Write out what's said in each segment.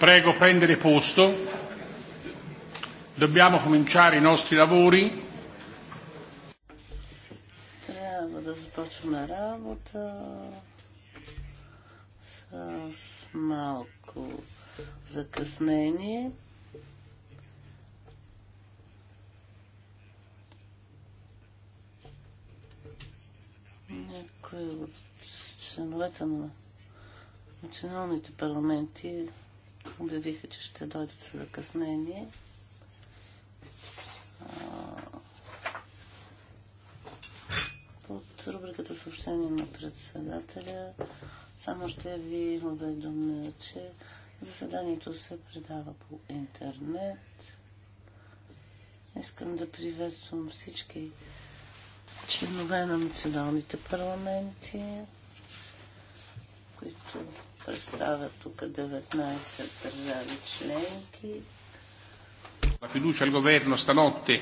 Prego prendere posto. Dobbiamo cominciare i nostri lavori. Трябва започваме работа с малко от членовете на националните парламенти обявиха, че ще дойдат с закъснение. Под рубриката съобщение на председателя само ще ви уведомя, че заседанието се предава по интернет. Искам да приветствам всички членове на националните парламенти, които представят тук 19 държави членки. La fiducia al governo stanotte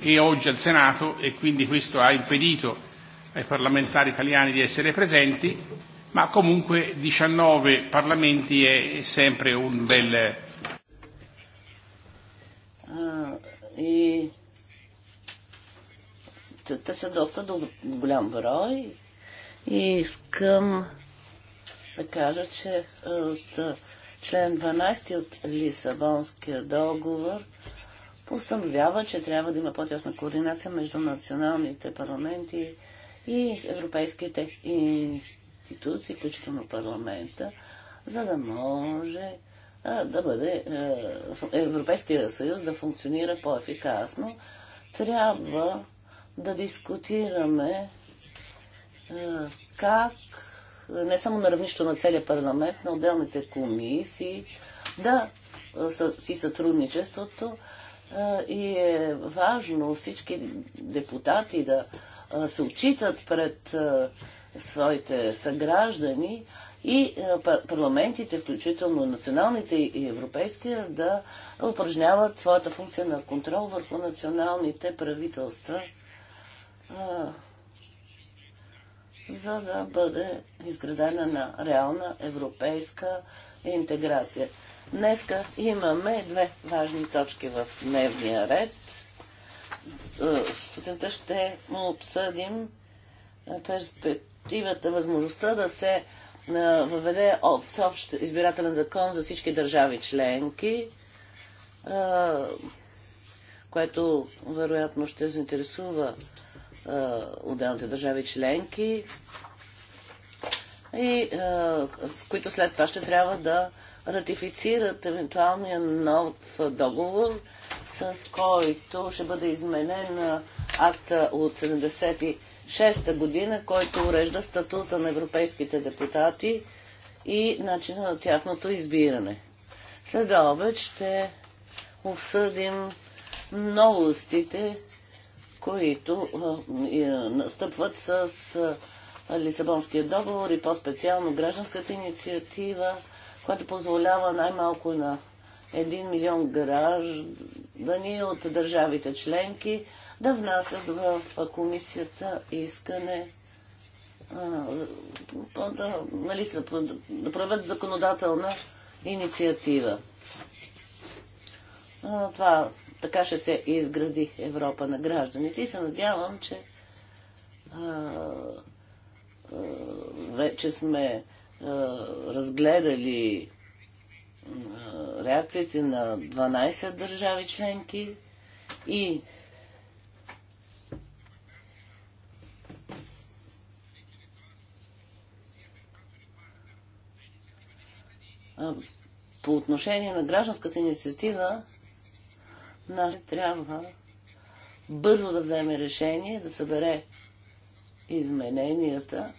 e oggi al Senato e quindi questo ha impedito ai parlamentari italiani di essere presenti, ma comunque 19 parlamenti è sempre un bel. Ah, и те са доста голям брой и искам да кажа, че е, от е, член 12 от Лисабонския договор постановява, че трябва да има по-тясна координация между националните парламенти и европейските институции, включително парламента, за да може е, да бъде Европейския съюз да функционира по-ефикасно. Трябва да дискутираме как не само на равнището на целия парламент, на отделните комисии, да си сътрудничеството и е важно всички депутати да се отчитат пред своите съграждани и парламентите, включително националните и европейския, да упражняват своята функция на контрол върху националните правителства за да бъде изградена на реална европейска интеграция. Днеска имаме две важни точки в дневния ред. Е, сутринта ще му обсъдим е, перспективата, възможността да се е, въведе всеобщ избирателен закон за всички държави членки, което вероятно ще заинтересува отделните държави членки и които след това ще трябва да ратифицират евентуалния нов договор, с който ще бъде изменен акта от 76-та година, който урежда статута на европейските депутати и начина на тяхното избиране. След обед ще обсъдим новостите които настъпват с Лисабонския договор и по-специално гражданската инициатива, която позволява най-малко на 1 милион граждани от държавите членки да внасят в комисията искане а, да, нали, да правят законодателна инициатива. А, това така ще се изгради Европа на гражданите и се надявам, че а, а, вече сме а, разгледали а, реакциите на 12 държави членки и по отношение на гражданската инициатива на трябва бързо да вземе решение, да събере измененията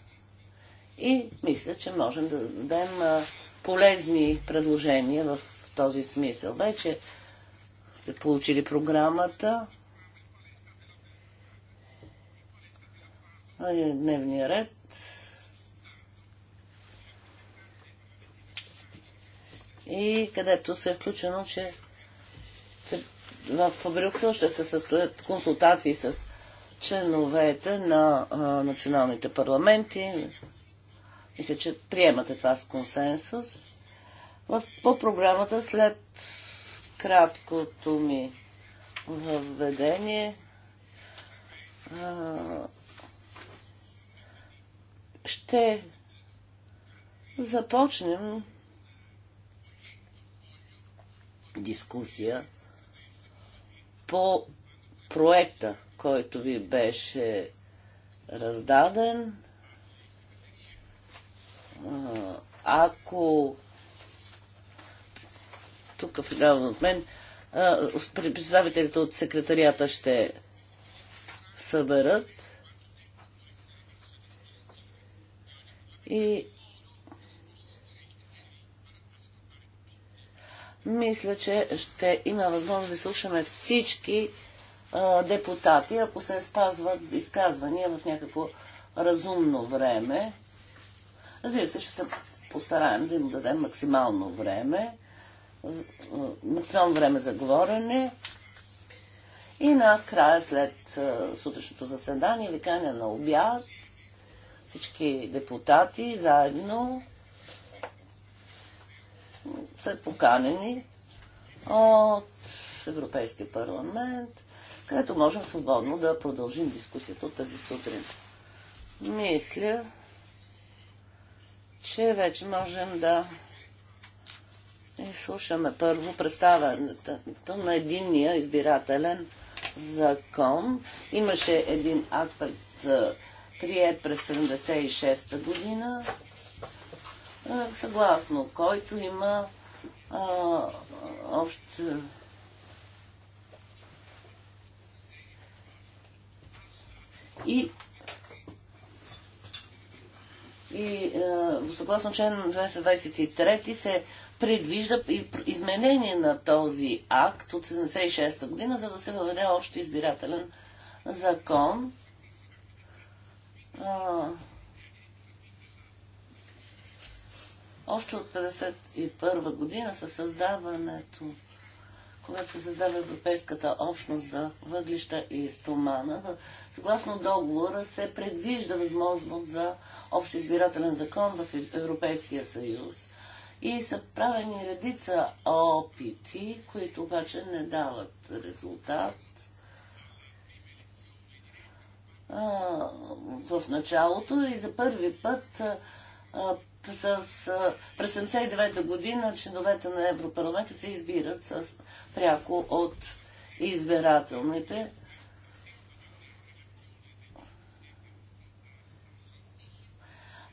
и мисля, че можем да дадем полезни предложения в този смисъл. Вече сте получили програмата, дневния ред. И където се е включено, че в Брюксел ще се състоят консултации с членовете на а, националните парламенти. Мисля, че приемате това с консенсус. В, по програмата след краткото ми въведение а, ще започнем дискусия по проекта, който ви беше раздаден. Ако тук филиално от мен, представителите от секретарията ще съберат и Мисля, че ще има възможност да слушаме всички а, депутати, ако се спазват изказвания в някакво разумно време. Разбира се, ще се постараем да им дадем максимално време, максимално време за говорене. И накрая, след сутрешното заседание, викане на обяд, всички депутати заедно са поканени от Европейския парламент, където можем свободно да продължим дискусията от тази сутрин. Мисля, че вече можем да изслушаме първо представянето на единния избирателен закон. Имаше един акт прият през 76-та година, съгласно който има а, И и е, съгласно член 223 се предвижда и изменение на този акт от 76-та година, за да се въведе общо избирателен закон. Още от 1951 година със създаването, когато се създава Европейската общност за въглища и стомана, съгласно договора се предвижда възможност за общ избирателен закон в Европейския съюз. И са правени редица опити, които обаче не дават резултат. А, в началото и за първи път а, с, през 79-та година членовете на Европарламента се избират с, пряко от избирателните.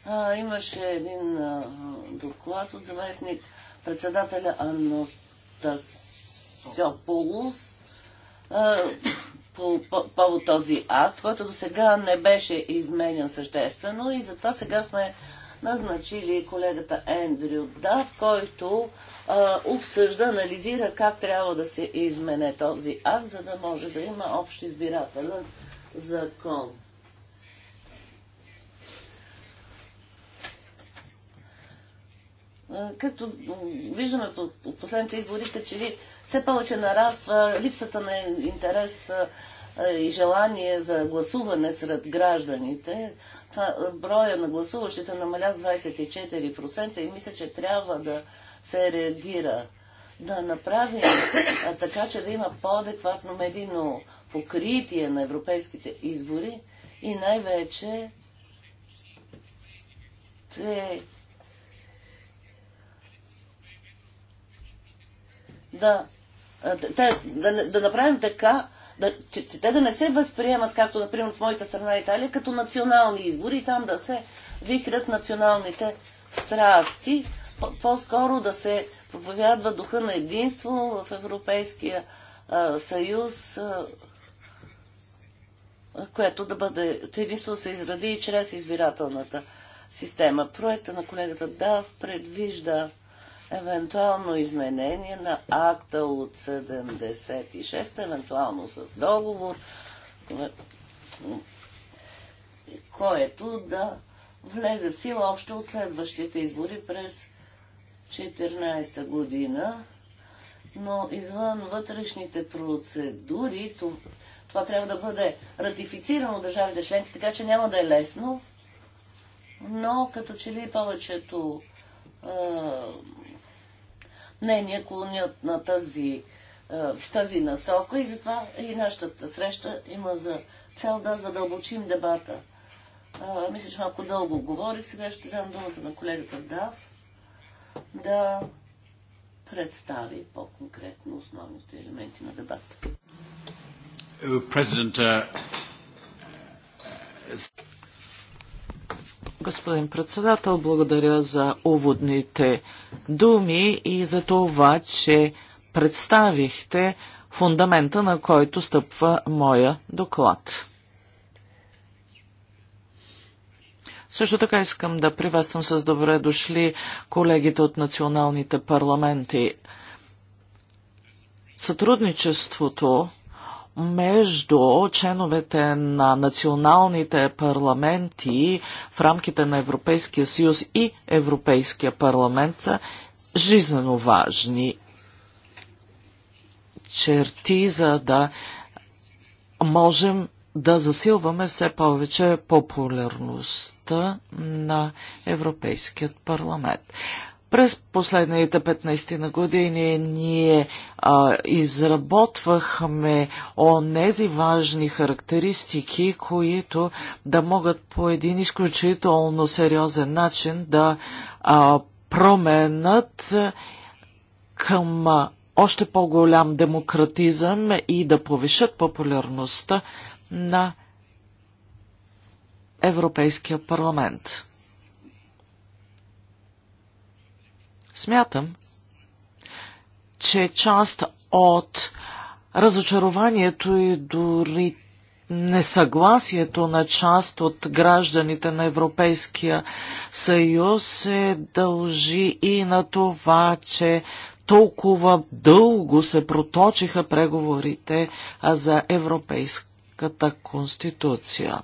А, имаше един а, доклад от заместник председателя Анастасиополус по повод този акт, който до сега не беше изменен съществено и затова сега сме назначили колегата Ендрю Дав, който а, обсъжда, анализира как трябва да се измене този акт, за да може да има общ избирателен закон. Като виждаме от последните изборите, че ли все повече нараства липсата на интерес и желание за гласуване сред гражданите, това, е, броя на гласуващите намаля с 24% и мисля, че трябва да се реагира. Да направим а, така, че да има по-адекватно медийно покритие на европейските избори и най-вече те да, те, да, да направим така, да, че, че те да не се възприемат, както например в моята страна Италия, като национални избори и там да се вихрят националните страсти, по-скоро да се проповядва духа на единство в Европейския а, съюз, а, което да бъде, единство да се изради и чрез избирателната система. Проекта на колегата Дав предвижда евентуално изменение на акта от 76, евентуално с договор, което да влезе в сила още от следващите избори през 14 година, но извън вътрешните процедури, това трябва да бъде ратифицирано от държавите членки, така че няма да е лесно, но като че ли повечето мнения клонят на тази, е, в тази насока и затова и нашата среща има за цел да задълбочим дебата. Е, мисля, че малко дълго говорих. Сега ще дам думата на колегата Дав да представи по-конкретно основните елементи на дебата. Е, Президент, uh... Господин председател, благодаря за уводните думи и за това, че представихте фундамента, на който стъпва моя доклад. Също така искам да приветствам с добре дошли колегите от националните парламенти. Сътрудничеството между членовете на националните парламенти в рамките на Европейския съюз и Европейския парламент са жизнено важни черти, за да можем да засилваме все повече популярността на Европейският парламент. През последните 15 на години ние а, изработвахме онези важни характеристики, които да могат по един изключително сериозен начин да а, променят към още по-голям демократизъм и да повишат популярността на Европейския парламент. Смятам, че част от разочарованието и дори несъгласието на част от гражданите на Европейския съюз се дължи и на това, че толкова дълго се проточиха преговорите за Европейската конституция.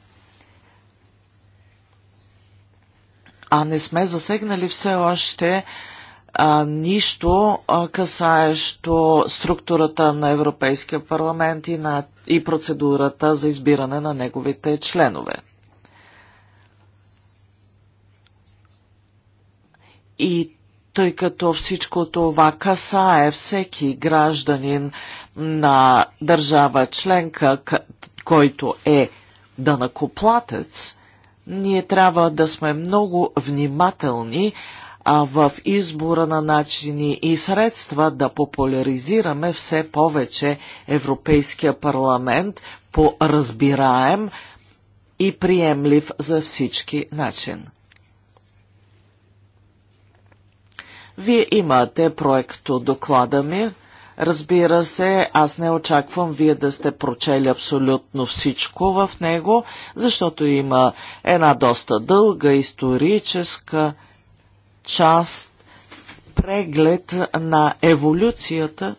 А не сме засегнали все още а, нищо а, касаещо структурата на Европейския парламент и, на, и процедурата за избиране на неговите членове. И тъй като всичко това касае всеки гражданин на държава членка, който е данакоплатец, ние трябва да сме много внимателни а, в избора на начини и средства да популяризираме все повече Европейския парламент по разбираем и приемлив за всички начин. Вие имате проекто доклада ми. Разбира се, аз не очаквам вие да сте прочели абсолютно всичко в него, защото има една доста дълга историческа част преглед на еволюцията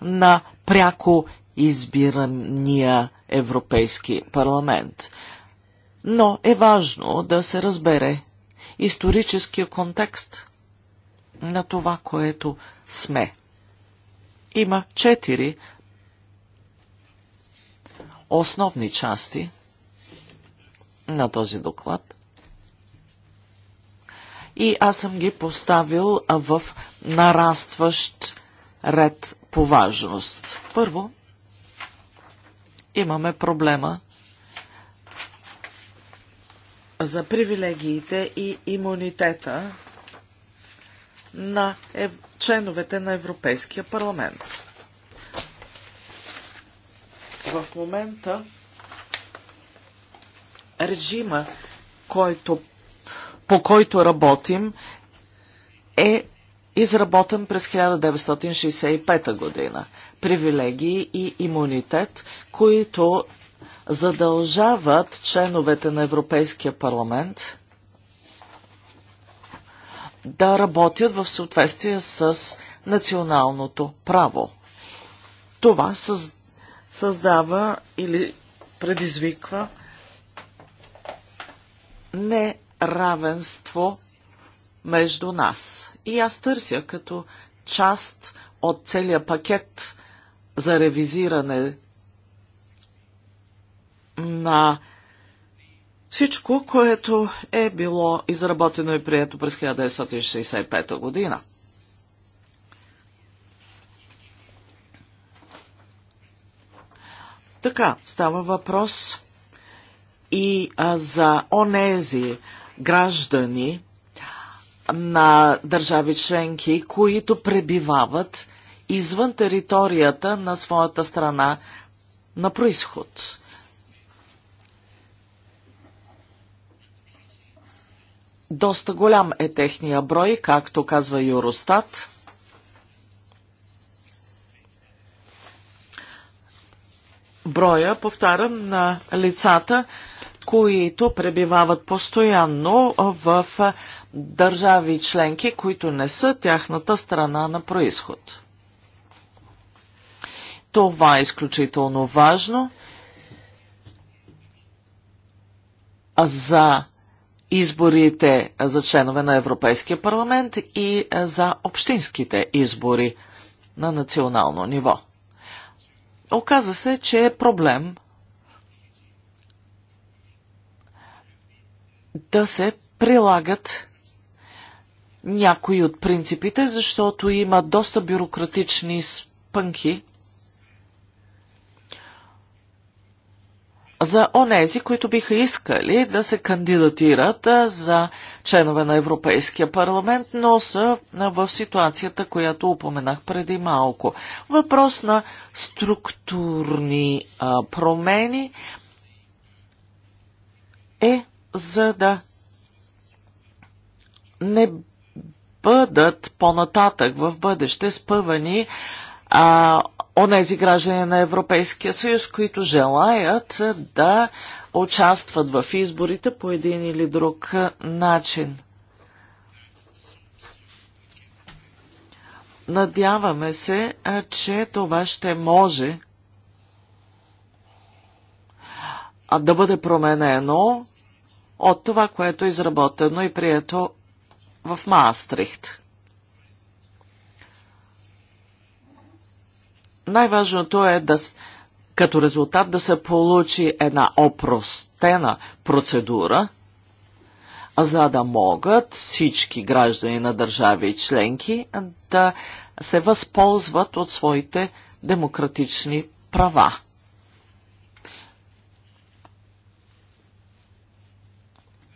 на пряко избирания Европейски парламент. Но е важно да се разбере историческия контекст на това, което сме. Има четири основни части – на този доклад. И аз съм ги поставил в нарастващ ред по важност. Първо, имаме проблема за привилегиите и имунитета на ев... членовете на Европейския парламент. В момента режима, който, по който работим, е изработен през 1965 година. Привилегии и имунитет, които задължават членовете на Европейския парламент да работят в съответствие с националното право. Това създава или предизвиква неравенство между нас. И аз търся като част от целия пакет за ревизиране на всичко, което е било изработено и прието през 1965 година. Така, става въпрос и за онези граждани на държави членки, които пребивават извън територията на своята страна на происход. Доста голям е техния брой, както казва Юростат. Броя, повтарям, на лицата, които пребивават постоянно в държави членки, които не са тяхната страна на происход. Това е изключително важно за изборите за членове на Европейския парламент и за общинските избори на национално ниво. Оказа се, че е проблем да се прилагат някои от принципите, защото има доста бюрократични спънки за онези, които биха искали да се кандидатират за членове на Европейския парламент, но са в ситуацията, която упоменах преди малко. Въпрос на структурни промени е за да не бъдат по-нататък в бъдеще спъвани а, онези граждани на Европейския съюз, които желаят да участват в изборите по един или друг начин. Надяваме се, че това ще може да бъде променено от това, което е изработено и прието в Маастрихт. Най-важното е да като резултат да се получи една опростена процедура, за да могат всички граждани на държави и членки да се възползват от своите демократични права.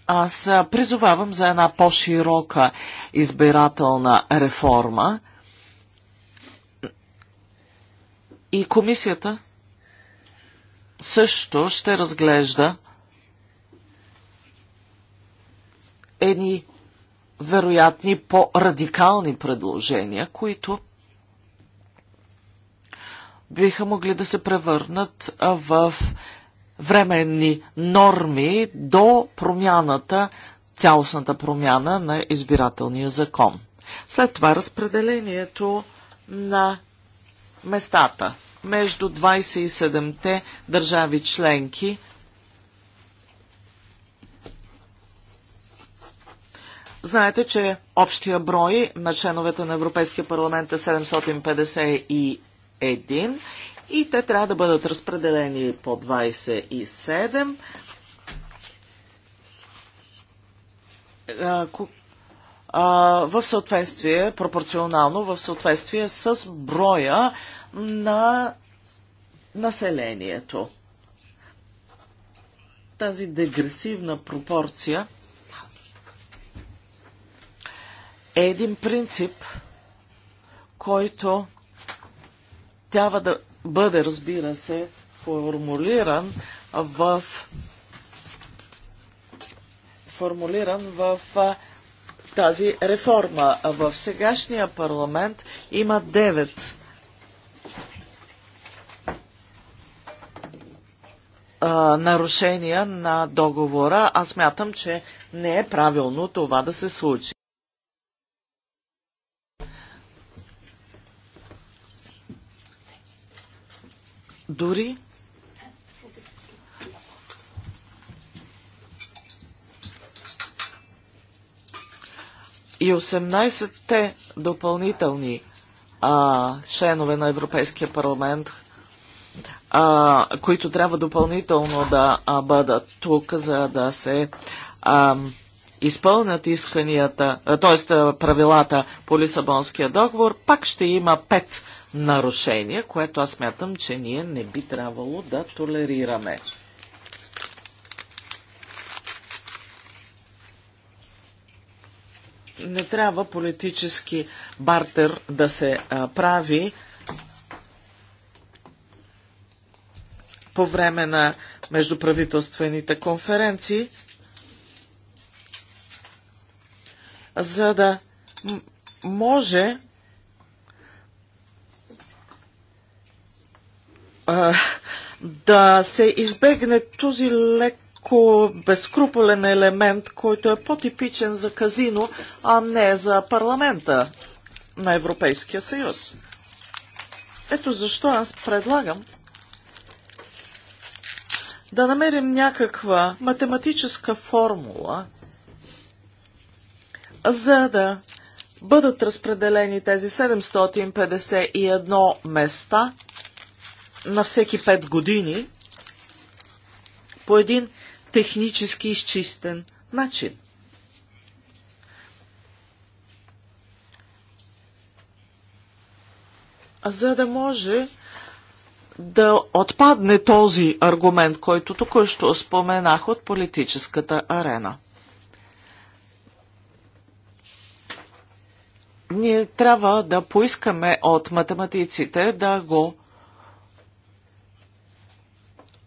Аз призовавам за една по-широка избирателна реформа и комисията също ще разглежда едни вероятни по-радикални предложения, които биха могли да се превърнат в временни норми до промяната, цялостната промяна на избирателния закон. След това разпределението на местата между 27-те държави членки Знаете, че общия брой на членовете на Европейския парламент е 751 и те трябва да бъдат разпределени по 27. в съответствие, пропорционално, в съответствие с броя на населението. Тази дегресивна пропорция е един принцип, който трябва да бъде, разбира се, формулиран в формулиран в тази реформа. В сегашния парламент има 9 а, нарушения на договора. Аз мятам, че не е правилно това да се случи. Дори и 18-те допълнителни а, членове на Европейския парламент, а, които трябва допълнително да а, бъдат тук, за да се а, изпълнят исканията, т.е. правилата по Лисабонския договор, пак ще има пет нарушения, което аз мятам, че ние не би трябвало да толерираме. Не трябва политически бартер да се а, прави по време на междуправителствените конференции, за да може да се избегне този леко безкруполен елемент, който е по-типичен за казино, а не за парламента на Европейския съюз. Ето защо аз предлагам да намерим някаква математическа формула, за да бъдат разпределени тези 751 места – на всеки 5 години по един технически изчистен начин. За да може да отпадне този аргумент, който току-що споменах от политическата арена. Ние трябва да поискаме от математиците да го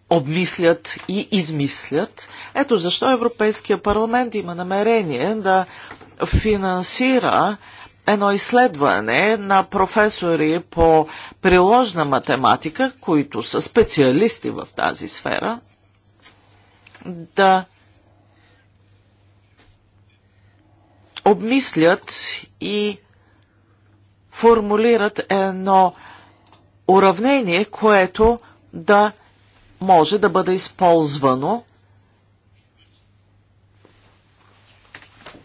обмислят и измислят. Ето защо Европейския парламент има намерение да финансира едно изследване на професори по приложна математика, които са специалисти в тази сфера, да обмислят и формулират едно уравнение, което да може да бъде използвано.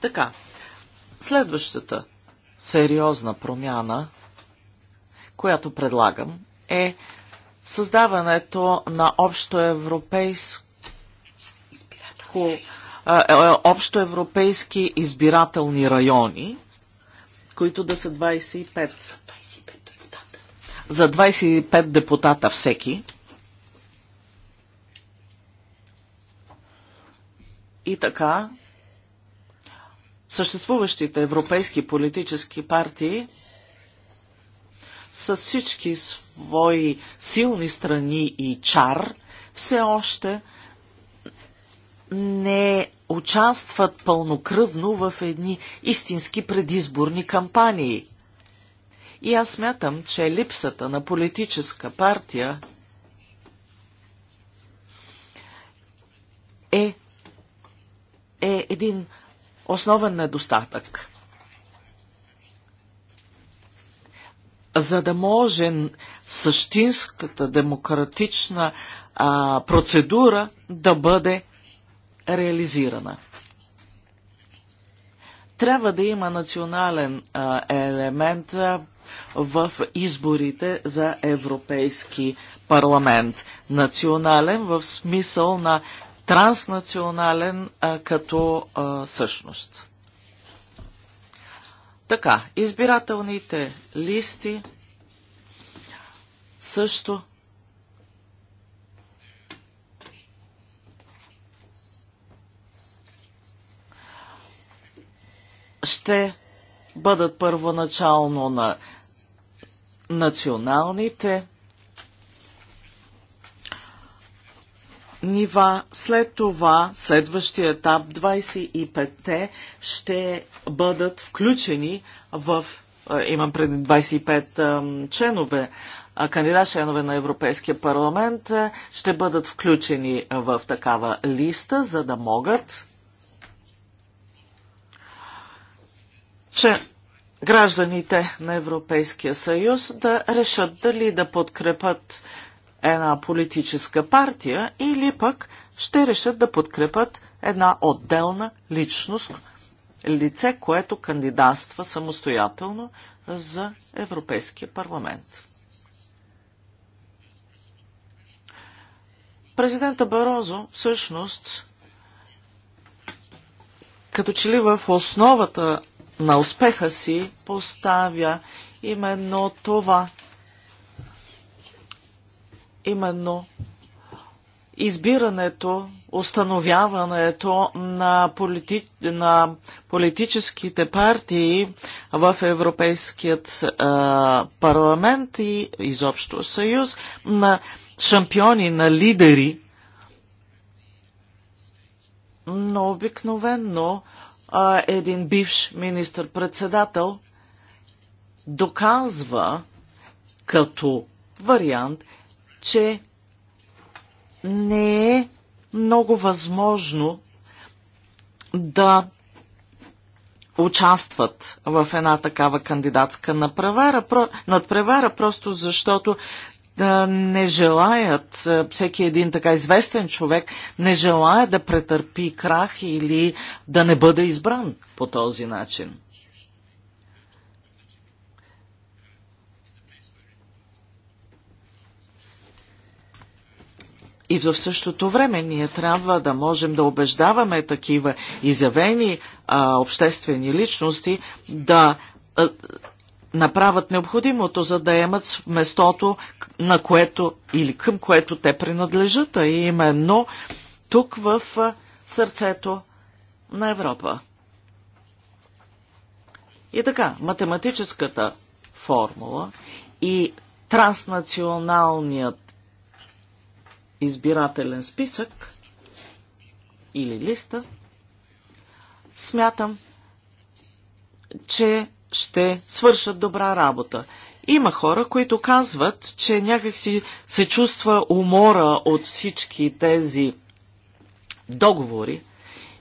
Така, следващата сериозна промяна, която предлагам, е създаването на общоевропейско е, е, общоевропейски избирателни райони, които да са 25. За 25 депутата всеки. И така, съществуващите европейски политически партии с всички свои силни страни и чар все още не участват пълнокръвно в едни истински предизборни кампании. И аз смятам, че липсата на политическа партия е е един основен недостатък. За да може същинската демократична а, процедура да бъде реализирана. Трябва да има национален а, елемент а, в изборите за Европейски парламент. Национален в смисъл на транснационален а, като а, същност. Така, избирателните листи също ще бъдат първоначално на националните нива. След това, следващия етап, 25-те ще бъдат включени в, имам преди 25 членове, кандидат членове на Европейския парламент, ще бъдат включени в такава листа, за да могат че гражданите на Европейския съюз да решат дали да подкрепят една политическа партия или пък ще решат да подкрепят една отделна личност, лице, което кандидатства самостоятелно за Европейския парламент. Президента Барозо всъщност като че ли в основата на успеха си поставя именно това именно избирането, установяването на, полити... на политическите партии в Европейският а, парламент и изобщо съюз на шампиони, на лидери, но обикновенно а, един бивш министр-председател доказва като вариант, че не е много възможно да участват в една такава кандидатска надпревара, надпревара просто защото да не желаят, всеки един така известен човек не желая да претърпи крах или да не бъде избран по този начин. И в същото време ние трябва да можем да убеждаваме такива изявени а, обществени личности да а, направят необходимото, за да имат местото, на което или към което те принадлежат, а именно тук в сърцето на Европа. И така, математическата формула и транснационалният избирателен списък или листа, смятам, че ще свършат добра работа. Има хора, които казват, че някакси се чувства умора от всички тези договори.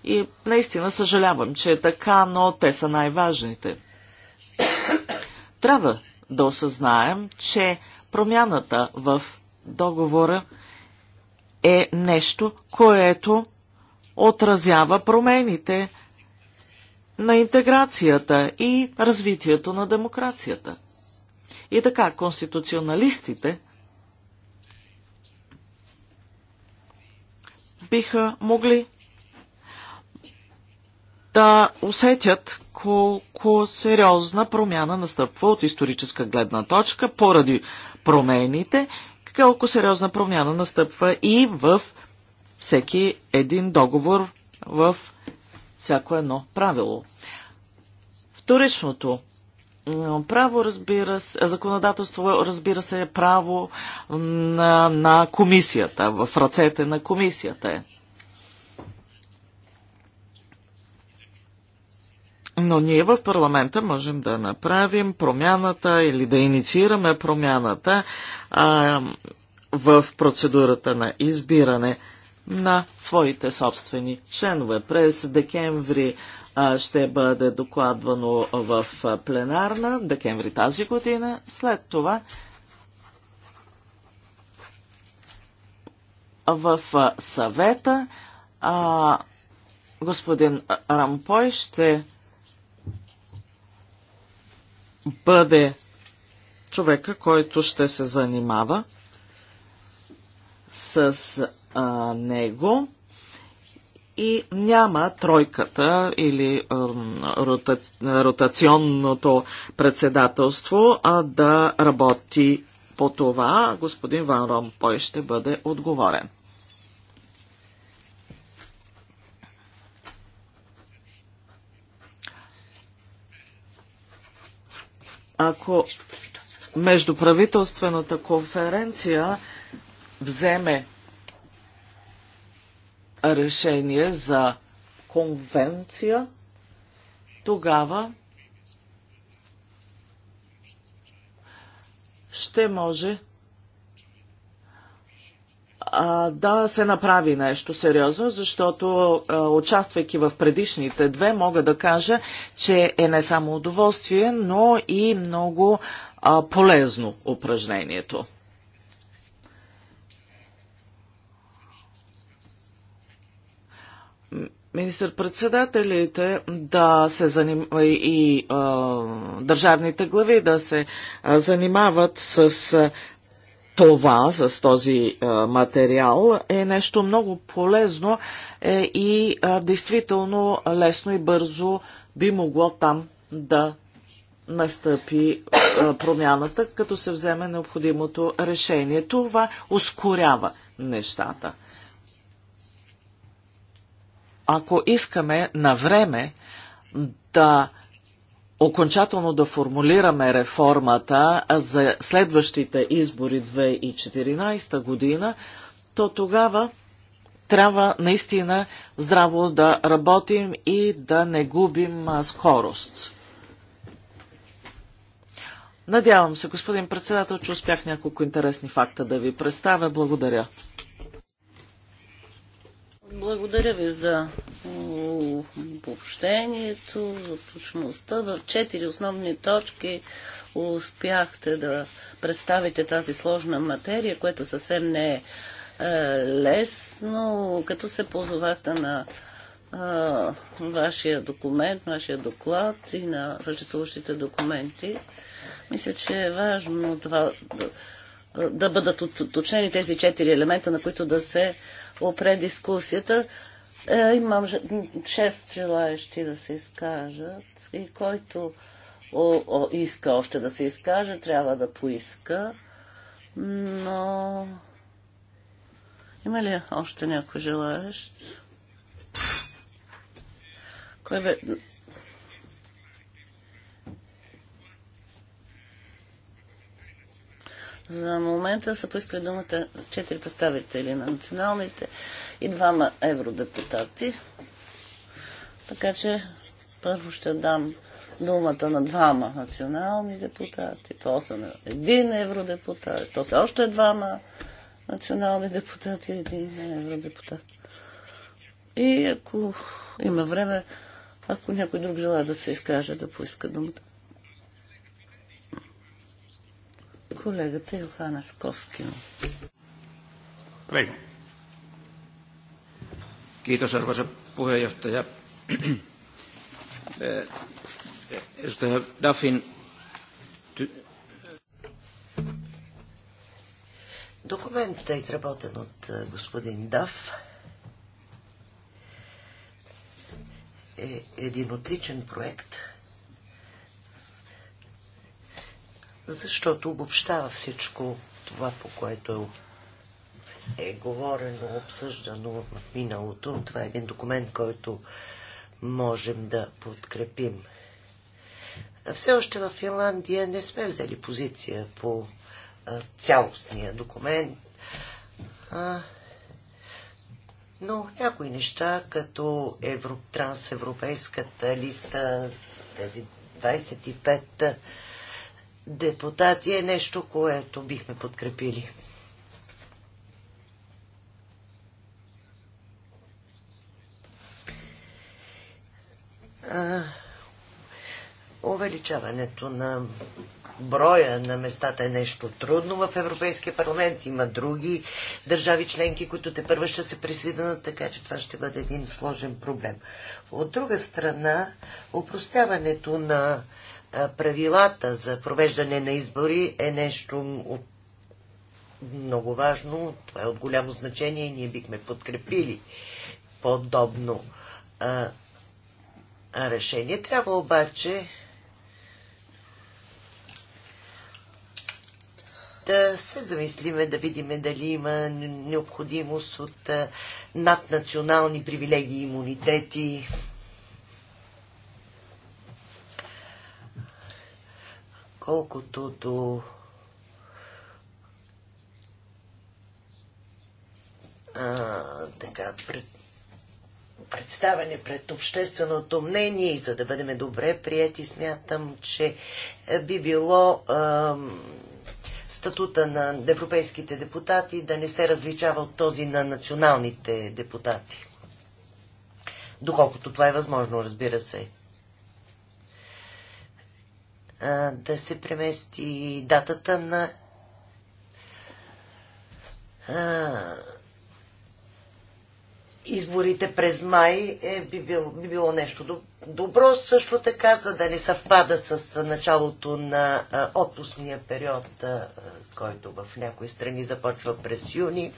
И наистина съжалявам, че е така, но те са най-важните. Трябва да осъзнаем, че промяната в договора е нещо, което отразява промените на интеграцията и развитието на демокрацията. И така, конституционалистите биха могли да усетят колко сериозна промяна настъпва от историческа гледна точка поради промените колко сериозна промяна настъпва и в всеки един договор, в всяко едно правило. Вторичното право, разбира се, законодателство, разбира се, е право на, на комисията, в ръцете на комисията е. Но ние в парламента можем да направим промяната или да инициираме промяната а, в процедурата на избиране на своите собствени членове. През декември а, ще бъде докладвано в пленарна, декември тази година. След това в съвета а, господин Рампой ще бъде човека, който ще се занимава с а, него и няма тройката или а, рота, ротационното председателство а, да работи по това. Господин Ван Ромпой ще бъде отговорен. ако междуправителствената конференция вземе решение за конвенция, тогава ще може а, да се направи нещо сериозно, защото а, участвайки в предишните две, мога да кажа, че е не само удоволствие, но и много а, полезно упражнението. министър-председателите да се занима, и а, държавните глави да се занимават с това, с този материал, е нещо много полезно е, и действително лесно и бързо би могло там да настъпи промяната, като се вземе необходимото решение. Това ускорява нещата. Ако искаме на време да окончателно да формулираме реформата за следващите избори 2014 година, то тогава трябва наистина здраво да работим и да не губим скорост. Надявам се, господин председател, че успях няколко интересни факта да ви представя. Благодаря. Благодаря ви за обобщението, за точността. В четири основни точки успяхте да представите тази сложна материя, което съвсем не е, е лесно, като се позовахте на е, вашия документ, вашия доклад и на съществуващите документи. Мисля, че е важно това да, да бъдат уточнени тези четири елемента, на които да се по предискусията. Е, имам 6 желаящи да се изкажат и който о, о, иска още да се изкаже, трябва да поиска. Но има ли още някой желаящ? Кой бе? За момента са поискали думата четири представители на националните и двама евродепутати. Така че първо ще дам думата на двама национални депутати, после на един евродепутат, после още двама национални депутати и един евродепутат. И ако има време, ако някой друг желая да се изкаже, да поиска думата. колегата Йохана Коскин. Prego. Kiitos arvoisa puheenjohtaja. Edustaja Duffin Документът е изработен от е, господин Даф. Е един отличен проект – защото обобщава всичко това, по което е говорено, обсъждано в миналото. Това е един документ, който можем да подкрепим. Все още в Финландия не сме взели позиция по цялостния документ, но някои неща, като трансевропейската листа, тези 25 депутати е нещо, което бихме подкрепили. А, увеличаването на броя на местата е нещо трудно в Европейския парламент. Има други държави членки, които те първа ще се присъединят, така че това ще бъде един сложен проблем. От друга страна, упростяването на правилата за провеждане на избори е нещо от много важно, това е от голямо значение и ние бихме подкрепили подобно а, решение. Трябва обаче да се замислиме, да видим дали има необходимост от наднационални привилегии и имунитети Колкото до а, така, пред, представяне пред общественото мнение и за да бъдем добре прияти, смятам, че би било а, статута на европейските депутати да не се различава от този на националните депутати. Доколкото това е възможно, разбира се да се премести датата на изборите през май е, би, било, би било нещо добро, също така, за да не съвпада с началото на а, отпускния период, а, който в някои страни започва през юни.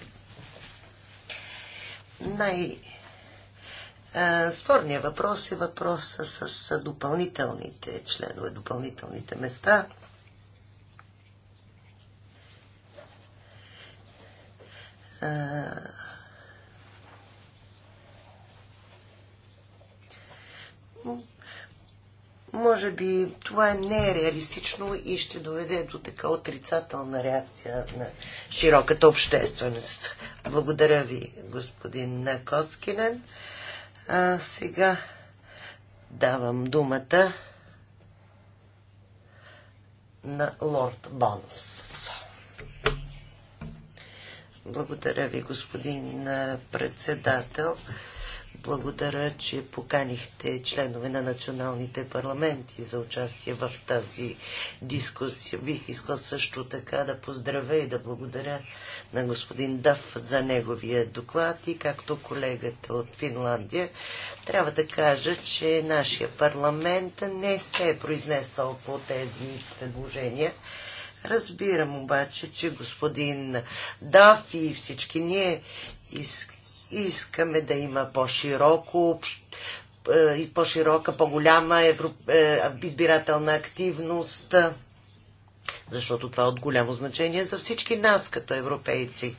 Най- е, спорният въпрос е въпроса с допълнителните членове, допълнителните места. Е, може би това не е реалистично и ще доведе до така отрицателна реакция на широката общественост. Благодаря ви, господин Коскинен. А сега давам думата на лорд Бонс. Благодаря ви, господин председател. Благодаря, че поканихте членове на националните парламенти за участие в тази дискусия. Бих искал също така да поздравя и да благодаря на господин Дъв за неговия доклад и както колегата от Финландия. Трябва да кажа, че нашия парламент не се е произнесъл по тези предложения. Разбирам обаче, че господин Дъв и всички ние иск, искаме да има по-широко е, и по-широка, по-голяма евро... Е, избирателна активност, защото това е от голямо значение за всички нас като европейци.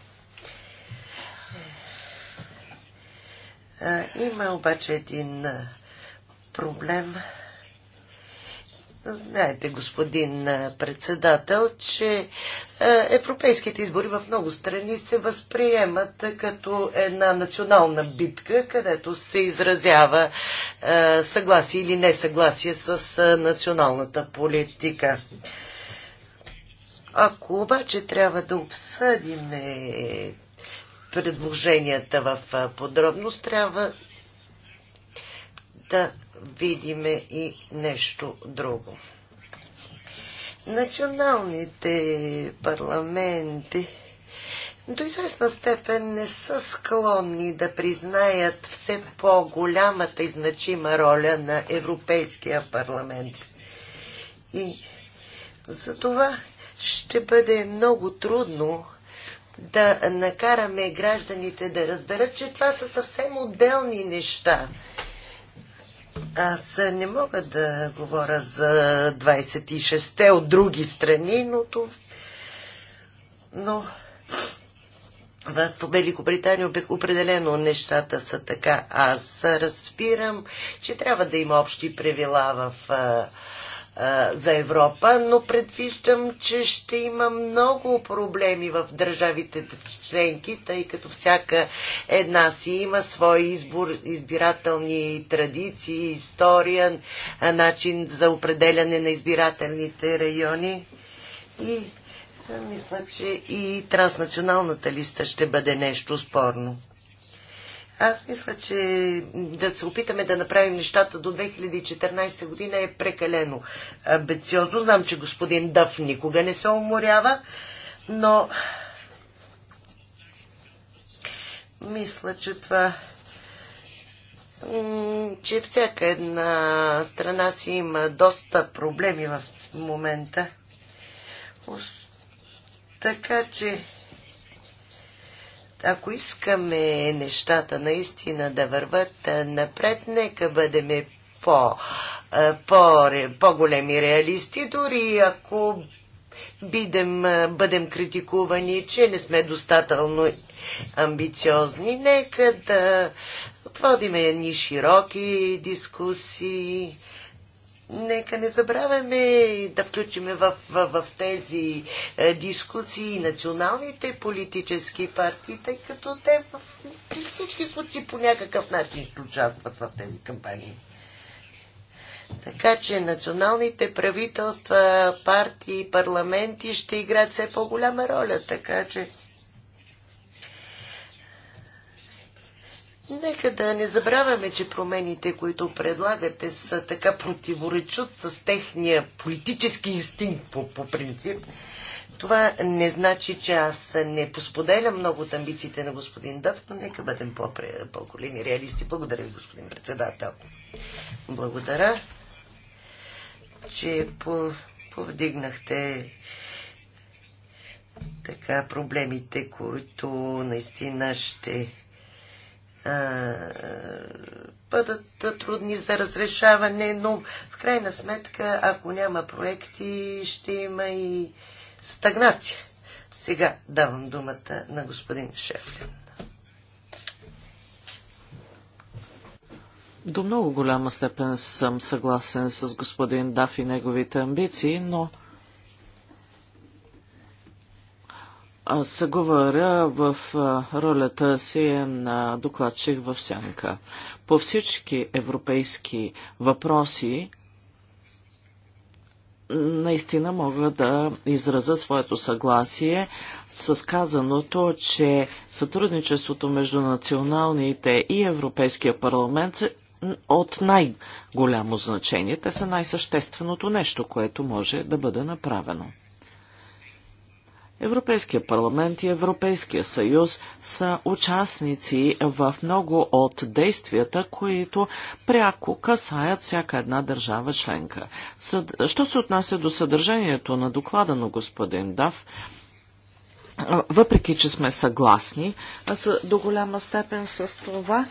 Е, има обаче един проблем, Знаете, господин председател, че европейските избори в много страни се възприемат като една национална битка, където се изразява съгласие или несъгласие с националната политика. Ако обаче трябва да обсъдим предложенията в подробност, трябва да видиме и нещо друго. Националните парламенти до известна степен не са склонни да признаят все по-голямата и значима роля на Европейския парламент. И за това ще бъде много трудно да накараме гражданите да разберат, че това са съвсем отделни неща аз не мога да говоря за 26-те от други страни, но, но в Великобритания определено нещата са така. Аз разбирам, че трябва да има общи правила в за Европа, но предвиждам, че ще има много проблеми в държавите членки, тъй като всяка една си има свой избор, избирателни традиции, история, начин за определяне на избирателните райони. И мисля, че и транснационалната листа ще бъде нещо спорно. Аз мисля, че да се опитаме да направим нещата до 2014 година е прекалено амбициозно. Знам, че господин Дъв никога не се уморява, но мисля, че това че всяка една страна си има доста проблеми в момента. Така че ако искаме нещата наистина да върват напред, нека бъдем по, по, по-големи реалисти, дори ако бидем, бъдем критикувани, че не сме достатъчно амбициозни. Нека да водиме едни широки дискусии нека не забравяме да включиме в, в, в тези е, дискусии националните политически партии, тъй като те в, при всички случаи по някакъв начин ще участват в тези кампании. Така че националните правителства, партии, парламенти ще играят все по-голяма роля. Така че Нека да не забравяме, че промените, които предлагате, са така противоречат с техния политически инстинкт по, по принцип. Това не значи, че аз не посподелям много от амбициите на господин Дъв, но нека бъдем по-големи реалисти. Благодаря ви, господин председател. Благодаря, че по повдигнахте така проблемите, които наистина ще бъдат трудни за разрешаване, но в крайна сметка, ако няма проекти, ще има и стагнация. Сега давам думата на господин Шефлин. До много голяма степен съм съгласен с господин Даф и неговите амбиции, но Се говоря в ролята си на докладчик в Сянка. По всички европейски въпроси наистина мога да изразя своето съгласие с казаното, че сътрудничеството между националните и Европейския парламент е от най-голямо значение. Те са най-същественото нещо, което може да бъде направено. Европейския парламент и Европейския съюз са участници в много от действията, които пряко касаят всяка една държава членка. Съд... Що се отнася до съдържанието на доклада на господин Дав, въпреки че сме съгласни до голяма степен с това,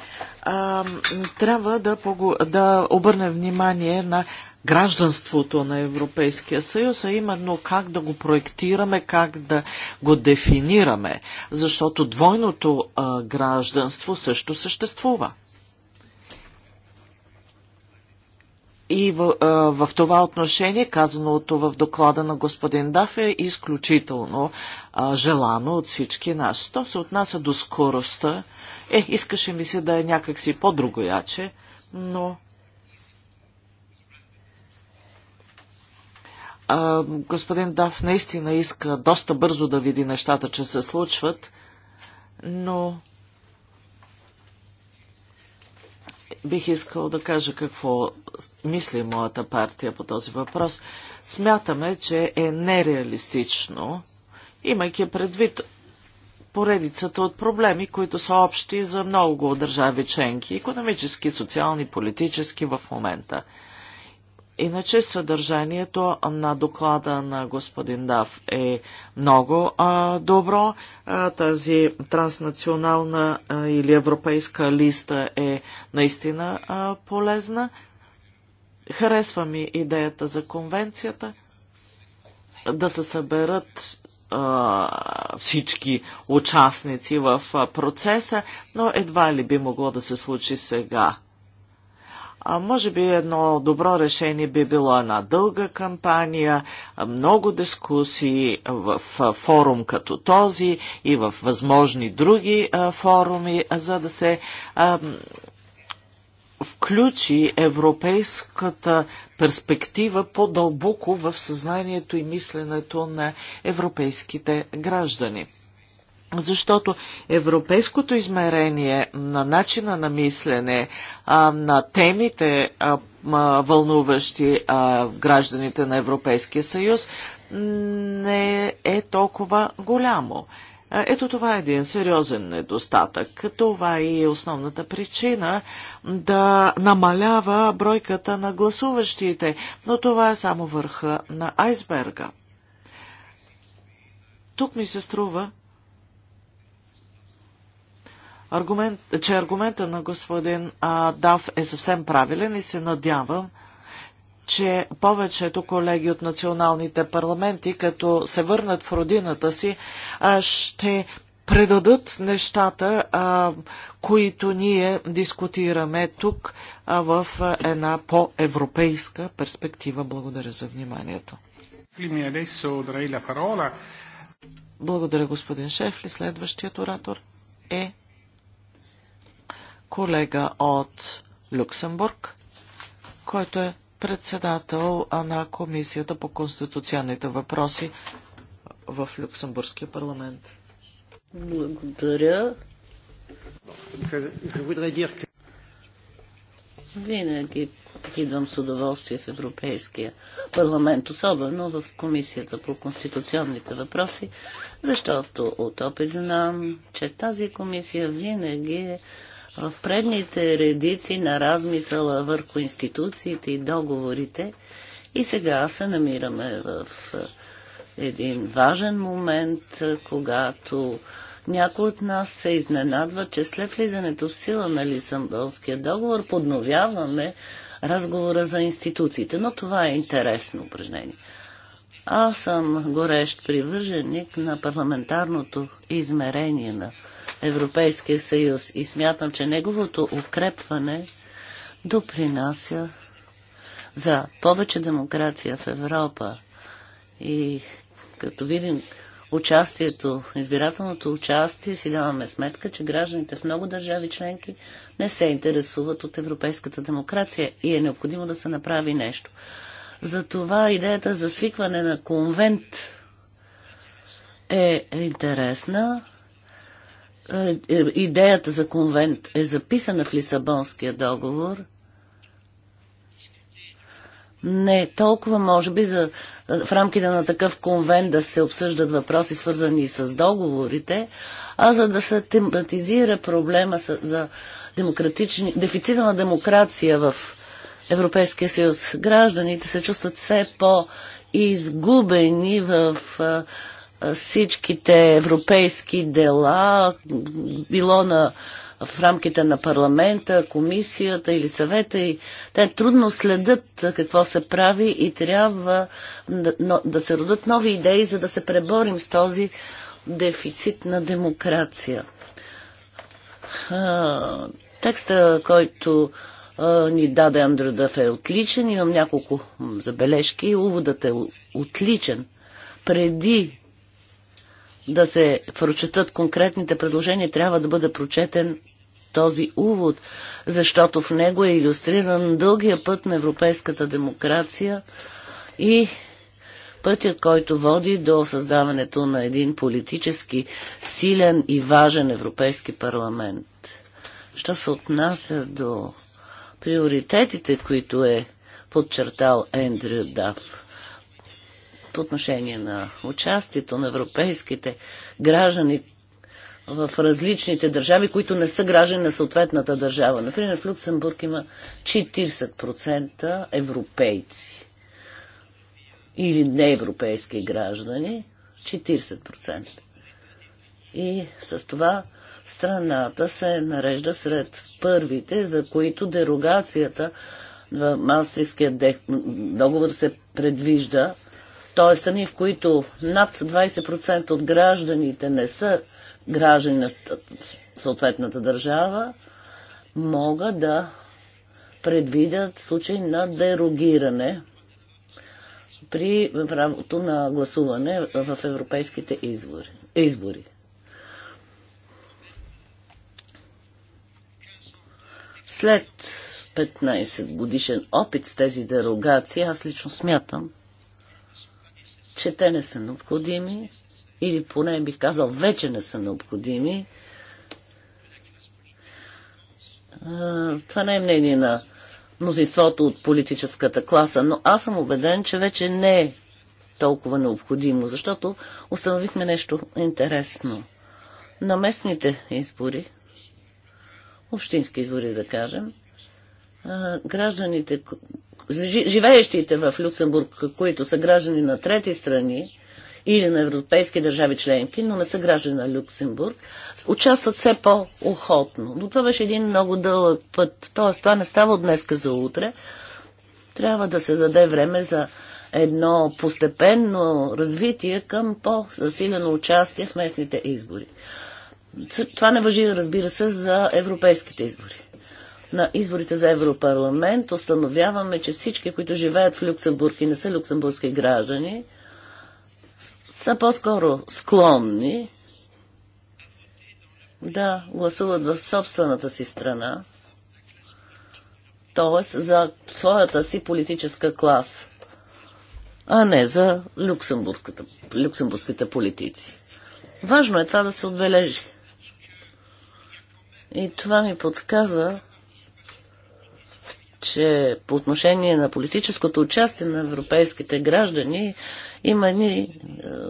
трябва да, погу... да обърнем внимание на гражданството на Европейския съюз, а именно как да го проектираме, как да го дефинираме, защото двойното а, гражданство също съществува. И в, а, в това отношение, казаното в доклада на господин Даф е изключително а, желано от всички нас. То се отнася до скоростта, е, искаше ми се да е някакси по-другояче, но А, господин Дав наистина иска доста бързо да види нещата, че се случват, но бих искал да кажа какво мисли моята партия по този въпрос. Смятаме, че е нереалистично, имайки предвид поредицата от проблеми, които са общи за много държави членки, економически, социални, политически в момента. Иначе съдържанието на доклада на господин Дав е много а, добро. А, тази транснационална а, или европейска листа е наистина а, полезна. Харесва ми идеята за конвенцията да се съберат а, всички участници в процеса, но едва ли би могло да се случи сега. А, може би едно добро решение би било една дълга кампания, много дискусии в, форум като този и в възможни други форуми, за да се включи европейската перспектива по-дълбоко в съзнанието и мисленето на европейските граждани защото европейското измерение на начина на мислене, а, на темите, а, а, вълнуващи а, гражданите на Европейския съюз, не е толкова голямо. Ето това е един сериозен недостатък. Това е и основната причина да намалява бройката на гласуващите, но това е само върха на айсберга. Тук ми се струва, аргумент, че аргумента на господин а, Дав е съвсем правилен и се надявам, че повечето колеги от националните парламенти, като се върнат в родината си, а, ще предадат нещата, а, които ние дискутираме тук а, в една по-европейска перспектива. Благодаря за вниманието. Благодаря, господин Шефли. Следващият оратор е колега от Люксембург, който е председател на Комисията по конституционните въпроси в Люксембургския парламент. Благодаря. Винаги идвам с удоволствие в Европейския парламент, особено в Комисията по конституционните въпроси, защото от опит знам, че тази комисия винаги е в предните редици на размисъла върху институциите и договорите. И сега се намираме в един важен момент, когато някой от нас се изненадва, че след влизането в сила на Лисамбонския договор подновяваме разговора за институциите. Но това е интересно упражнение. Аз съм горещ привърженик на парламентарното измерение на Европейския съюз. И смятам, че неговото укрепване допринася за повече демокрация в Европа. И като видим участието, избирателното участие, си даваме сметка, че гражданите в много държави членки не се интересуват от европейската демокрация и е необходимо да се направи нещо. Затова идеята за свикване на конвент е интересна. Е, идеята за конвент е записана в Лисабонския договор. Не, толкова може би за, в рамките на такъв конвент да се обсъждат въпроси, свързани с договорите, а за да се тематизира проблема за демократични, дефицита на демокрация в Европейския съюз. Гражданите се чувстват все по-изгубени в всичките европейски дела, било на, в рамките на парламента, комисията или съвета. И те трудно следят какво се прави и трябва да, да се родат нови идеи, за да се преборим с този дефицит на демокрация. текста, който ни даде Андрю Дъф е отличен. Имам няколко забележки. Уводът е отличен. Преди да се прочетат конкретните предложения, трябва да бъде прочетен този увод, защото в него е иллюстриран дългия път на европейската демокрация и пътят, който води до създаването на един политически силен и важен Европейски парламент. Що се отнася до приоритетите, които е подчертал Ендрю Дафф? по отношение на участието на европейските граждани в различните държави, които не са граждани на съответната държава. Например, в Люксембург има 40% европейци или неевропейски граждани. 40%. И с това страната се нарежда сред първите, за които дерогацията в Мастриския договор се предвижда т.е. страни, в които над 20% от гражданите не са граждани на съответната държава, могат да предвидят случай на дерогиране при правото на гласуване в европейските избори. избори. След 15 годишен опит с тези дерогации, аз лично смятам, че те не са необходими, или поне бих казал, вече не са необходими. Това не е мнение на мнозинството от политическата класа, но аз съм убеден, че вече не е толкова необходимо, защото установихме нещо интересно. На местните избори, общински избори да кажем, гражданите, живеещите в Люксембург, които са граждани на трети страни или на европейски държави членки, но не са граждани на Люксембург, участват все по-охотно. Но това беше един много дълъг път. Тоест, това не става от днеска за утре. Трябва да се даде време за едно постепенно развитие към по-засилено участие в местните избори. Това не въжи, разбира се, за европейските избори на изборите за Европарламент установяваме, че всички, които живеят в Люксембург и не са люксембургски граждани, са по-скоро склонни да гласуват в собствената си страна, т.е. за своята си политическа клас, а не за люксембургските политици. Важно е това да се отбележи. И това ми подсказва, че по отношение на политическото участие на европейските граждани има ни е,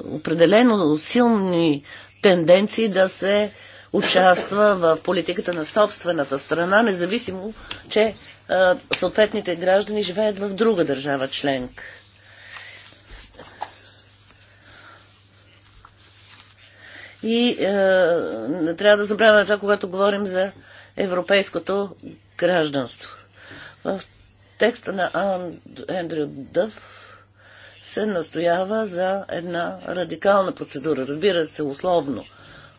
определено силни тенденции да се участва в политиката на собствената страна, независимо, че е, съответните граждани живеят в друга държава членка. И е, не трябва да забравяме това, когато говорим за европейското гражданство. В текста на Ендрю Дъв се настоява за една радикална процедура, разбира се, условно,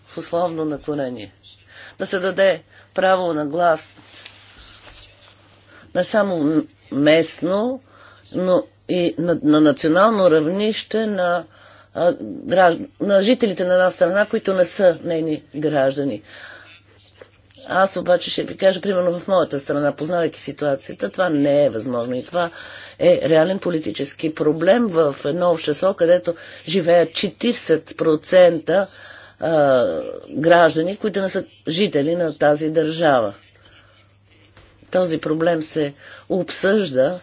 в условно наклонение. Да се даде право на глас не само местно, но и на, на национално равнище на, на жителите на една страна, които не са нейни граждани. Аз обаче ще ви кажа, примерно в моята страна, познавайки ситуацията, това не е възможно и това е реален политически проблем в едно общество, където живеят 40% граждани, които не са жители на тази държава. Този проблем се обсъжда.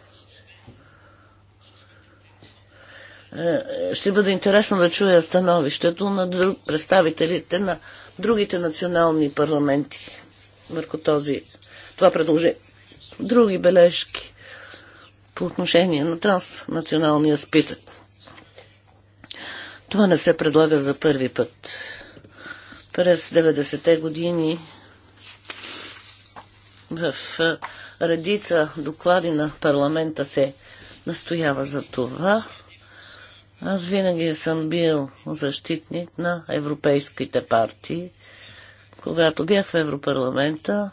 Е, ще бъде интересно да чуя становището на представителите на другите национални парламенти върху този, това предложение. Други бележки по отношение на транснационалния списък. Това не се предлага за първи път. През 90-те години в редица доклади на парламента се настоява за това. Аз винаги съм бил защитник на европейските партии когато бях в Европарламента,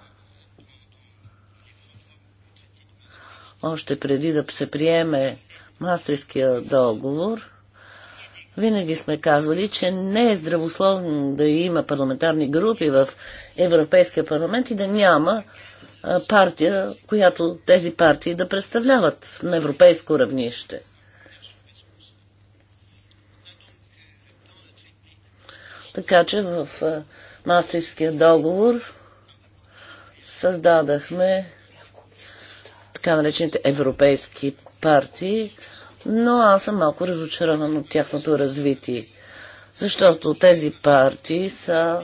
още преди да се приеме Мастриския договор, винаги сме казвали, че не е здравословно да има парламентарни групи в Европейския парламент и да няма партия, която тези партии да представляват на европейско равнище. Така че в Мастерския договор създадахме така наречените европейски партии, но аз съм малко разочарован от тяхното развитие. Защото тези партии са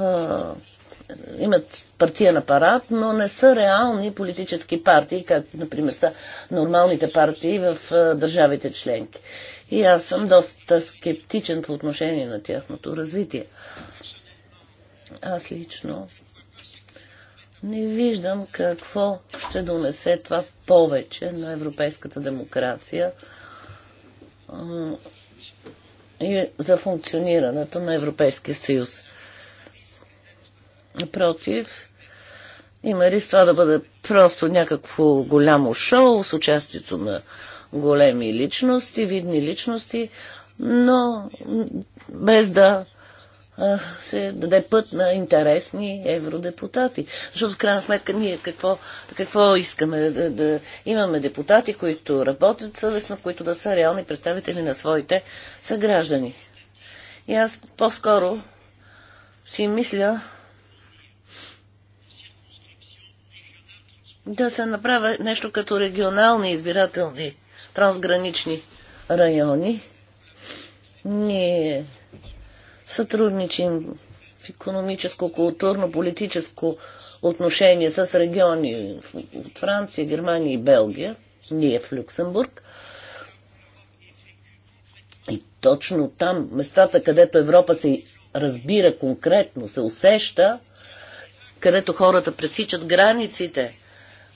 а, имат партиен апарат, но не са реални политически партии, както, например, са нормалните партии в а, държавите членки. И аз съм доста скептичен по отношение на тяхното развитие. Аз лично не виждам какво ще донесе това повече на европейската демокрация и за функционирането на Европейския съюз. Напротив, има риск това да бъде просто някакво голямо шоу с участието на големи личности, видни личности, но без да се даде път на интересни евродепутати. Защото в крайна сметка ние какво, какво искаме? Да, да имаме депутати, които работят съвестно, които да са реални представители на своите съграждани. И аз по-скоро си мисля да се направя нещо като регионални избирателни трансгранични райони. Ние Сътрудничим в економическо, културно, политическо отношение с региони от Франция, Германия и Белгия, ние в Люксембург. И точно там, местата, където Европа се разбира конкретно, се усеща, където хората пресичат границите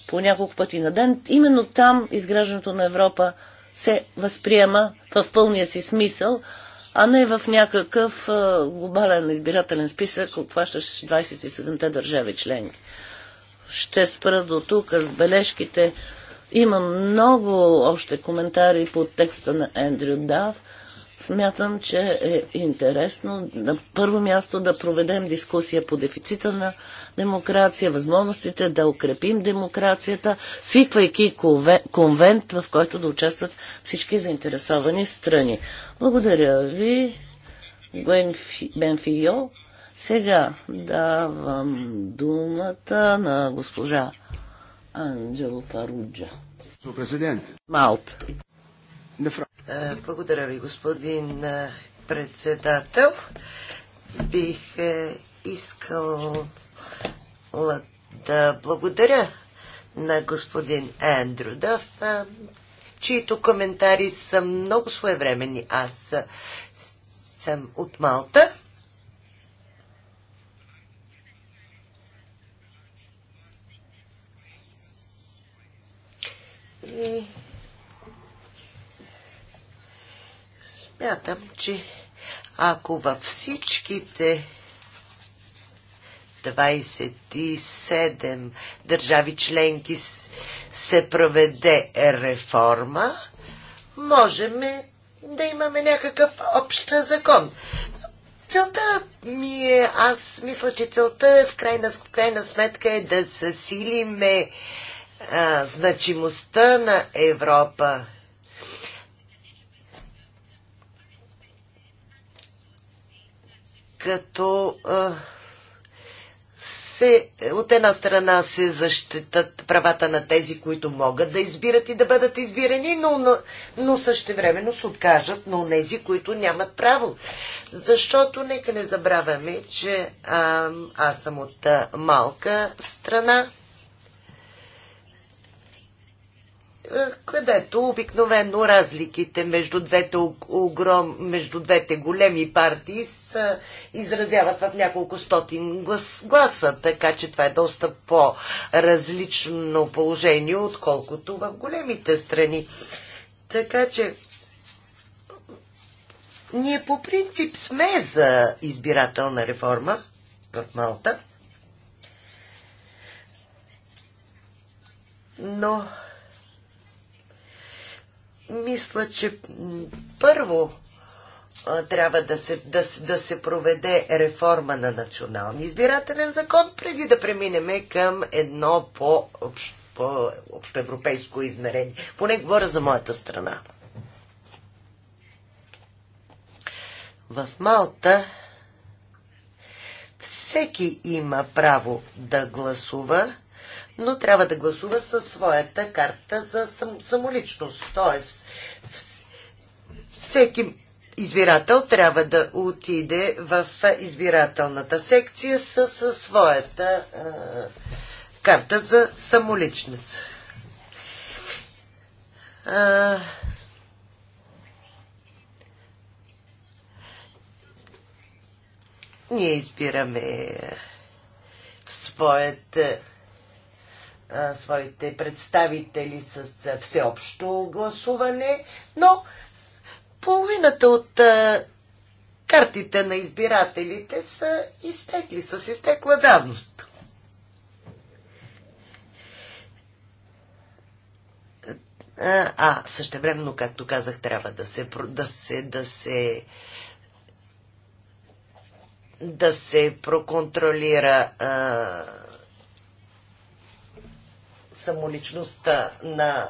по няколко пъти на ден, именно там изграждането на Европа се възприема в пълния си смисъл, а не в някакъв глобален избирателен списък, обхващащ 27-те държави членки. Ще спра до тук с бележките. Има много още коментари по текста на Ендрю Дав – Смятам, че е интересно на първо място да проведем дискусия по дефицита на демокрация, възможностите да укрепим демокрацията, свиквайки конвент, в който да участват всички заинтересовани страни. Благодаря ви, Бенфио. Сега давам думата на госпожа Анджело Фаруджа. Малт. Е, благодаря ви, господин е, председател. Бих е, искал да благодаря на господин Ендрю Дъв, чието коментари са много своевременни. Аз съм от Малта. И Смятам, че ако във всичките 27 държави членки се проведе реформа, можем да имаме някакъв общ закон. Целта ми е, аз мисля, че целта в крайна, в крайна сметка е да засилиме а, значимостта на Европа като се, от една страна се защитат правата на тези, които могат да избират и да бъдат избирани, но, но, но същевременно се откажат на тези, които нямат право. Защото нека не забравяме, че а, аз съм от а, малка страна където обикновено разликите между двете, огром, между двете големи партии са, изразяват в няколко стотин глас, гласа, така че това е доста по-различно положение, отколкото в големите страни. Така че ние по принцип сме за избирателна реформа в Малта, но мисля, че първо трябва да се, да, да се проведе реформа на националния избирателен закон, преди да преминем към едно по-общо по общоевропейско измерение. Поне говоря за моята страна. В Малта всеки има право да гласува но трябва да гласува със своята карта за сам, самоличност. Тоест, всеки избирател трябва да отиде в избирателната секция със своята а, карта за самоличност. А, ние избираме своята своите представители с всеобщо гласуване, но половината от картите на избирателите са изтекли, с изтекла давност. А същевременно, както казах, трябва да се, да се, да се, да се проконтролира а, самоличността на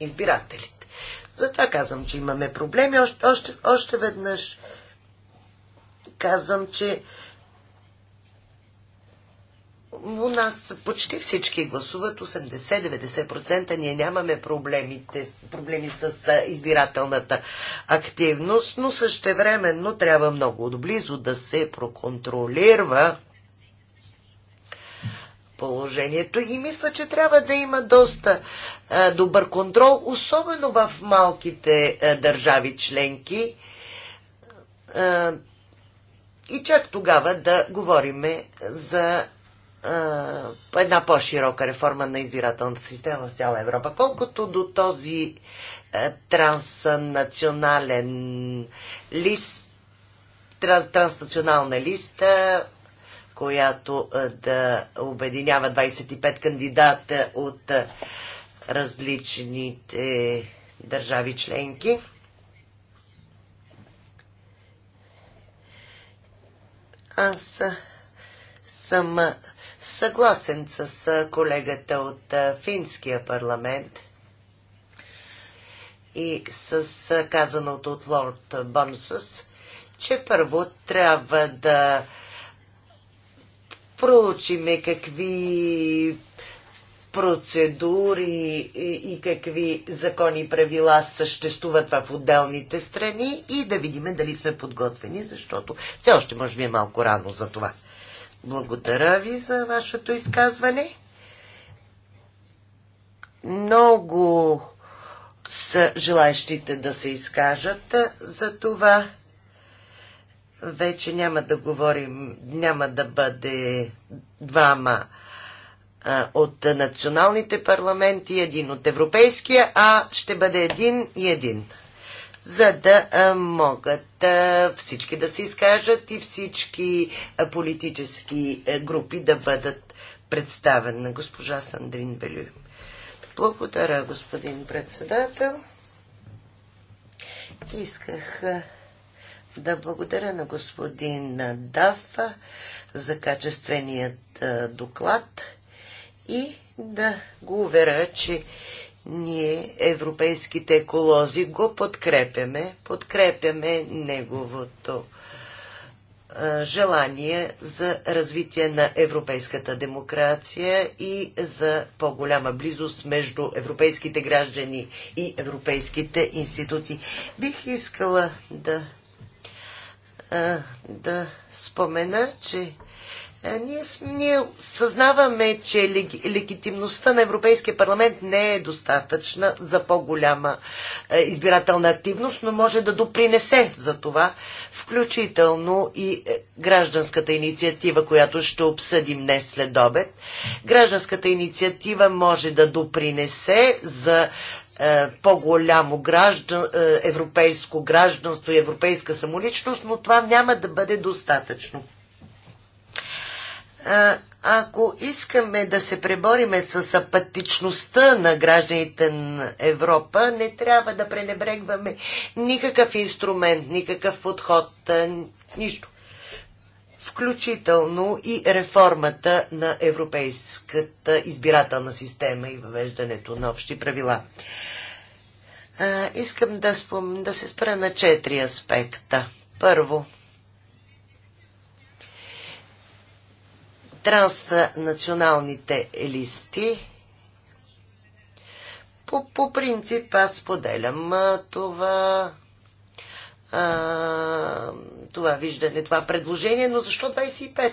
избирателите. Затова казвам, че имаме проблеми. Още, още, още веднъж казвам, че у нас почти всички гласуват 80-90%. Ние нямаме проблемите, проблеми с избирателната активност, но същевременно трябва много отблизо да се проконтролира положението и мисля, че трябва да има доста а, добър контрол, особено в малките а, държави членки. А, и чак тогава да говориме за една по-широка реформа на избирателната система в цяла Европа. Колкото до този транснационален лист, транснационална листа, която да обединява 25 кандидата от различните държави членки. Аз съм съгласен с колегата от финския парламент и с казаното от лорд Бонсъс, че първо трябва да проучиме какви процедури и какви закони и правила съществуват в отделните страни и да видим дали сме подготвени, защото все още може би е малко рано за това. Благодаря ви за вашето изказване. Много са желаящите да се изкажат за това вече няма да говорим, няма да бъде двама а, от националните парламенти, един от европейския, а ще бъде един и един. За да а, могат а, всички да се изкажат и всички а, политически а, групи да бъдат представени. на госпожа Сандрин Белю. Благодаря, господин председател. Исках да благодаря на господин Даф за качественият доклад и да го уверя, че ние, европейските еколози, го подкрепяме. Подкрепяме неговото желание за развитие на европейската демокрация и за по-голяма близост между европейските граждани и европейските институции. Бих искала да а, да спомена, че ние, ние съзнаваме, че лег, легитимността на Европейския парламент не е достатъчна за по-голяма избирателна активност, но може да допринесе за това, включително и е, гражданската инициатива, която ще обсъдим днес след обед. Гражданската инициатива може да допринесе за е, по-голямо граждан, е, европейско гражданство и европейска самоличност, но това няма да бъде достатъчно. Е, ако искаме да се пребориме с апатичността на гражданите на Европа, не трябва да пренебрегваме никакъв инструмент, никакъв подход, нищо включително и реформата на европейската избирателна система и въвеждането на общи правила. А, искам да, спом... да се спра на четири аспекта. Първо, транснационалните листи. По, по принцип аз поделям това а, това виждане, това предложение, но защо 25?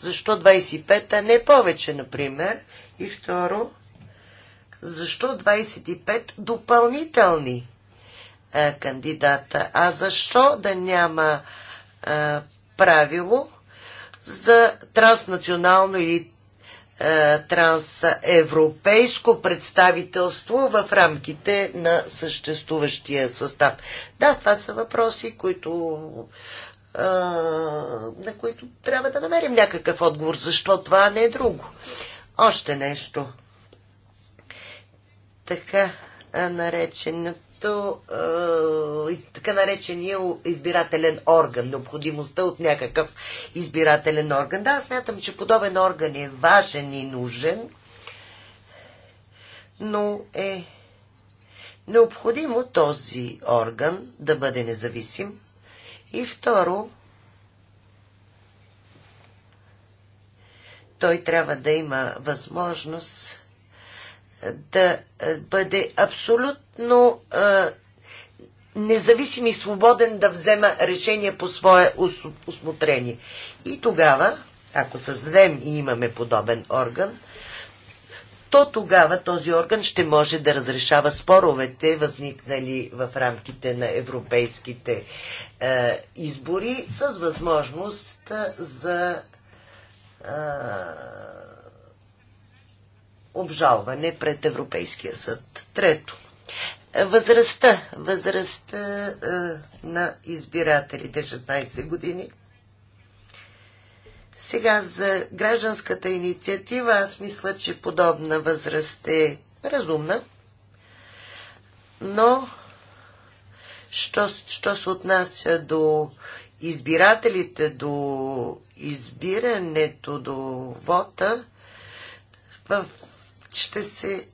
Защо 25, а не повече, например? И второ, защо 25 допълнителни а, кандидата? А защо да няма а, правило за транснационално или е, трансевропейско представителство в рамките на съществуващия състав. Да, това са въпроси, които е, на които трябва да намерим някакъв отговор, защо това не е друго. Още нещо. Така нареченият срещу е, така наречения избирателен орган, необходимостта от някакъв избирателен орган. Да, смятам, че подобен орган е важен и нужен, но е необходимо този орган да бъде независим. И второ, той трябва да има възможност да е, бъде абсолютно е, независим и свободен да взема решение по свое усмотрение. И тогава, ако създадем и имаме подобен орган, то тогава този орган ще може да разрешава споровете, възникнали в рамките на европейските е, избори, с възможност е, за е, обжалване пред Европейския съд. Трето. Възрастта. Възрастта е, на избирателите 16 години. Сега за гражданската инициатива аз мисля, че подобна възраст е разумна, но що, що се отнася до избирателите, до избирането, до вота, в ще се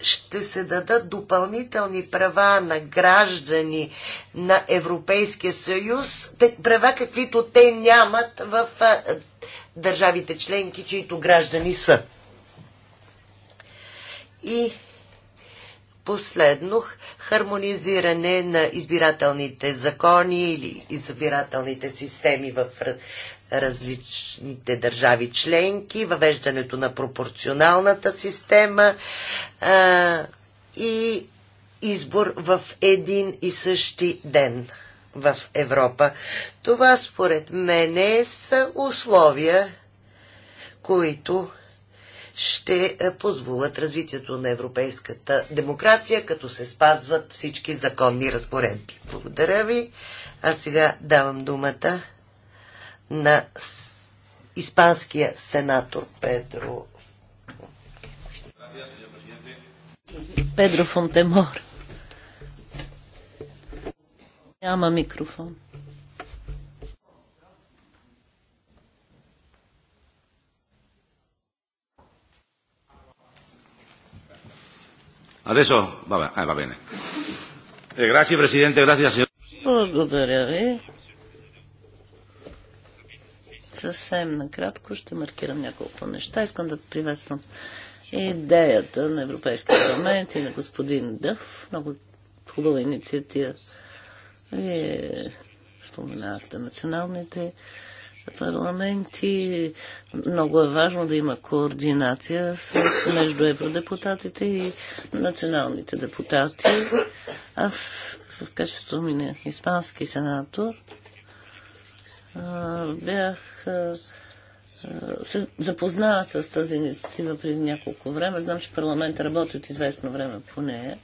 ще се дадат допълнителни права на граждани на Европейския съюз, права каквито те нямат в държавите членки, чието граждани са. И последно, хармонизиране на избирателните закони или избирателните системи в различните държави членки, въвеждането на пропорционалната система а, и избор в един и същи ден в Европа. Това според мен са условия, които ще позволят развитието на европейската демокрация, като се спазват всички законни разпоредби. Благодаря ви. А сега давам думата на испанския сенатор Педро Педро Фонтемор. Няма микрофон. Adesso va, bene. eh, va bene. Eh, grazie Presidente, grazie signor Presidente. Благодаря ви. Съвсем накратко ще маркирам няколко неща. Искам да приветствам идеята на Европейския парламент и на господин Дъв. Много хубава инициатива. Вие споменахте националните парламенти. Много е важно да има координация с, между евродепутатите и националните депутати. Аз в качеството ми на испански сенатор Бях се запознават с тази инициатива преди няколко време. Знам, че парламент работи от известно време по нея.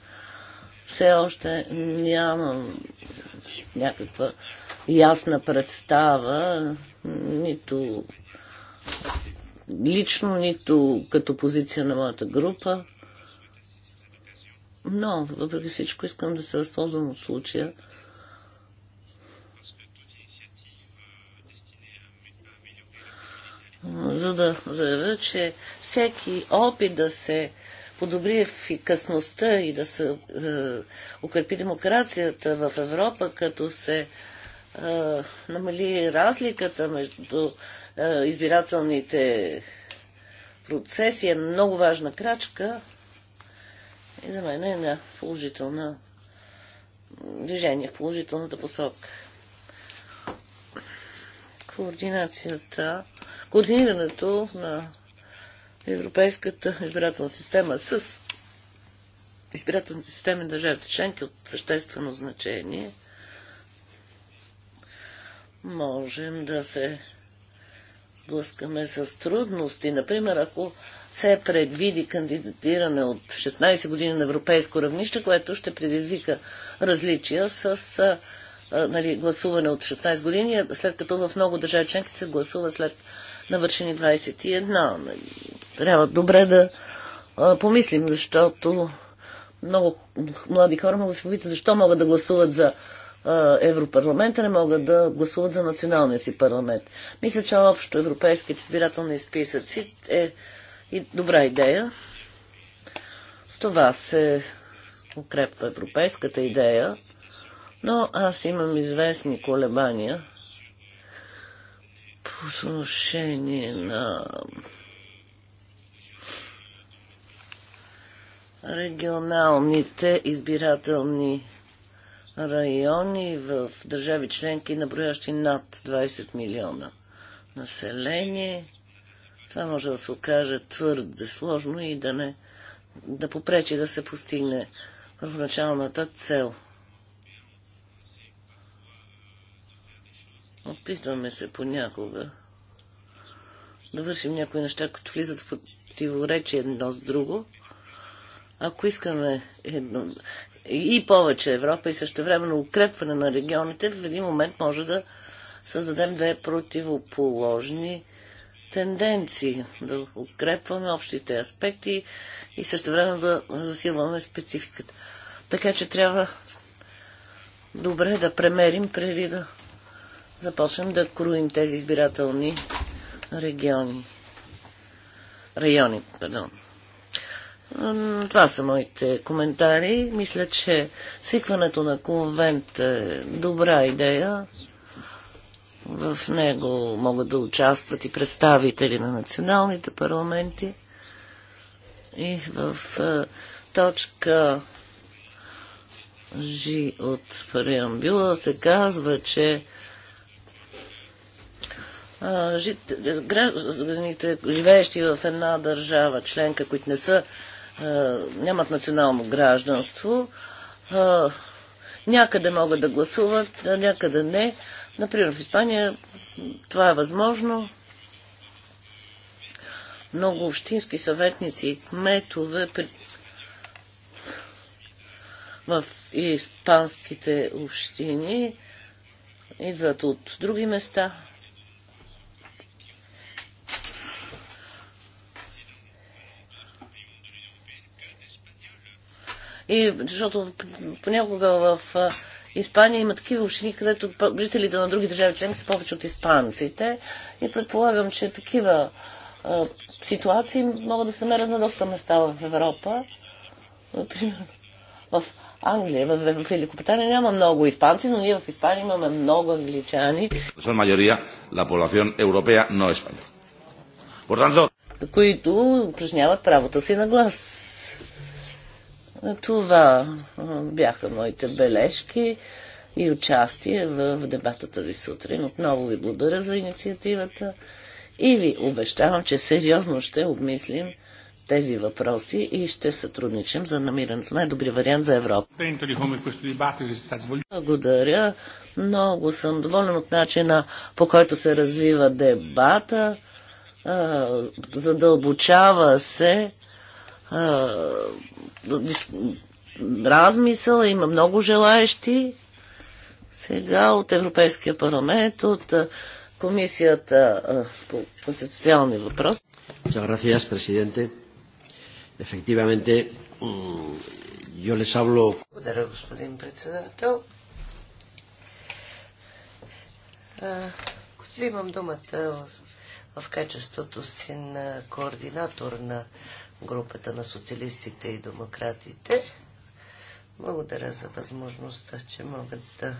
Все още нямам някаква ясна представа, нито лично, нито като позиция на моята група. Но, въпреки всичко, искам да се възползвам от случая – за да заявя, че всеки опит да се подобри ефикасността и да се е, укрепи демокрацията в Европа, като се е, намали разликата между е, избирателните процеси, е много важна крачка и за мен е на положителна движение в положителната посока. Координацията координирането на Европейската избирателна система с избирателните системи на държавите членки от съществено значение. Можем да се сблъскаме с трудности. Например, ако се предвиди кандидатиране от 16 години на европейско равнище, което ще предизвика различия с а, нали, гласуване от 16 години, след като в много държави членки се гласува след навършени 21. Трябва добре да а, помислим, защото много млади хора могат да се попитат защо могат да гласуват за а, Европарламента, не могат да гласуват за националния си парламент. Мисля, че общо европейските избирателни списъци е и добра идея. С това се укрепва европейската идея, но аз имам известни колебания – по отношение на регионалните избирателни райони в държави членки, наброящи над 20 милиона население. Това може да се окаже твърде сложно и да не да попречи да се постигне първоначалната цел – Опитваме се понякога да вършим някои неща, които влизат в противоречие едно с друго. Ако искаме едно, и повече Европа и също времено укрепване на регионите, в един момент може да създадем две противоположни тенденции. Да укрепваме общите аспекти и също време да засилваме спецификата. Така че трябва добре да премерим преди да започнем да круим тези избирателни региони. Райони, пардон. Това са моите коментари. Мисля, че свикването на конвент е добра идея. В него могат да участват и представители на националните парламенти. И в е, точка Ж от преамбюла се казва, че жит... гражданите, живеещи в една държава членка, които не са, нямат национално гражданство, някъде могат да гласуват, някъде не. Например, в Испания това е възможно. Много общински съветници и кметове при... в испанските общини идват от други места, И, защото понякога в Испания има такива общини, където жителите на други държави членки са повече от испанците. И предполагам, че такива а, ситуации могат да се мерят на доста места в Европа. Например, в Англия, в Великобритания няма много испанци, но ние в Испания имаме много англичани. Son майория, la población europea no española. Por tanto... Които упражняват правото си на глас. Това бяха моите бележки и участие в дебатата ви сутрин. Отново ви благодаря за инициативата и ви обещавам, че сериозно ще обмислим тези въпроси и ще сътрудничим за намирането на най-добри вариант за Европа. Благодаря. Много съм доволен от начина по който се развива дебата. Задълбочава се размисъл, има много желаещи. Сега от Европейския парламент, от Комисията по конституционни въпроси. Muchas gracias, presidente. Efectivamente, mm, yo les hablo... Благодаря, господин председател. Взимам думата в качеството си на координатор на групата на социалистите и демократите. Благодаря за възможността, че могат да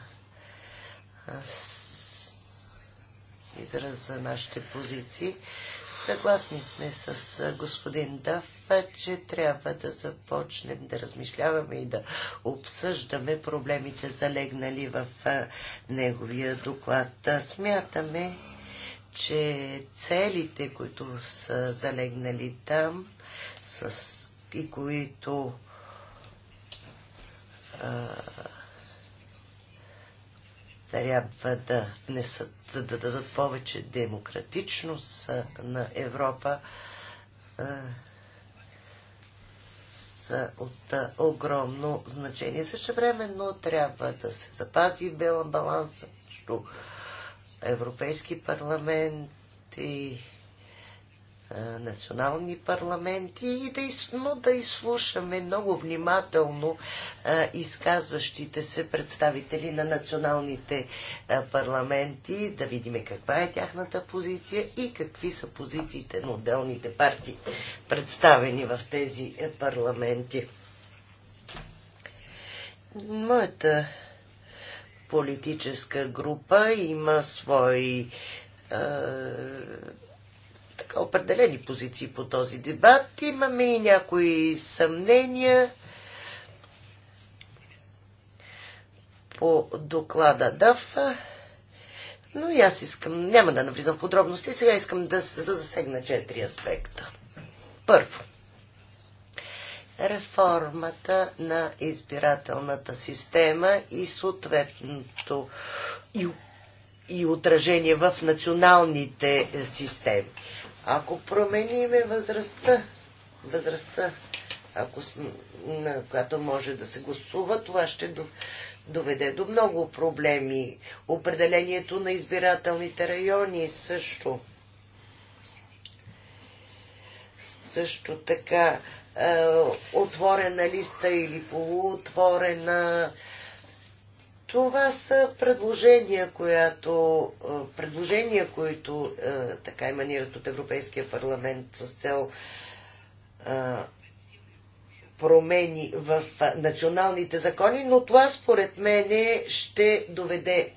израза нашите позиции. Съгласни сме с господин Дав, че трябва да започнем да размишляваме и да обсъждаме проблемите залегнали в неговия доклад. Смятаме, че целите, които са залегнали там, с, и които а, трябва да внесат, да, дадат повече демократичност на Европа а, са от а, огромно значение. Също но трябва да се запази баланса между Европейски парламент и е, национални парламенти и да, но да изслушаме много внимателно а, е, изказващите се представители на националните а, е, парламенти, да видим каква е тяхната позиция и какви са позициите на отделните партии, представени в тези парламенти. Моята политическа група има свои а, така определени позиции по този дебат. Имаме и някои съмнения по доклада ДАФА. Но и аз искам, няма да навлизам в подробности, сега искам да, да засегна четири аспекта. Първо, реформата на избирателната система и съответното и, и отражение в националните системи. Ако промениме възрастта, възрастта, ако, на която може да се гласува, това ще доведе до много проблеми. Определението на избирателните райони също. Също така е, отворена листа или полуотворена това са предложения, която, е, предложения които е, така еманират от Европейския парламент с цел е, промени в националните закони, но това според мене ще доведе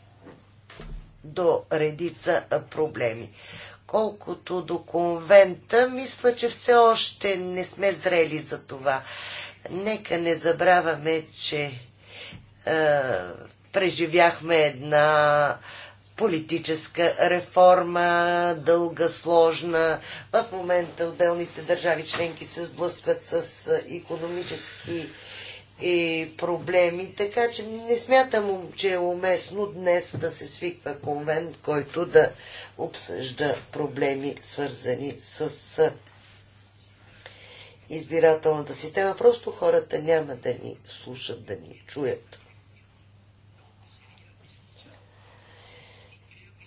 до редица проблеми. Колкото до конвента, мисля, че все още не сме зрели за това. Нека не забравяме, че е, преживяхме една политическа реформа, дълга, сложна. В момента отделните държави членки се сблъскват с економически и е, проблеми, така че не смятам, че е уместно днес да се свиква конвент, който да обсъжда проблеми, свързани с избирателната система. Просто хората няма да ни слушат, да ни чуят.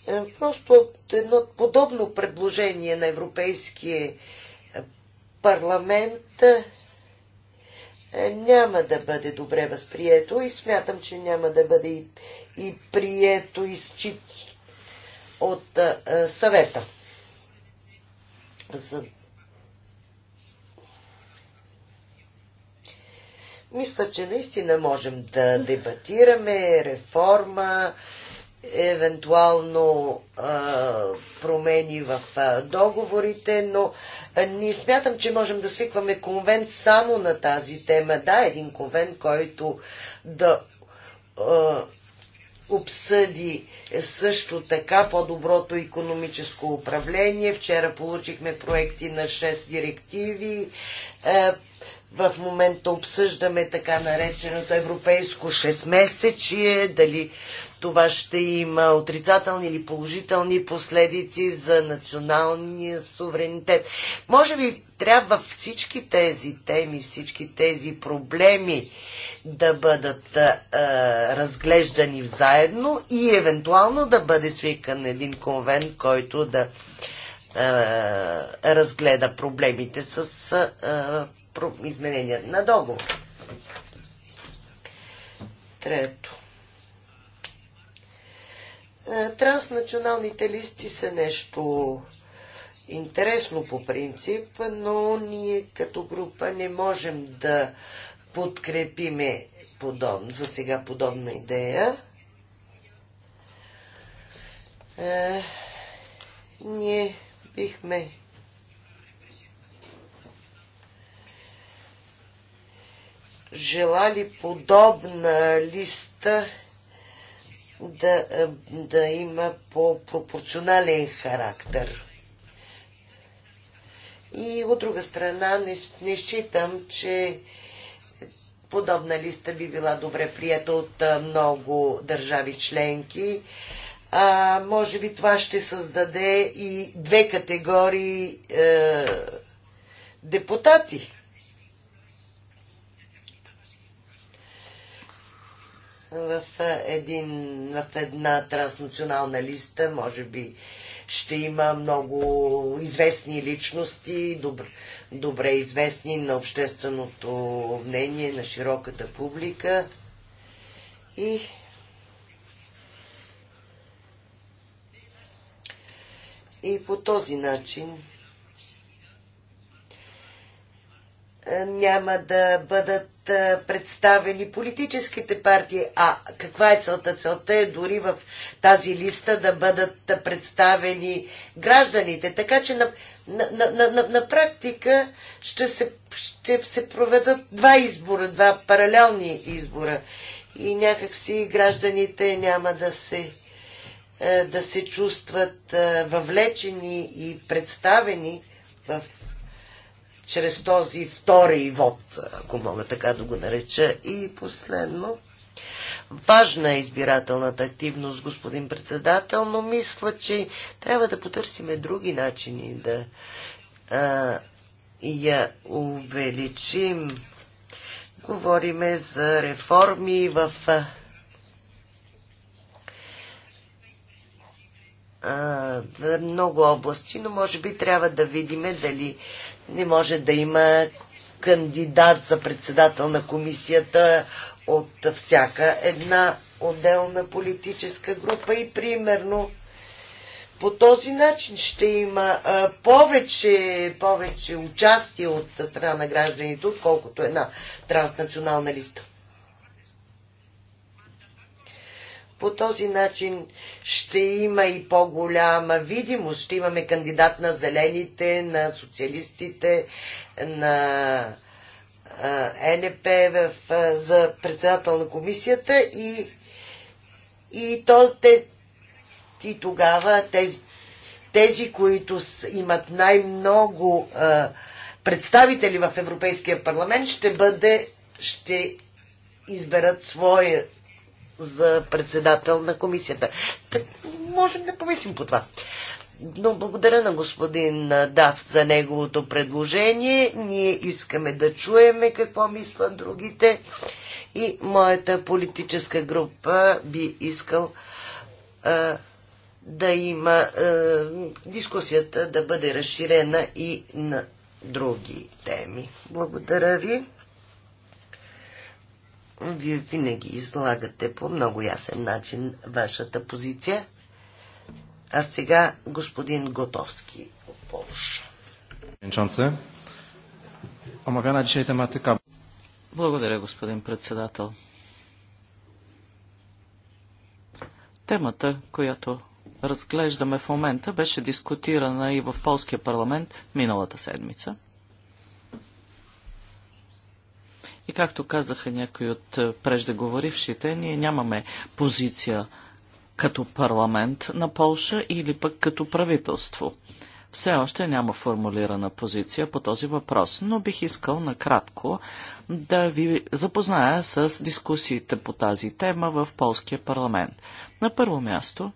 Е, просто едно подобно предложение на Европейския е, парламент е, няма да бъде добре възприето и смятам, че няма да бъде и, и прието изчит от а, съвета. За... Мисля, че наистина можем да дебатираме реформа, евентуално а, промени в а, договорите, но ние смятам, че можем да свикваме конвент само на тази тема. Да, един конвент, който да а, обсъди също така по-доброто економическо управление. Вчера получихме проекти на 6 директиви. А, е, в момента обсъждаме така нареченото европейско 6 месечие, дали това ще има отрицателни или положителни последици за националния суверенитет. Може би трябва всички тези теми, всички тези проблеми да бъдат а, разглеждани заедно и евентуално да бъде свикан един конвент, който да а, разгледа проблемите с а, изменения на договор. Трето е, транснационалните листи са нещо интересно по принцип, но ние като група не можем да подкрепиме подоб, за сега подобна идея. Е, ние бихме желали подобна листа да, е, да има по-пропорционален характер. И от друга страна не, не считам, че подобна листа би била добре прията от е, много държави членки. А, може би това ще създаде и две категории е, депутати. в, един, в една транснационална листа, може би ще има много известни личности, добре, добре известни на общественото мнение, на широката публика. И и по този начин Е, няма да бъдат е, представени политическите партии. А каква е целта? Целта е дори в тази листа да бъдат представени гражданите. Така че на, на, на, на, на практика ще се, ще се проведат два избора, два паралелни избора. И някакси гражданите няма да се е, да се чувстват въвлечени и представени в чрез този втори вод, ако мога така да го нареча. И последно, важна е избирателната активност, господин председател, но мисля, че трябва да потърсиме други начини да а, я увеличим. Говориме за реформи в в много области, но може би трябва да видим дали не може да има кандидат за председател на комисията от всяка една отделна политическа група и примерно по този начин ще има а, повече, повече участие от страна на гражданите, отколкото една транснационална листа. По този начин ще има и по-голяма видимост. Ще имаме кандидат на зелените, на социалистите, на НП в, за председател на комисията и, и, то, те, и тогава тези, тези, които имат най-много представители в Европейския парламент, ще бъде, ще изберат своя за председател на комисията. Так, можем да помислим по това. Но благодаря на господин Дав за неговото предложение. Ние искаме да чуеме какво мислят другите и моята политическа група би искал а, да има а, дискусията да бъде разширена и на други теми. Благодаря ви. Вие винаги излагате по много ясен начин вашата позиция. А сега господин Готовски от Полша. Е Благодаря, господин председател. Темата, която разглеждаме в момента, беше дискутирана и в полския парламент миналата седмица. И както казаха някои от е, преждеговорившите, ние нямаме позиция като парламент на Полша или пък като правителство. Все още няма формулирана позиция по този въпрос, но бих искал накратко да ви запозная с дискусиите по тази тема в полския парламент. На първо място,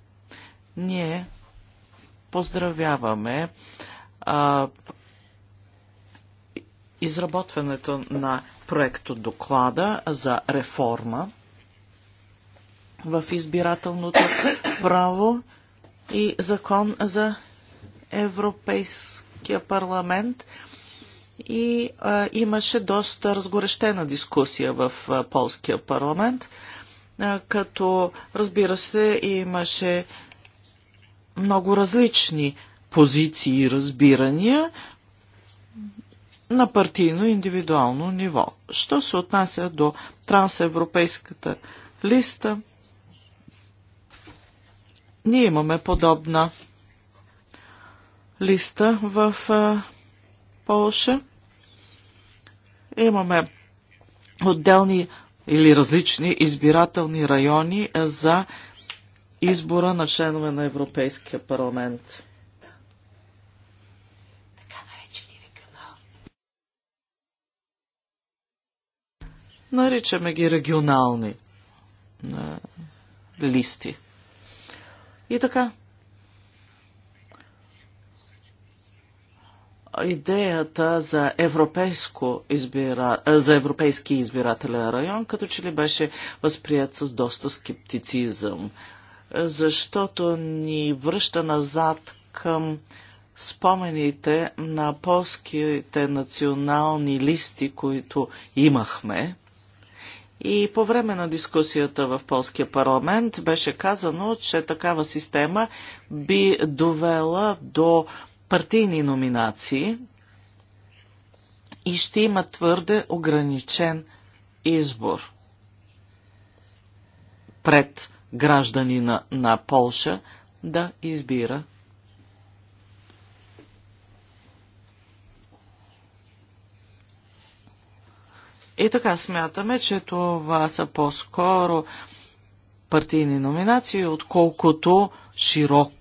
ние поздравяваме а, изработването на проект от доклада за реформа в избирателното право и закон за Европейския парламент и а, имаше доста разгорещена дискусия в а, полския парламент, а, като разбира се имаше много различни позиции и разбирания, на партийно индивидуално ниво. Що се отнася до трансевропейската листа, ние имаме подобна листа в Полша. Имаме отделни или различни избирателни райони за избора на членове на Европейския парламент. Наричаме ги регионални а, е, листи. И така. Идеята за, европейско избира... Е, за европейски избирателен район като че ли беше възприят с доста скептицизъм, е, защото ни връща назад към спомените на полските национални листи, които имахме и по време на дискусията в полския парламент беше казано, че такава система би довела до партийни номинации и ще има твърде ограничен избор пред гражданина на Полша да избира И така смятаме, че това са по-скоро партийни номинации, отколкото широк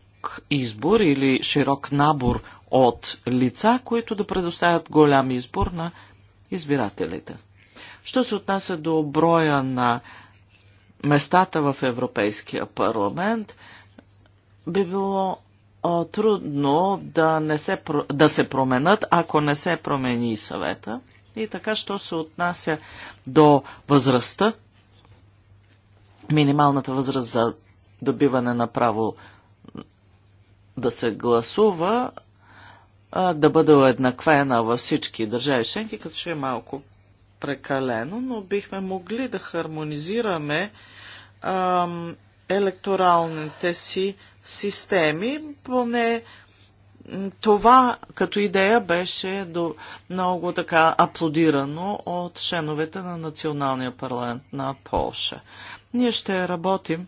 избор или широк набор от лица, които да предоставят голям избор на избирателите. Що се отнася до броя на местата в Европейския парламент, би било а, трудно да, не се, да се променят, ако не се промени съвета. И така, що се отнася до възрастта, минималната възраст за добиване на право да се гласува, да бъде уеднаквена във всички държави членки, като ще е малко прекалено, но бихме могли да хармонизираме електоралните си системи, поне това като идея беше до, много така аплодирано от членовете на Националния парламент на Полша. Ние ще работим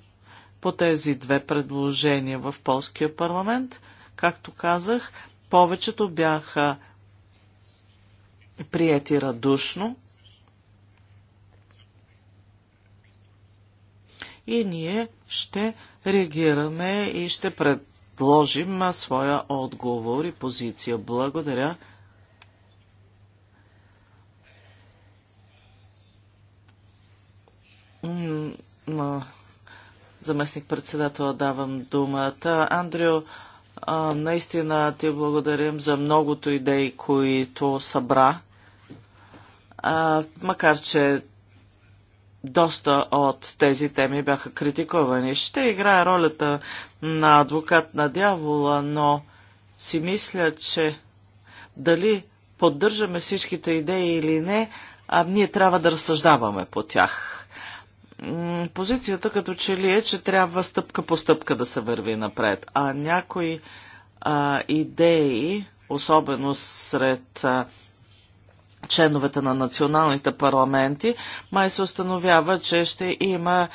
по тези две предложения в Полския парламент. Както казах, повечето бяха приети радушно и ние ще реагираме и ще пред изложим своя отговор и позиция. Благодаря. заместник председател давам думата. Андрио, наистина ти благодарим за многото идеи, които събра. макар, че доста от тези теми бяха критикувани. Ще играе ролята на адвокат на дявола, но си мисля, че дали поддържаме всичките идеи или не, а ние трябва да разсъждаваме по тях. Позицията като че ли е, че трябва стъпка по стъпка да се върви напред, а някои а, идеи, особено сред а, членовете на националните парламенти, май се установява, че ще има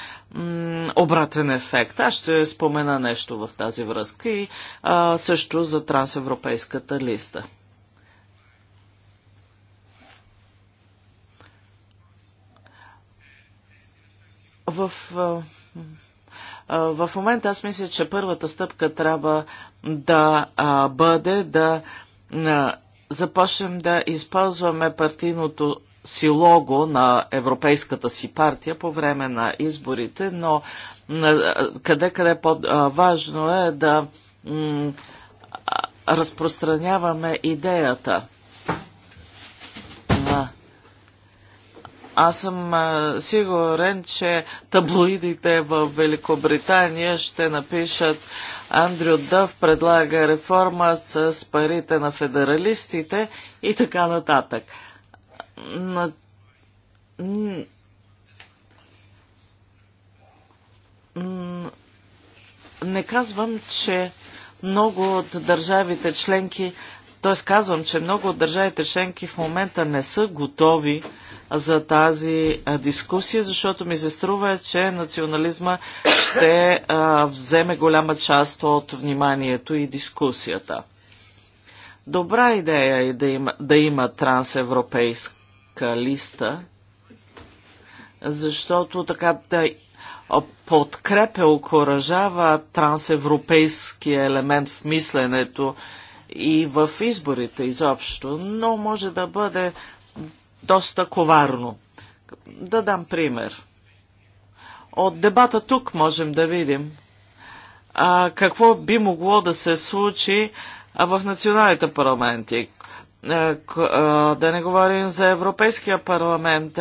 обратен ефект. Аз ще спомена нещо в тази връзка и а, също за трансевропейската листа. В, а, в момента аз мисля, че първата стъпка трябва да а, бъде да а, започнем да използваме партийното си лого на европейската си партия по време на изборите, но къде-къде по-важно е да разпространяваме идеята. Аз съм сигурен, че таблоидите в Великобритания ще напишат Андрю Дъв предлага реформа с парите на федералистите и така нататък. На... Не казвам, че много от държавите членки, т.е. казвам, че много от държавите членки в момента не са готови за тази дискусия, защото ми се струва, че национализма ще вземе голяма част от вниманието и дискусията. Добра идея е да има, да има трансевропейска листа, защото така да подкрепя, окоръжава трансевропейския елемент в мисленето и в изборите изобщо, но може да бъде доста коварно. Да дам пример. От дебата тук можем да видим а, какво би могло да се случи а, в националните парламенти. Е, а, да не говорим за Европейския парламент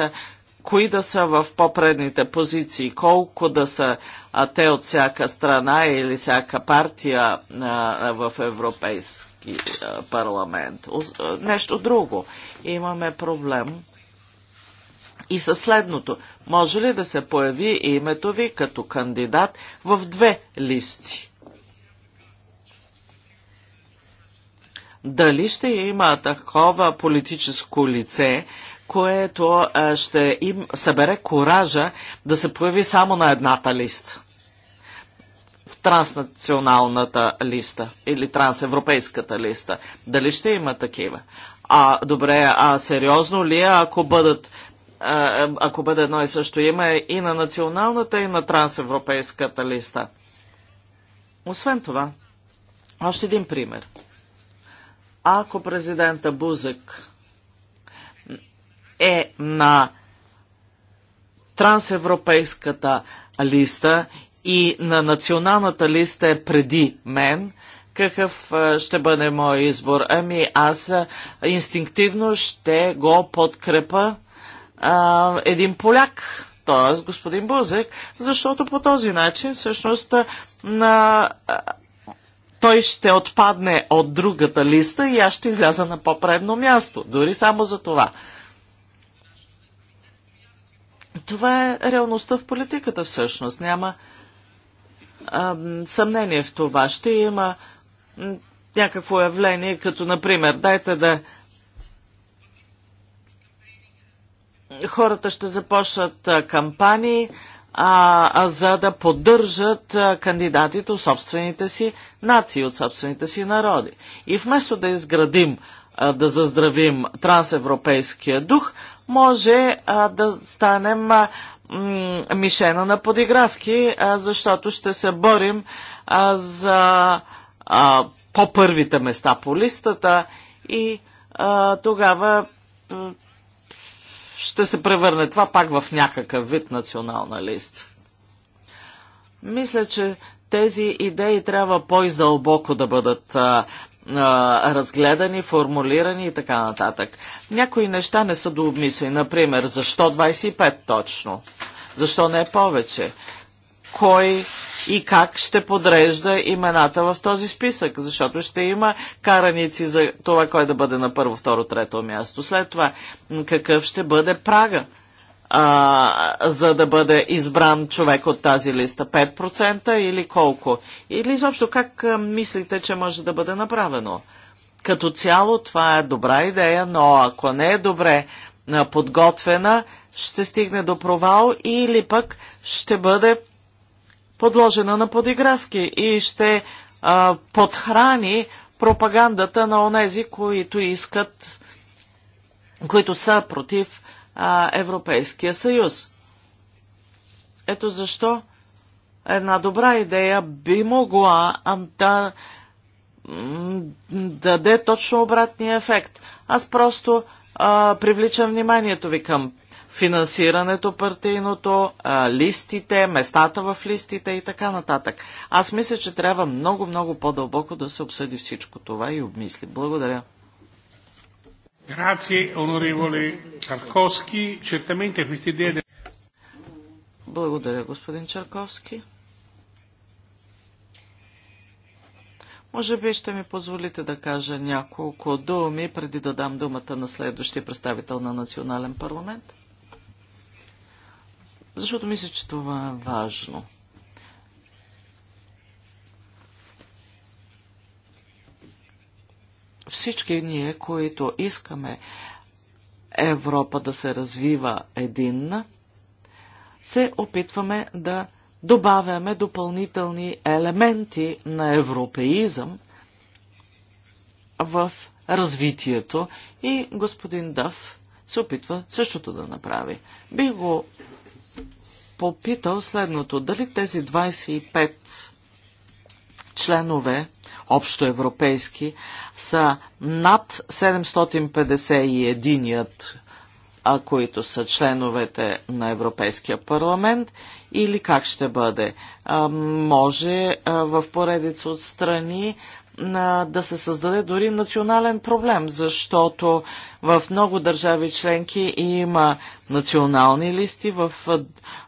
кои да са в попредните позиции, колко да са а, те от всяка страна или всяка партия а, в Европейски а, парламент. Нещо друго. Имаме проблем и със следното. Може ли да се появи името ви като кандидат в две листи? Дали ще има такова политическо лице, което ще им събере коража да се появи само на едната листа. В транснационалната листа или трансевропейската листа. Дали ще има такива? А, добре, а сериозно ли е, ако бъдат ако бъде едно и също име и на националната, и на трансевропейската листа. Освен това, още един пример. Ако президента Бузък е на трансевропейската листа и на националната листа е преди мен, какъв ще бъде мой избор? Ами аз инстинктивно ще го подкрепа а, един поляк, т.е. господин Бузек, защото по този начин всъщност на, а, той ще отпадне от другата листа и аз ще изляза на по-предно място, дори само за това. Това е реалността в политиката всъщност. Няма а, съмнение в това. Ще има някакво явление, като например, дайте да хората ще започнат кампании, а, а за да поддържат кандидатите от собствените си нации, от собствените си народи. И вместо да изградим, а, да заздравим трансевропейския дух, може а, да станем а, мишена на подигравки, а, защото ще се борим а, за а, по-първите места по листата и а, тогава ще се превърне това пак в някакъв вид национална лист. Мисля, че тези идеи трябва по-издълбоко да бъдат а, разгледани, формулирани и така нататък. Някои неща не са дообмислени. Например, защо 25 точно? Защо не е повече? Кой и как ще подрежда имената в този списък? Защото ще има караници за това, кой да бъде на първо, второ, трето място. След това, какъв ще бъде прага? а, за да бъде избран човек от тази листа? 5% или колко? Или изобщо как мислите, че може да бъде направено? Като цяло това е добра идея, но ако не е добре подготвена, ще стигне до провал или пък ще бъде подложена на подигравки и ще а, подхрани пропагандата на онези, които искат, които са против а, Европейския съюз. Ето защо една добра идея би могла да даде точно обратния ефект. Аз просто а, привличам вниманието ви към финансирането партийното, а, листите, местата в листите и така нататък. Аз мисля, че трябва много, много по-дълбоко да се обсъди всичко това и обмисли. Благодаря. Grazie, onorevole Certamente questa idea... Благодаря, господин Чарковски. Може би ще ми позволите да кажа няколко думи, преди да дам думата на следващия представител на Национален парламент. Защото мисля, че това е важно. всички ние, които искаме Европа да се развива единна, се опитваме да добавяме допълнителни елементи на европеизъм в развитието и господин Дъв се опитва същото да направи. Би го попитал следното. Дали тези 25 членове общоевропейски, са над 751-ят, които са членовете на Европейския парламент или как ще бъде? А, може а, в поредица от страни а, да се създаде дори национален проблем, защото в много държави членки има национални листи в,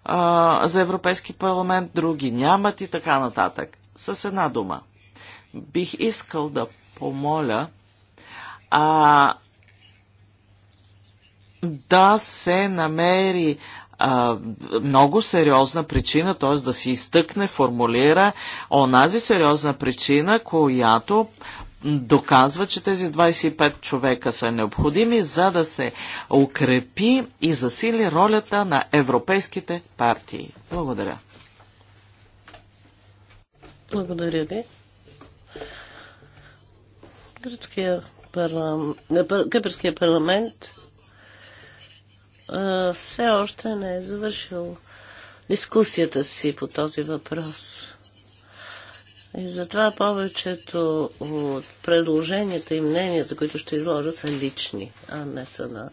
а, за Европейски парламент, други нямат и така нататък. С една дума бих искал да помоля а, да се намери а, много сериозна причина, т.е. да се изтъкне, формулира онази сериозна причина, която доказва, че тези 25 човека са необходими, за да се укрепи и засили ролята на европейските партии. Благодаря. Благодаря ви. Гръцкия парламент, Кипърския парламент все още не е завършил дискусията си по този въпрос. И затова повечето от предложенията и мненията, които ще изложа, са лични, а не са на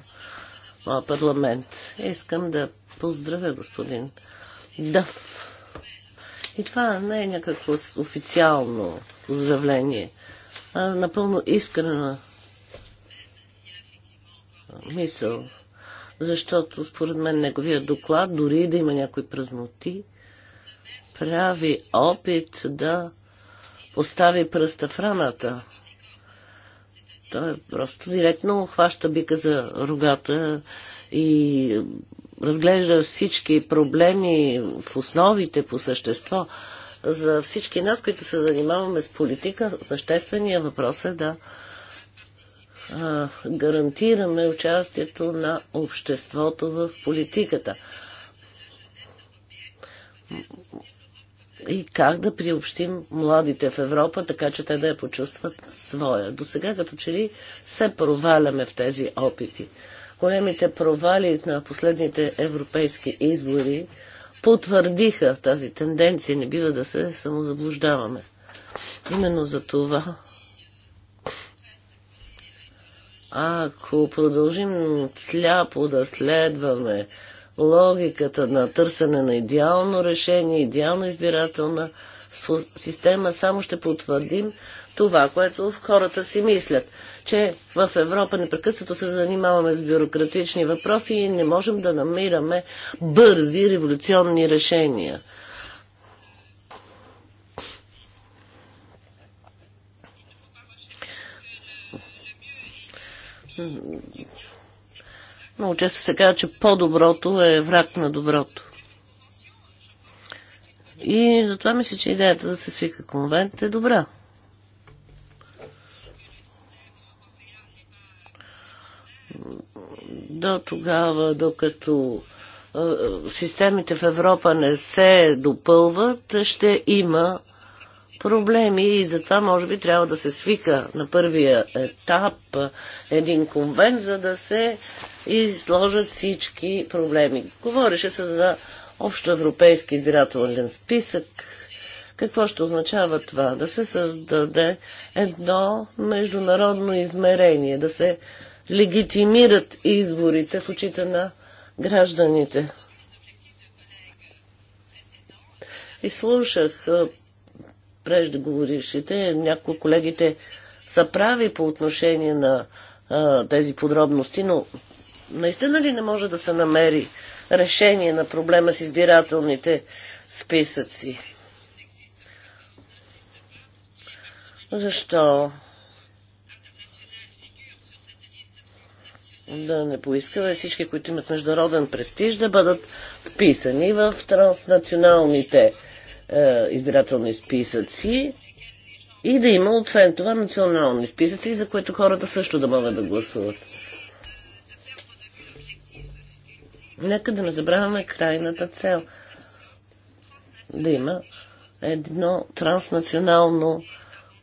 моя парламент. Искам да поздравя господин Дъв. И това не е някакво официално поздравление – напълно искрена мисъл. Защото според мен неговия доклад, дори да има някои празноти, прави опит да постави пръста в раната. Той просто директно хваща бика за рогата и разглежда всички проблеми в основите по същество. За всички нас, които се занимаваме с политика, същественият въпрос е да а, гарантираме участието на обществото в политиката. И как да приобщим младите в Европа, така че те да я почувстват своя. До сега като че ли се проваляме в тези опити. Големите провали на последните европейски избори – потвърдиха тази тенденция. Не бива да се самозаблуждаваме. Именно за това ако продължим сляпо да следваме логиката на търсене на идеално решение, идеална избирателна система, само ще потвърдим това, което хората си мислят че в Европа непрекъснато се занимаваме с бюрократични въпроси и не можем да намираме бързи революционни решения. Много често се казва, че по-доброто е враг на доброто. И затова мисля, че идеята да се свика конвент е добра. до тогава, докато системите в Европа не се допълват, ще има проблеми и затова може би трябва да се свика на първия етап един конвент, за да се изложат всички проблеми. Говореше се за общоевропейски избирателен списък. Какво ще означава това? Да се създаде едно международно измерение, да се легитимират изборите в очите на гражданите. И слушах преждеговорившите, някои колегите са прави по отношение на а, тези подробности, но наистина ли не може да се намери решение на проблема с избирателните списъци? Защо да не поискаме всички, които имат международен престиж, да бъдат вписани в транснационалните е, избирателни списъци и да има освен това национални списъци, за които хората също да могат да гласуват. Нека да не забравяме крайната цел. Да има едно транснационално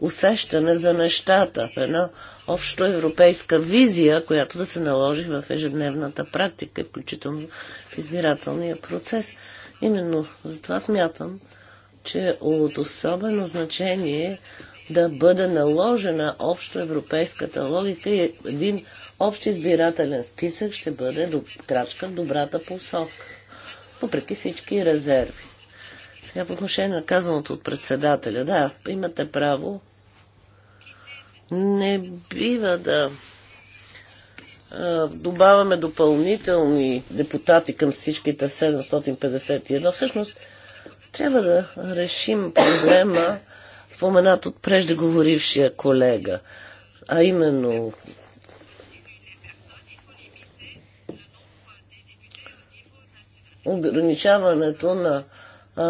усещане за нещата, в една общо европейска визия, която да се наложи в ежедневната практика, включително в избирателния процес. Именно затова смятам, че е от особено значение да бъде наложена общо европейската логика и един общ избирателен списък ще бъде до крачка в добрата посока, въпреки всички резерви. Сега по отношение на казаното от председателя, да, имате право, не бива да добавяме допълнителни депутати към всичките 751. Всъщност, трябва да решим проблема, споменат от преждеговорившия колега, а именно ограничаването на а,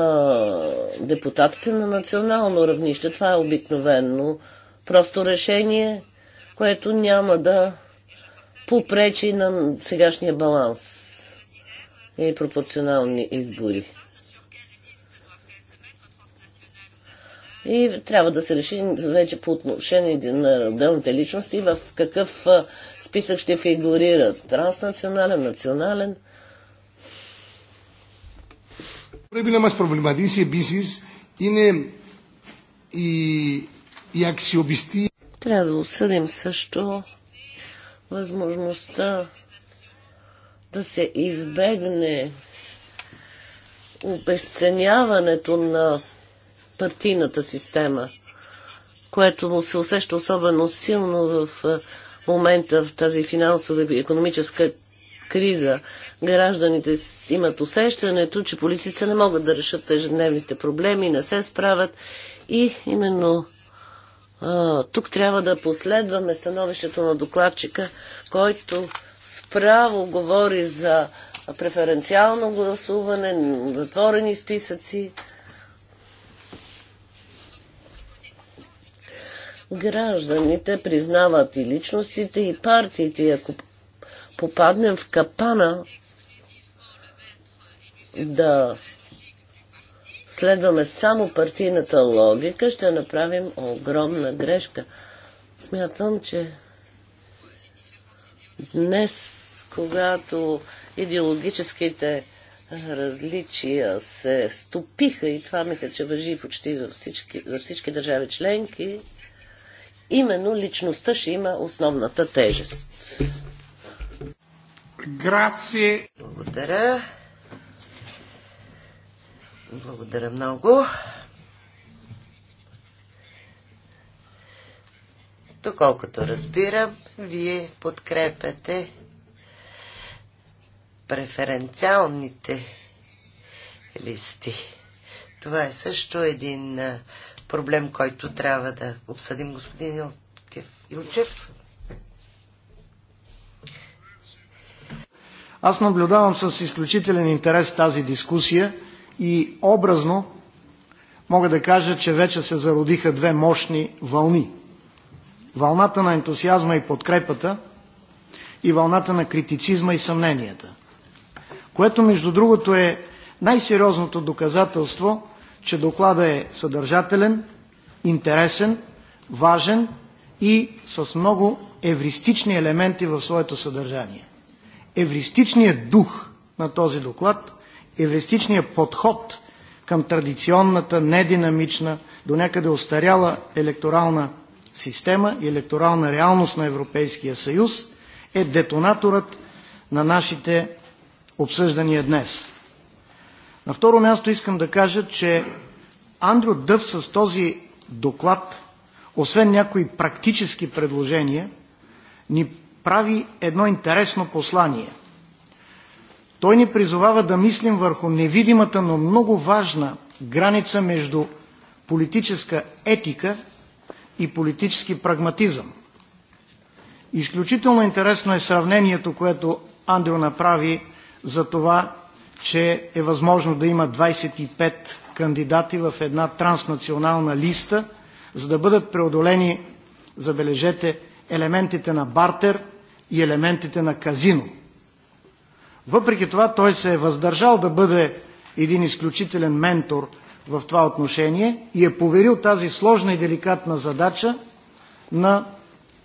депутатите на национално равнище. Това е обикновено Просто решение, което няма да попречи на сегашния баланс и пропорционални избори. И трябва да се реши вече по отношение на отделните личности в какъв списък ще фигурира Транснационален, национален. Πρέπει να μας προβληματίσει επίσης и Трябва да осъдим също възможността да се избегне обесценяването на партийната система, което му се усеща особено силно в момента в тази финансова и економическа криза. Гражданите имат усещането, че полицията не могат да решат ежедневните проблеми, не се справят и именно тук трябва да последваме становището на докладчика, който справо говори за преференциално гласуване, затворени списъци. Гражданите признават и личностите, и партиите. И ако попаднем в капана да следваме само партийната логика, ще направим огромна грешка. Смятам, че днес, когато идеологическите различия се стопиха и това мисля, че въжи почти за всички, за всички държави членки, именно личността ще има основната тежест. Грация. Благодаря. Благодаря много. Доколкото разбирам, вие подкрепяте преференциалните листи. Това е също един проблем, който трябва да обсъдим, господин Илчев. Аз наблюдавам с изключителен интерес тази дискусия и образно мога да кажа, че вече се зародиха две мощни вълни. Вълната на ентусиазма и подкрепата и вълната на критицизма и съмненията. Което, между другото, е най-сериозното доказателство, че докладът е съдържателен, интересен, важен и с много евристични елементи в своето съдържание. Евристичният дух на този доклад евристичния подход към традиционната, нединамична, до някъде остаряла електорална система и електорална реалност на Европейския съюз е детонаторът на нашите обсъждания днес. На второ място искам да кажа, че Андрю Дъв с този доклад, освен някои практически предложения, ни прави едно интересно послание – той ни призовава да мислим върху невидимата, но много важна граница между политическа етика и политически прагматизъм. Изключително интересно е сравнението, което Андел направи за това, че е възможно да има 25 кандидати в една транснационална листа, за да бъдат преодолени, забележете, елементите на бартер и елементите на казино – въпреки това той се е въздържал да бъде един изключителен ментор в това отношение и е поверил тази сложна и деликатна задача на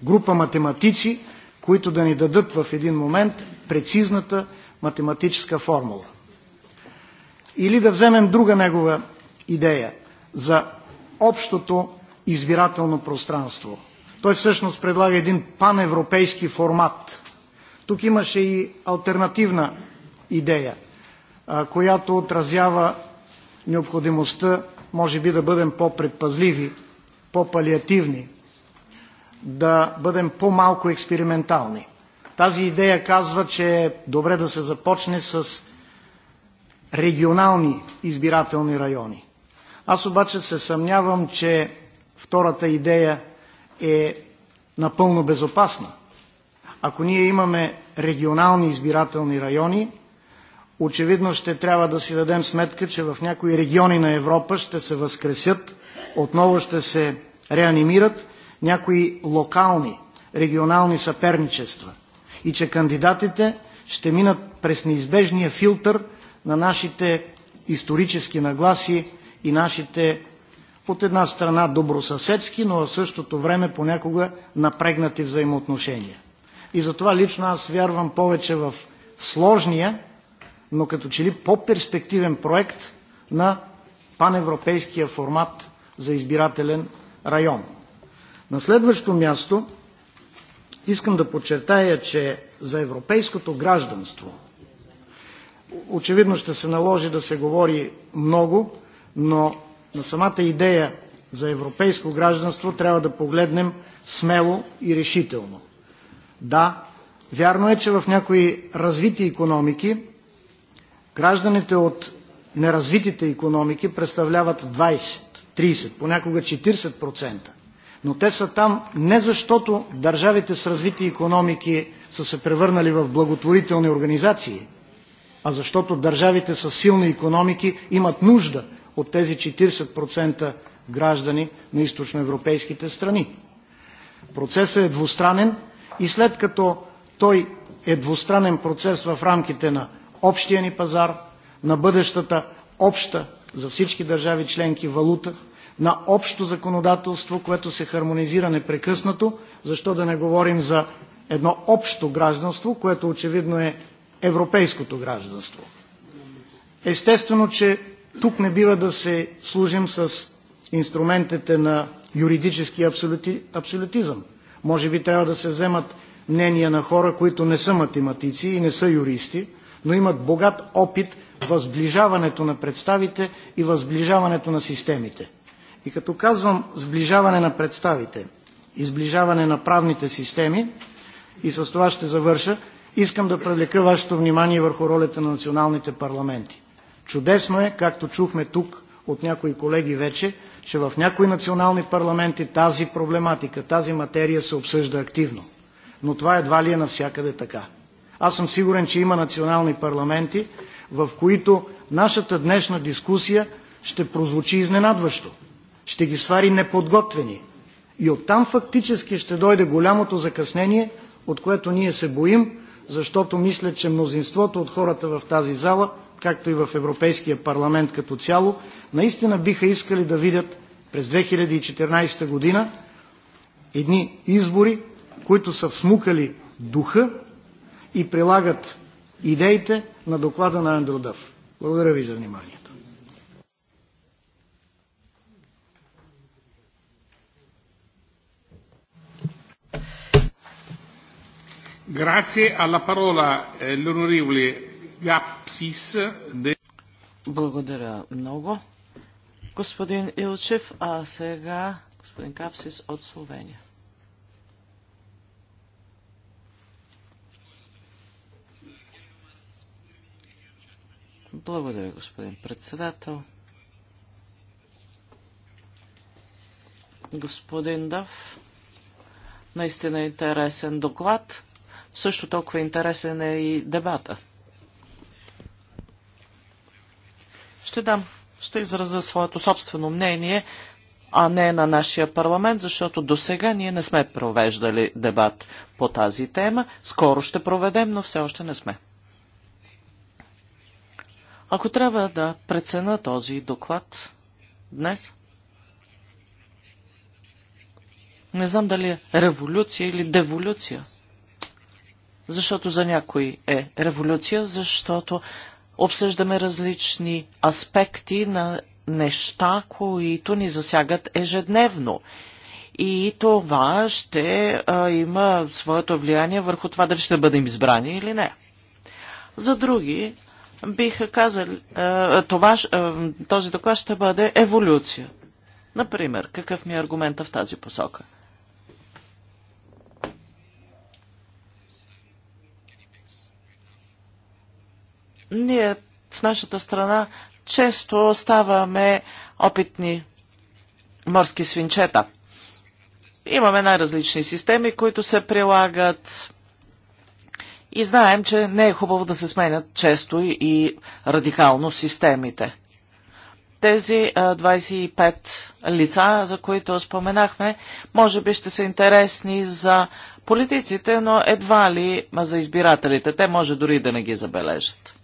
група математици, които да ни дадат в един момент прецизната математическа формула. Или да вземем друга негова идея за общото избирателно пространство. Той всъщност предлага един паневропейски формат тук имаше и альтернативна идея, която отразява необходимостта, може би, да бъдем по-предпазливи, по-палиативни, да бъдем по-малко експериментални. Тази идея казва, че е добре да се започне с регионални избирателни райони. Аз обаче се съмнявам, че втората идея е напълно безопасна – ако ние имаме регионални избирателни райони, очевидно ще трябва да си дадем сметка, че в някои региони на Европа ще се възкресят, отново ще се реанимират някои локални, регионални съперничества и че кандидатите ще минат през неизбежния филтър на нашите исторически нагласи и нашите от една страна добросъседски, но в същото време понякога напрегнати взаимоотношения. И затова лично аз вярвам повече в сложния, но като че ли по-перспективен проект на паневропейския формат за избирателен район. На следващо място искам да подчертая, че за европейското гражданство очевидно ще се наложи да се говори много, но на самата идея за европейско гражданство трябва да погледнем смело и решително. Да, вярно е, че в някои развити економики гражданите от неразвитите економики представляват 20, 30, понякога 40%. Но те са там не защото държавите с развити економики са се превърнали в благотворителни организации, а защото държавите с силни економики имат нужда от тези 40% граждани на източноевропейските страни. Процесът е двустранен и след като той е двустранен процес в рамките на общия ни пазар, на бъдещата обща за всички държави членки валута, на общо законодателство, което се хармонизира непрекъснато, защо да не говорим за едно общо гражданство, което очевидно е европейското гражданство. Естествено, че тук не бива да се служим с инструментите на юридически абсолютизъм. Може би трябва да се вземат мнения на хора, които не са математици и не са юристи, но имат богат опит в сближаването на представите и в сближаването на системите. И като казвам сближаване на представите и сближаване на правните системи, и с това ще завърша, искам да привлека вашето внимание върху ролята на националните парламенти. Чудесно е, както чухме тук от някои колеги вече, че в някои национални парламенти тази проблематика, тази материя се обсъжда активно. Но това едва ли е навсякъде така. Аз съм сигурен, че има национални парламенти, в които нашата днешна дискусия ще прозвучи изненадващо, ще ги свари неподготвени. И оттам фактически ще дойде голямото закъснение, от което ние се боим, защото мисля, че мнозинството от хората в тази зала както и в Европейския парламент като цяло, наистина биха искали да видят през 2014 година едни избори, които са всмукали духа и прилагат идеите на доклада на Андро Дъв. Благодаря ви за вниманието. Grazie alla parola eh, l'onorevole благодаря много. Господин Илчев, а сега господин Капсис от Словения. Благодаря, господин председател. Господин Дав, наистина интересен доклад. Също толкова интересен е и дебата. Ще дам, ще изразя своето собствено мнение, а не на нашия парламент, защото до сега ние не сме провеждали дебат по тази тема. Скоро ще проведем, но все още не сме. Ако трябва да прецена този доклад днес, не знам дали е революция или деволюция. Защото за някой е революция, защото обсъждаме различни аспекти на неща, които ни засягат ежедневно. И това ще а, има своето влияние върху това дали ще бъдем избрани или не. За други биха казали, а, това, а, този доклад ще бъде еволюция. Например, какъв ми е аргумента в тази посока – Ние в нашата страна често ставаме опитни морски свинчета. Имаме най-различни системи, които се прилагат и знаем, че не е хубаво да се сменят често и радикално системите. Тези 25 лица, за които споменахме, може би ще са интересни за политиците, но едва ли за избирателите. Те може дори да не ги забележат.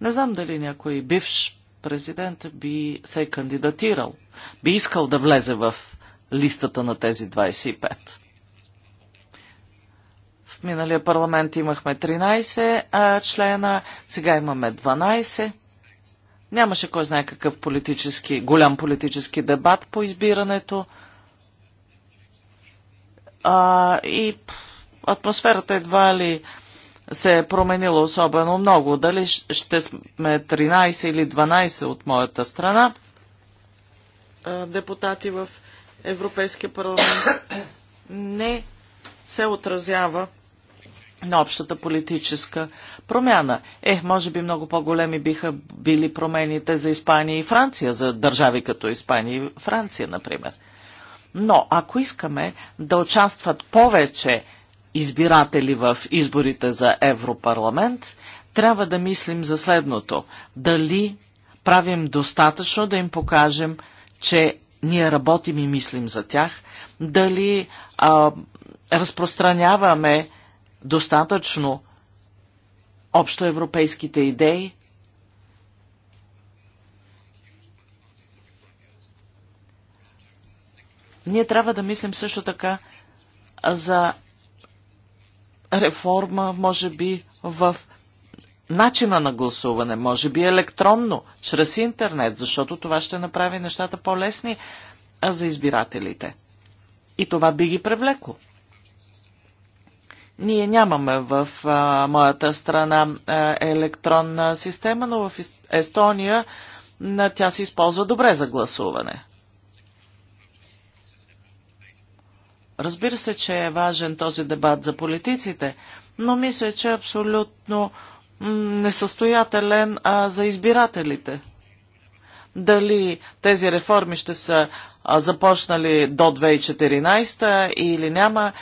Не знам дали някой бивш президент би се е кандидатирал, би искал да влезе в листата на тези 25. В миналия парламент имахме 13 а, члена, сега имаме 12. Нямаше кой знае какъв политически, голям политически дебат по избирането. А, и атмосферата едва ли се е променила особено много. Дали ще сме 13 или 12 от моята страна депутати в Европейския парламент не се отразява на общата политическа промяна. Ех, може би много по-големи биха били промените за Испания и Франция, за държави като Испания и Франция, например. Но ако искаме да участват повече избиратели в изборите за Европарламент, трябва да мислим за следното. Дали правим достатъчно да им покажем, че ние работим и мислим за тях, дали а, разпространяваме достатъчно общоевропейските идеи, Ние трябва да мислим също така за реформа, може би, в начина на гласуване, може би електронно, чрез интернет, защото това ще направи нещата по-лесни за избирателите. И това би ги привлекло. Ние нямаме в а, моята страна а, електронна система, но в Естония а, тя се използва добре за гласуване. Разбира се, че е важен този дебат за политиците, но мисля, че е абсолютно несъстоятелен а, за избирателите дали тези реформи ще са започнали до 2014 или няма,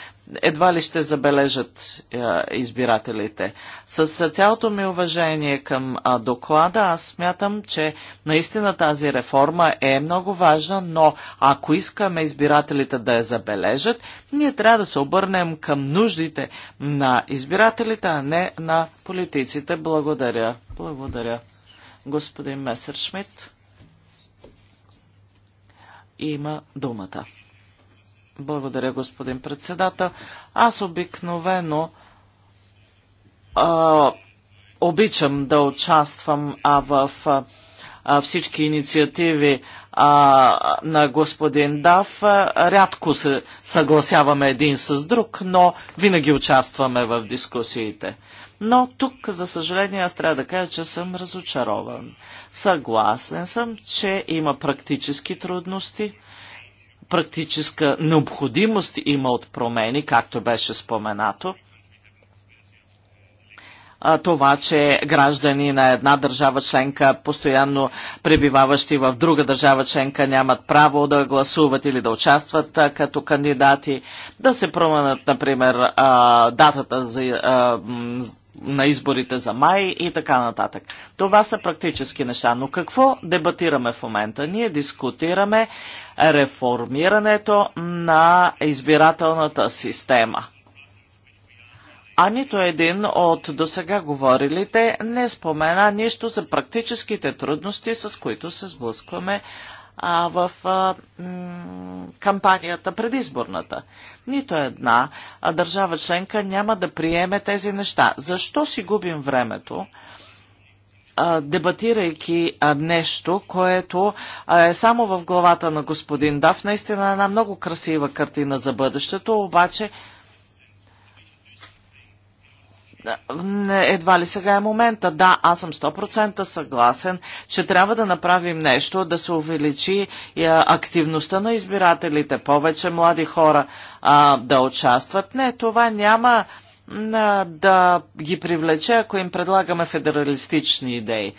едва ли ще забележат избирателите. С цялото ми уважение към доклада, аз смятам, че наистина тази реформа е много важна, но ако искаме избирателите да я забележат, ние трябва да се обърнем към нуждите на избирателите, а не на политиците. Благодаря. Благодаря. Господин Месершмидт има думата. Благодаря, господин председател. Аз обикновено а, обичам да участвам а, в а, всички инициативи а, на господин Дав. Рядко се съгласяваме един с друг, но винаги участваме в дискусиите. Но тук, за съжаление, аз трябва да кажа, че съм разочарован. Съгласен съм, че има практически трудности, практическа необходимост има от промени, както беше споменато това, че граждани на една държава членка, постоянно пребиваващи в друга държава членка, нямат право да гласуват или да участват като кандидати, да се променят, например, датата за на изборите за май и така нататък. Това са практически неща. Но какво дебатираме в момента? Ние дискутираме реформирането на избирателната система. А нито един от досега говорилите не спомена нищо за практическите трудности, с които се сблъскваме а, в а, м, кампанията предизборната. Нито една а държава членка няма да приеме тези неща. Защо си губим времето? дебатирайки нещо, което е само в главата на господин Дав. Наистина е една много красива картина за бъдещето, обаче едва ли сега е момента. Да, аз съм 100% съгласен, че трябва да направим нещо, да се увеличи е, активността на избирателите, повече млади хора а, да участват. Не, това няма а, да ги привлече, ако им предлагаме федералистични идеи.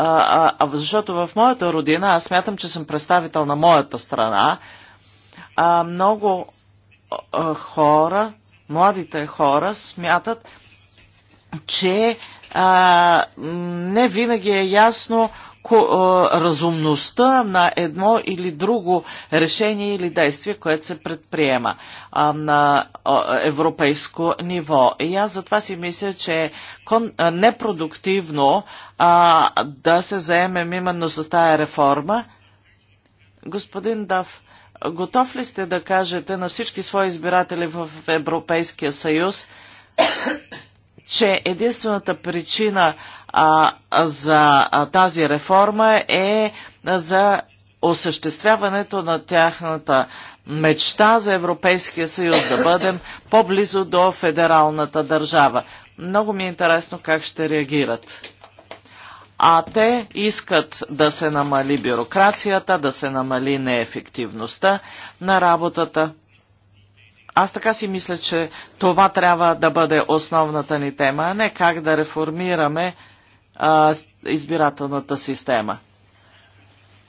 А, а, защото в моята родина, аз смятам, че съм представител на моята страна, а, много а, хора младите хора смятат, че а, не винаги е ясно ко, а, разумността на едно или друго решение или действие, което се предприема а, на а, европейско ниво. И аз затова си мисля, че е кон, а, непродуктивно а, да се заемем именно с тази реформа. Господин Дав, Готов ли сте да кажете на всички свои избиратели в Европейския съюз, че единствената причина а, за а, тази реформа е за осъществяването на тяхната мечта за Европейския съюз, да бъдем по-близо до федералната държава. Много ми е интересно как ще реагират а те искат да се намали бюрокрацията, да се намали неефективността на работата. Аз така си мисля, че това трябва да бъде основната ни тема, а не как да реформираме а, избирателната система.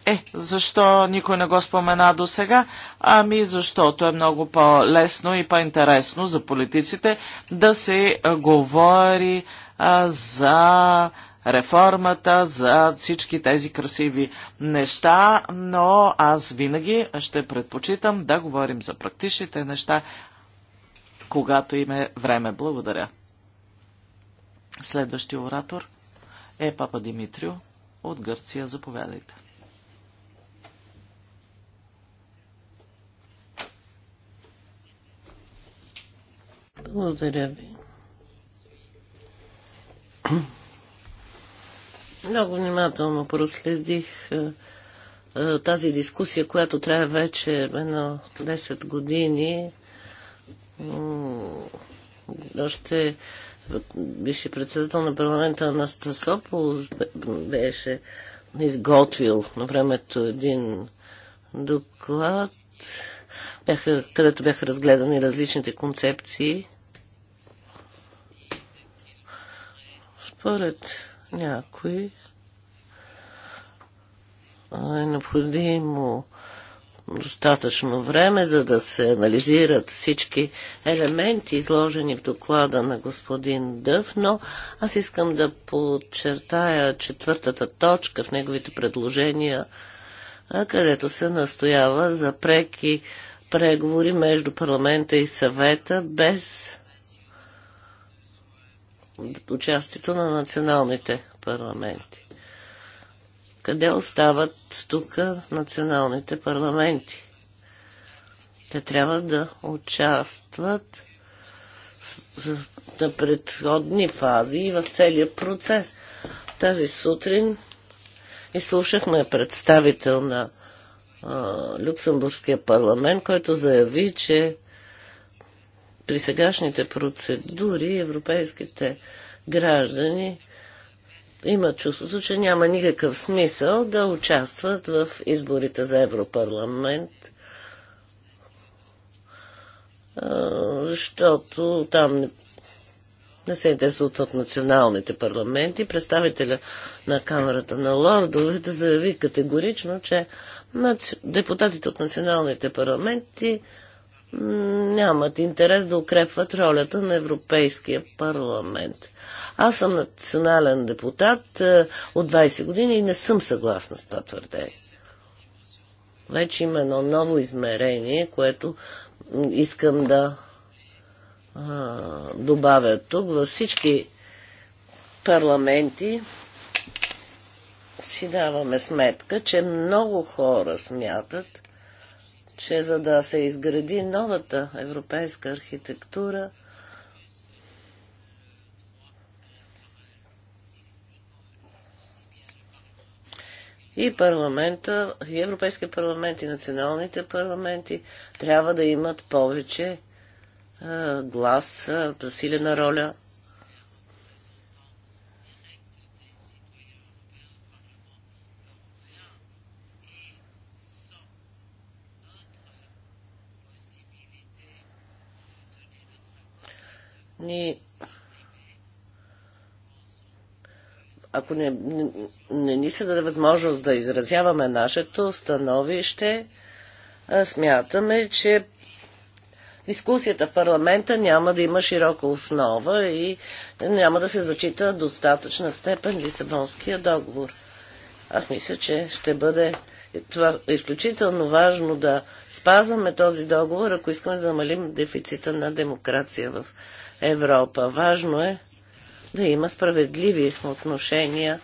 Е, защо никой не го спомена до сега? Ами защото е много по-лесно и по-интересно за политиците да се говори а, за реформата, за всички тези красиви неща, но аз винаги ще предпочитам да говорим за практичните неща, когато им е време. Благодаря. Следващия оратор е Папа Димитрио от Гърция. Заповядайте. Благодаря ви. Много внимателно проследих е, е, тази дискусия, която трябва вече едно 10 години. Още беше председател на парламента на Стасопол, беше изготвил на времето един доклад, бяха, където бяха разгледани различните концепции. Според някой е необходимо достатъчно време, за да се анализират всички елементи, изложени в доклада на господин Дъв, но аз искам да подчертая четвъртата точка в неговите предложения, където се настоява за преки преговори между парламента и съвета без участието на националните парламенти. Къде остават тук националните парламенти? Те трябва да участват на предходни фази и в целия процес. Тази сутрин изслушахме представител на а, Люксембургския парламент, който заяви, че при сегашните процедури европейските граждани имат чувството, че няма никакъв смисъл да участват в изборите за Европарламент, защото там не се интересуват от националните парламенти. Представителя на Камерата на да заяви категорично, че депутатите от националните парламенти нямат интерес да укрепват ролята на Европейския парламент. Аз съм национален депутат е, от 20 години и не съм съгласна с това твърдение. Вече има едно ново измерение, което искам да а, добавя тук. Във всички парламенти си даваме сметка, че много хора смятат, че за да се изгради новата европейска архитектура, и парламента, и Европейския парламент, и националните парламенти трябва да имат повече глас, засилена роля Ни. ако не, не, не ни се даде възможност да изразяваме нашето становище, смятаме, че дискусията в парламента няма да има широка основа и няма да се зачита достатъчна степен Лисабонския договор. Аз мисля, че ще бъде това е изключително важно да спазваме този договор, ако искаме да намалим дефицита на демокрация в Европа. Важно е да има справедливи отношения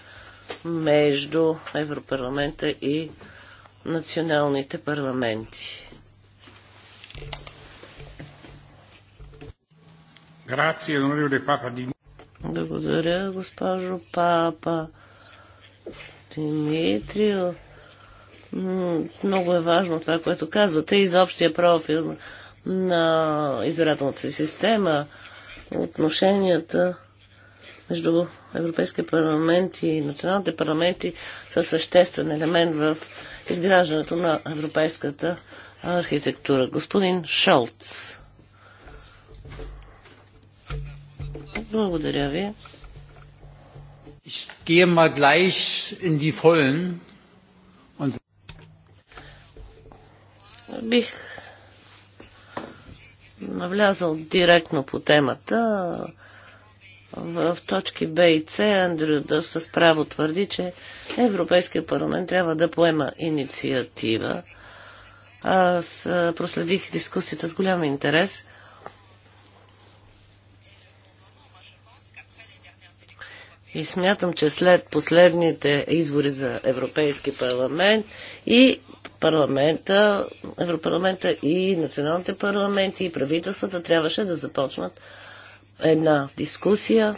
между Европарламента и националните парламенти. Благодаря, госпожо Папа. Димитрио, много е важно това, което казвате и за общия профил на избирателната система отношенията между Европейския парламент и националните парламенти са съществен елемент в изграждането на европейската архитектура. Господин Шолц. Благодаря ви. Бих навлязал директно по темата. В точки Б и С Андрю да с право твърди, че Европейския парламент трябва да поема инициатива. Аз проследих дискусията с голям интерес. И смятам, че след последните избори за Европейски парламент и парламента, Европарламента и националните парламенти и правителствата трябваше да започнат една дискусия,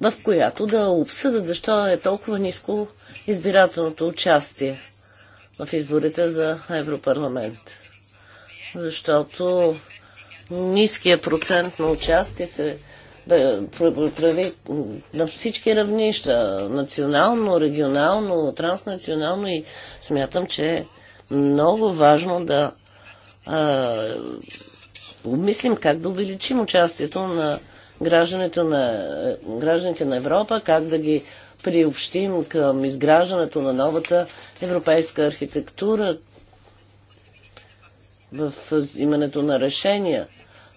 в която да обсъдят защо е толкова ниско избирателното участие в изборите за Европарламент. Защото ниския процент на участие се прояви на всички равнища, национално, регионално, транснационално и смятам, че е много важно да а, обмислим как да увеличим участието на гражданите на, гражданите на Европа, как да ги приобщим към изграждането на новата европейска архитектура в взимането на решения.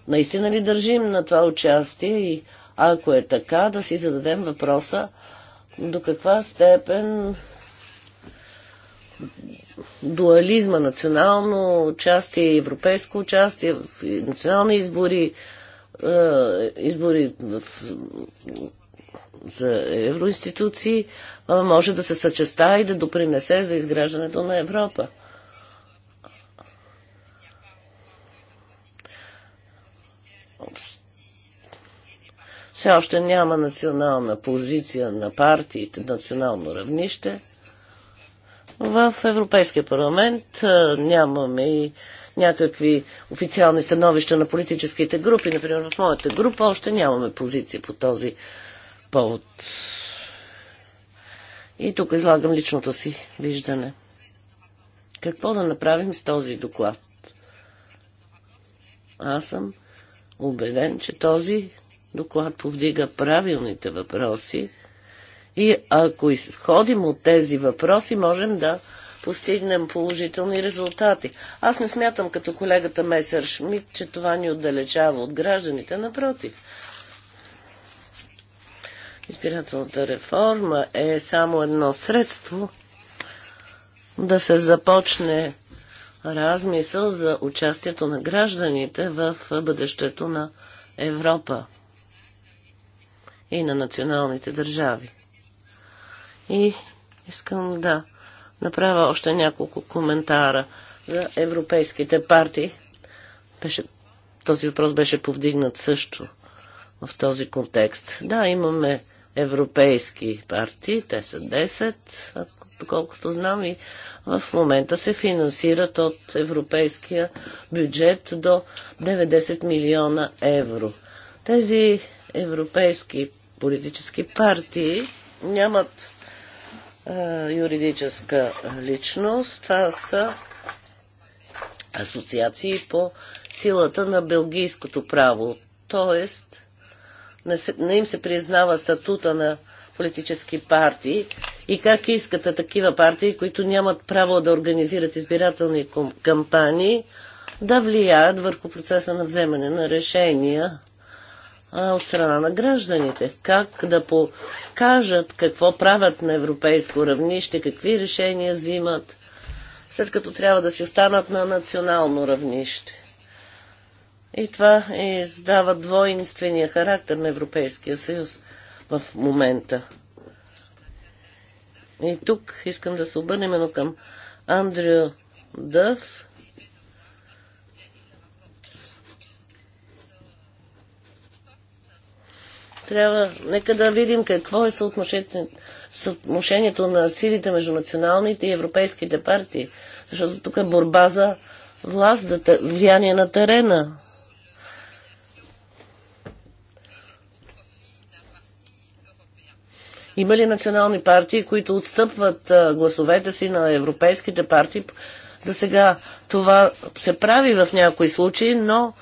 Наистина ли държим на това участие и ако е така, да си зададем въпроса до каква степен дуализма, национално участие, европейско участие, национални избори, е, избори в, за евроинституции, е, може да се съчеста и да допринесе за изграждането на Европа. Все още няма национална позиция на партиите, национално равнище. В Европейския парламент нямаме и някакви официални становища на политическите групи. Например, в моята група още нямаме позиция по този повод. И тук излагам личното си виждане. Какво да направим с този доклад? Аз съм убеден, че този доклад повдига правилните въпроси и ако изходим от тези въпроси, можем да постигнем положителни резултати. Аз не смятам като колегата Месер Шмидт, че това ни отдалечава от гражданите. Напротив, избирателната реформа е само едно средство да се започне размисъл за участието на гражданите в бъдещето на Европа и на националните държави. И искам да направя още няколко коментара за европейските партии. Беше, този въпрос беше повдигнат също в този контекст. Да, имаме европейски партии, те са 10, доколкото знам и в момента се финансират от европейския бюджет до 90 милиона евро. Тези европейски политически партии нямат а, юридическа личност. Това са асоциации по силата на белгийското право. Тоест, не, се, не им се признава статута на политически партии и как искат такива партии, които нямат право да организират избирателни кампании, да влияят върху процеса на вземане на решения а, от страна на гражданите. Как да покажат какво правят на европейско равнище, какви решения взимат, след като трябва да си останат на национално равнище. И това издава двойнствения характер на Европейския съюз в момента. И тук искам да се обърнем към Андрю Дъв, Трябва, нека да видим какво е съотношението, на силите между националните и европейските партии. Защото тук е борба за власт, за влияние на терена. Има ли национални партии, които отстъпват гласовете си на европейските партии? За сега това се прави в някои случаи, но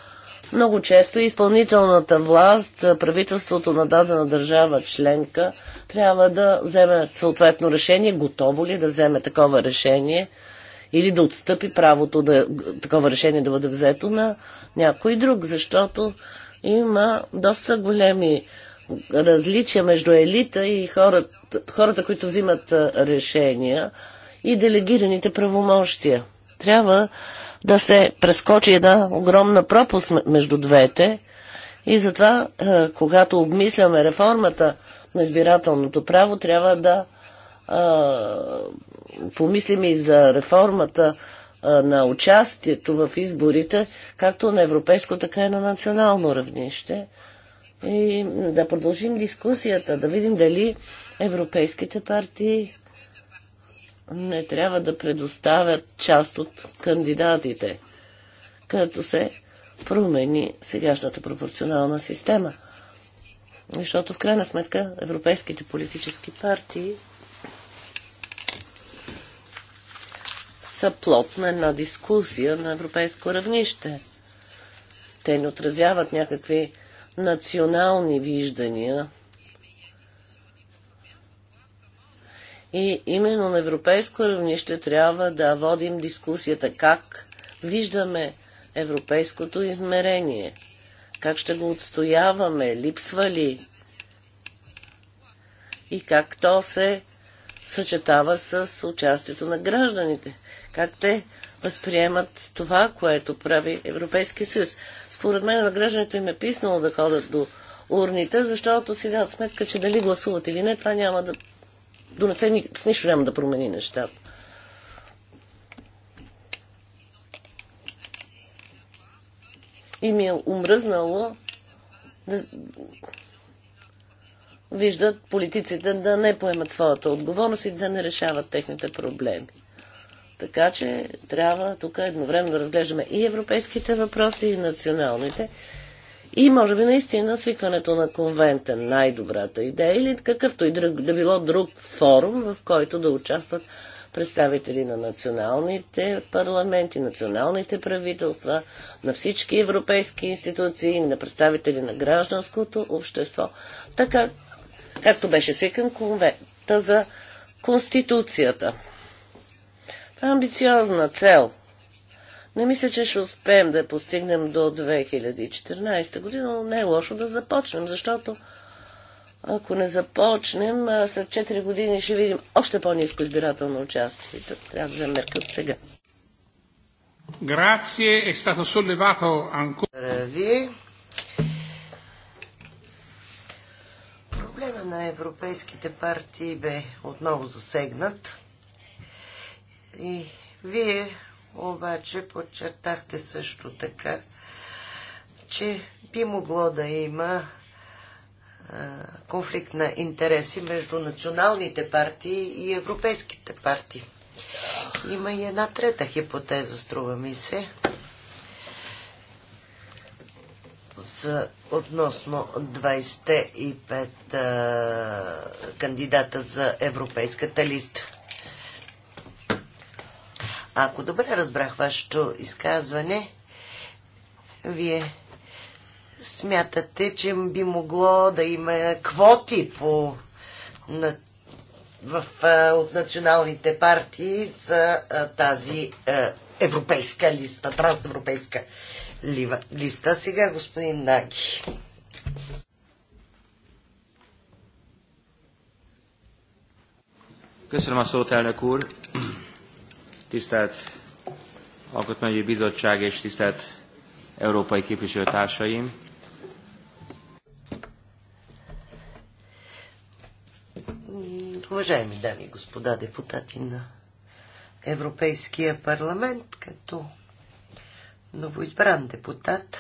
много често изпълнителната власт, правителството на дадена държава членка, трябва да вземе съответно решение, готово ли да вземе такова решение или да отстъпи правото да, такова решение да бъде взето на някой друг, защото има доста големи различия между елита и хората, хората които взимат решения и делегираните правомощия. Трябва да се прескочи една огромна пропуск между двете. И затова, е, когато обмисляме реформата на избирателното право, трябва да е, помислим и за реформата е, на участието в изборите, както на европейско, така и на национално равнище. И да продължим дискусията, да видим дали европейските партии не трябва да предоставят част от кандидатите, като се промени сегашната пропорционална система. Защото в крайна сметка европейските политически партии са плод на една дискусия на европейско равнище. Те не отразяват някакви национални виждания И именно на европейско равнище трябва да водим дискусията как виждаме европейското измерение. Как ще го отстояваме? Липсва ли? И как то се съчетава с участието на гражданите? Как те възприемат това, което прави Европейския съюз? Според мен на гражданите им е писнало да ходят до урните, защото си дадат сметка, че дали гласуват или не, това няма да до не с нищо няма да промени нещата. И ми е умръзнало да виждат политиците да не поемат своята отговорност и да не решават техните проблеми. Така че трябва тук едновременно да разглеждаме и европейските въпроси, и националните. И може би наистина свикването на конвента е най-добрата идея или какъвто и друг, да било друг форум, в който да участват представители на националните парламенти, националните правителства, на всички европейски институции, на представители на гражданското общество. Така, както беше свикан конвента за Конституцията. Амбициозна цел – не мисля, че ще успеем да я постигнем до 2014 година, но не е лошо да започнем, защото ако не започнем, след 4 години ще видим още по-низко избирателно участие. Трябва да вземем от сега. Grazie, е Проблема на европейските партии бе отново засегнат. И вие обаче подчертахте също така, че би могло да има конфликт на интереси между националните партии и европейските партии. Има и една трета хипотеза, струва ми се, за относно 25 кандидата за европейската листа. Ако добре разбрах вашето изказване, вие смятате, че би могло да има квоти по, на, в, от националните партии за тази европейска листа, трансевропейска лива, листа. Сега господин Наги. Köszönöm a szót, elnök úr tisztelt Alkotmányi Bizottság és tisztelt európai képviselőtársaim! Уважаеми дами и господа депутати на Европейския парламент, като новоизбран депутат,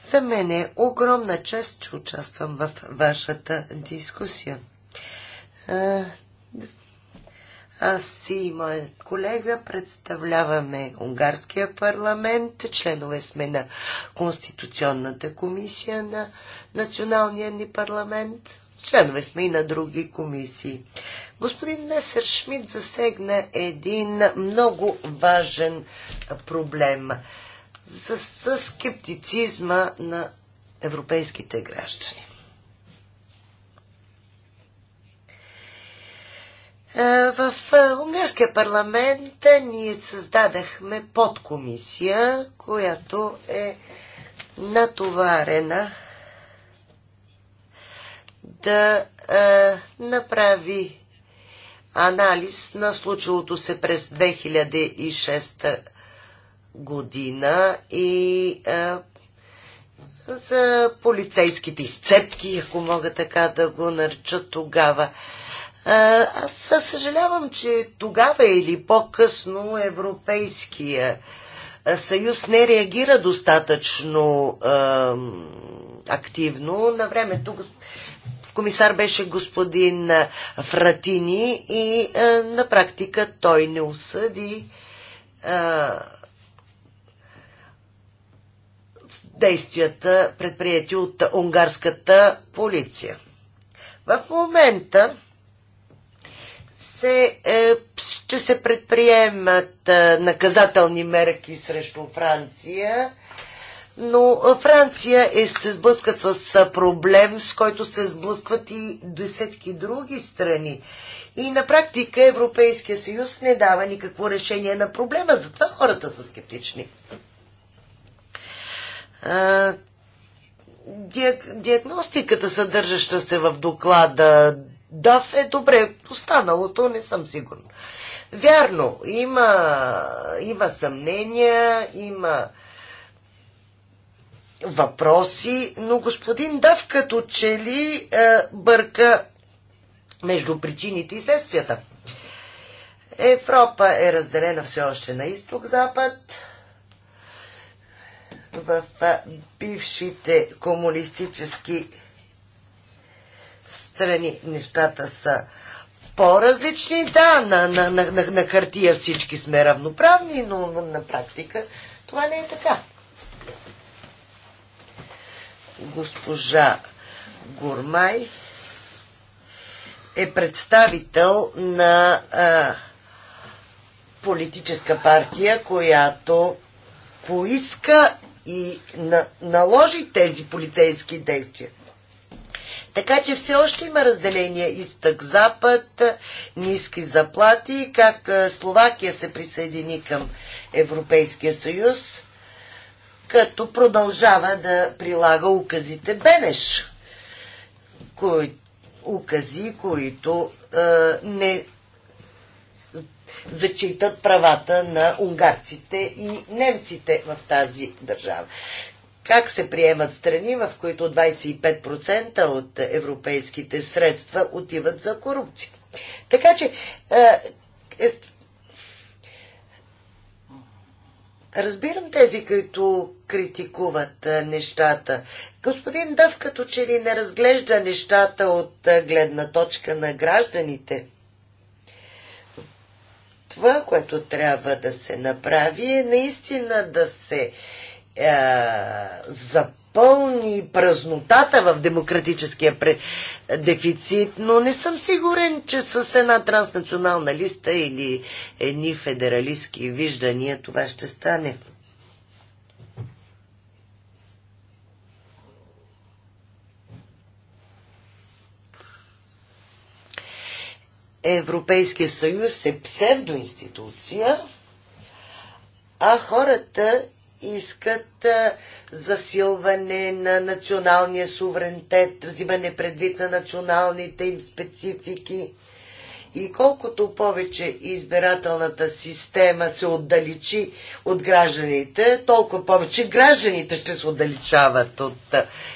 за мен е огромна чест, че участвам в вашата дискусия. Аз и моят колега представляваме Унгарския парламент, членове сме на Конституционната комисия на Националния ни парламент, членове сме и на други комисии. Господин Месер Шмидт засегна един много важен проблем с за скептицизма на европейските граждани. Е, в е, Унгарския парламент ние създадахме подкомисия, която е натоварена да е, направи анализ на случилото се през 2006 година и за полицейските изцепки, ако мога така да го нарча тогава. Аз съжалявам, че тогава или по-късно Европейския съюз не реагира достатъчно активно. На времето комисар беше господин Фратини и на практика той не осъди действията предприяти от унгарската полиция. В момента се, е, ще се предприемат е, наказателни мерки срещу Франция, но е, Франция е, се сблъска с проблем, с който се сблъскват и десетки други страни. И на практика Европейския съюз не дава никакво решение на проблема, затова хората са скептични. Диагностиката, съдържаща се в доклада да, е добре. Останалото не съм сигурна. Вярно, има, има съмнения, има въпроси, но господин Дав като че ли е, бърка между причините и следствията. Европа е разделена все още на изток-запад. В е, бившите комунистически страни нещата са по-различни. Да, на, на, на, на, на хартия всички сме равноправни, но на практика това не е така. Госпожа Гурмай е представител на а, политическа партия, която поиска и на, наложи тези полицейски действия. Така че все още има разделение изтък-запад, ниски заплати, как е, Словакия се присъедини към Европейския съюз, като продължава да прилага указите Бенеш, кои, укази, които е, не зачитат правата на унгарците и немците в тази държава как се приемат страни, в които 25% от европейските средства отиват за корупция. Така че, е, Разбирам тези, които критикуват нещата. Господин Дъв като че ли не разглежда нещата от гледна точка на гражданите. Това, което трябва да се направи е наистина да се е, запълни празнотата в демократическия дефицит, но не съм сигурен, че с една транснационална листа или едни федералистски виждания това ще стане. Европейския съюз е псевдоинституция, а хората искат засилване на националния суверенитет, взимане предвид на националните им специфики и колкото повече избирателната система се отдалечи от гражданите, толкова повече гражданите ще се отдалечават от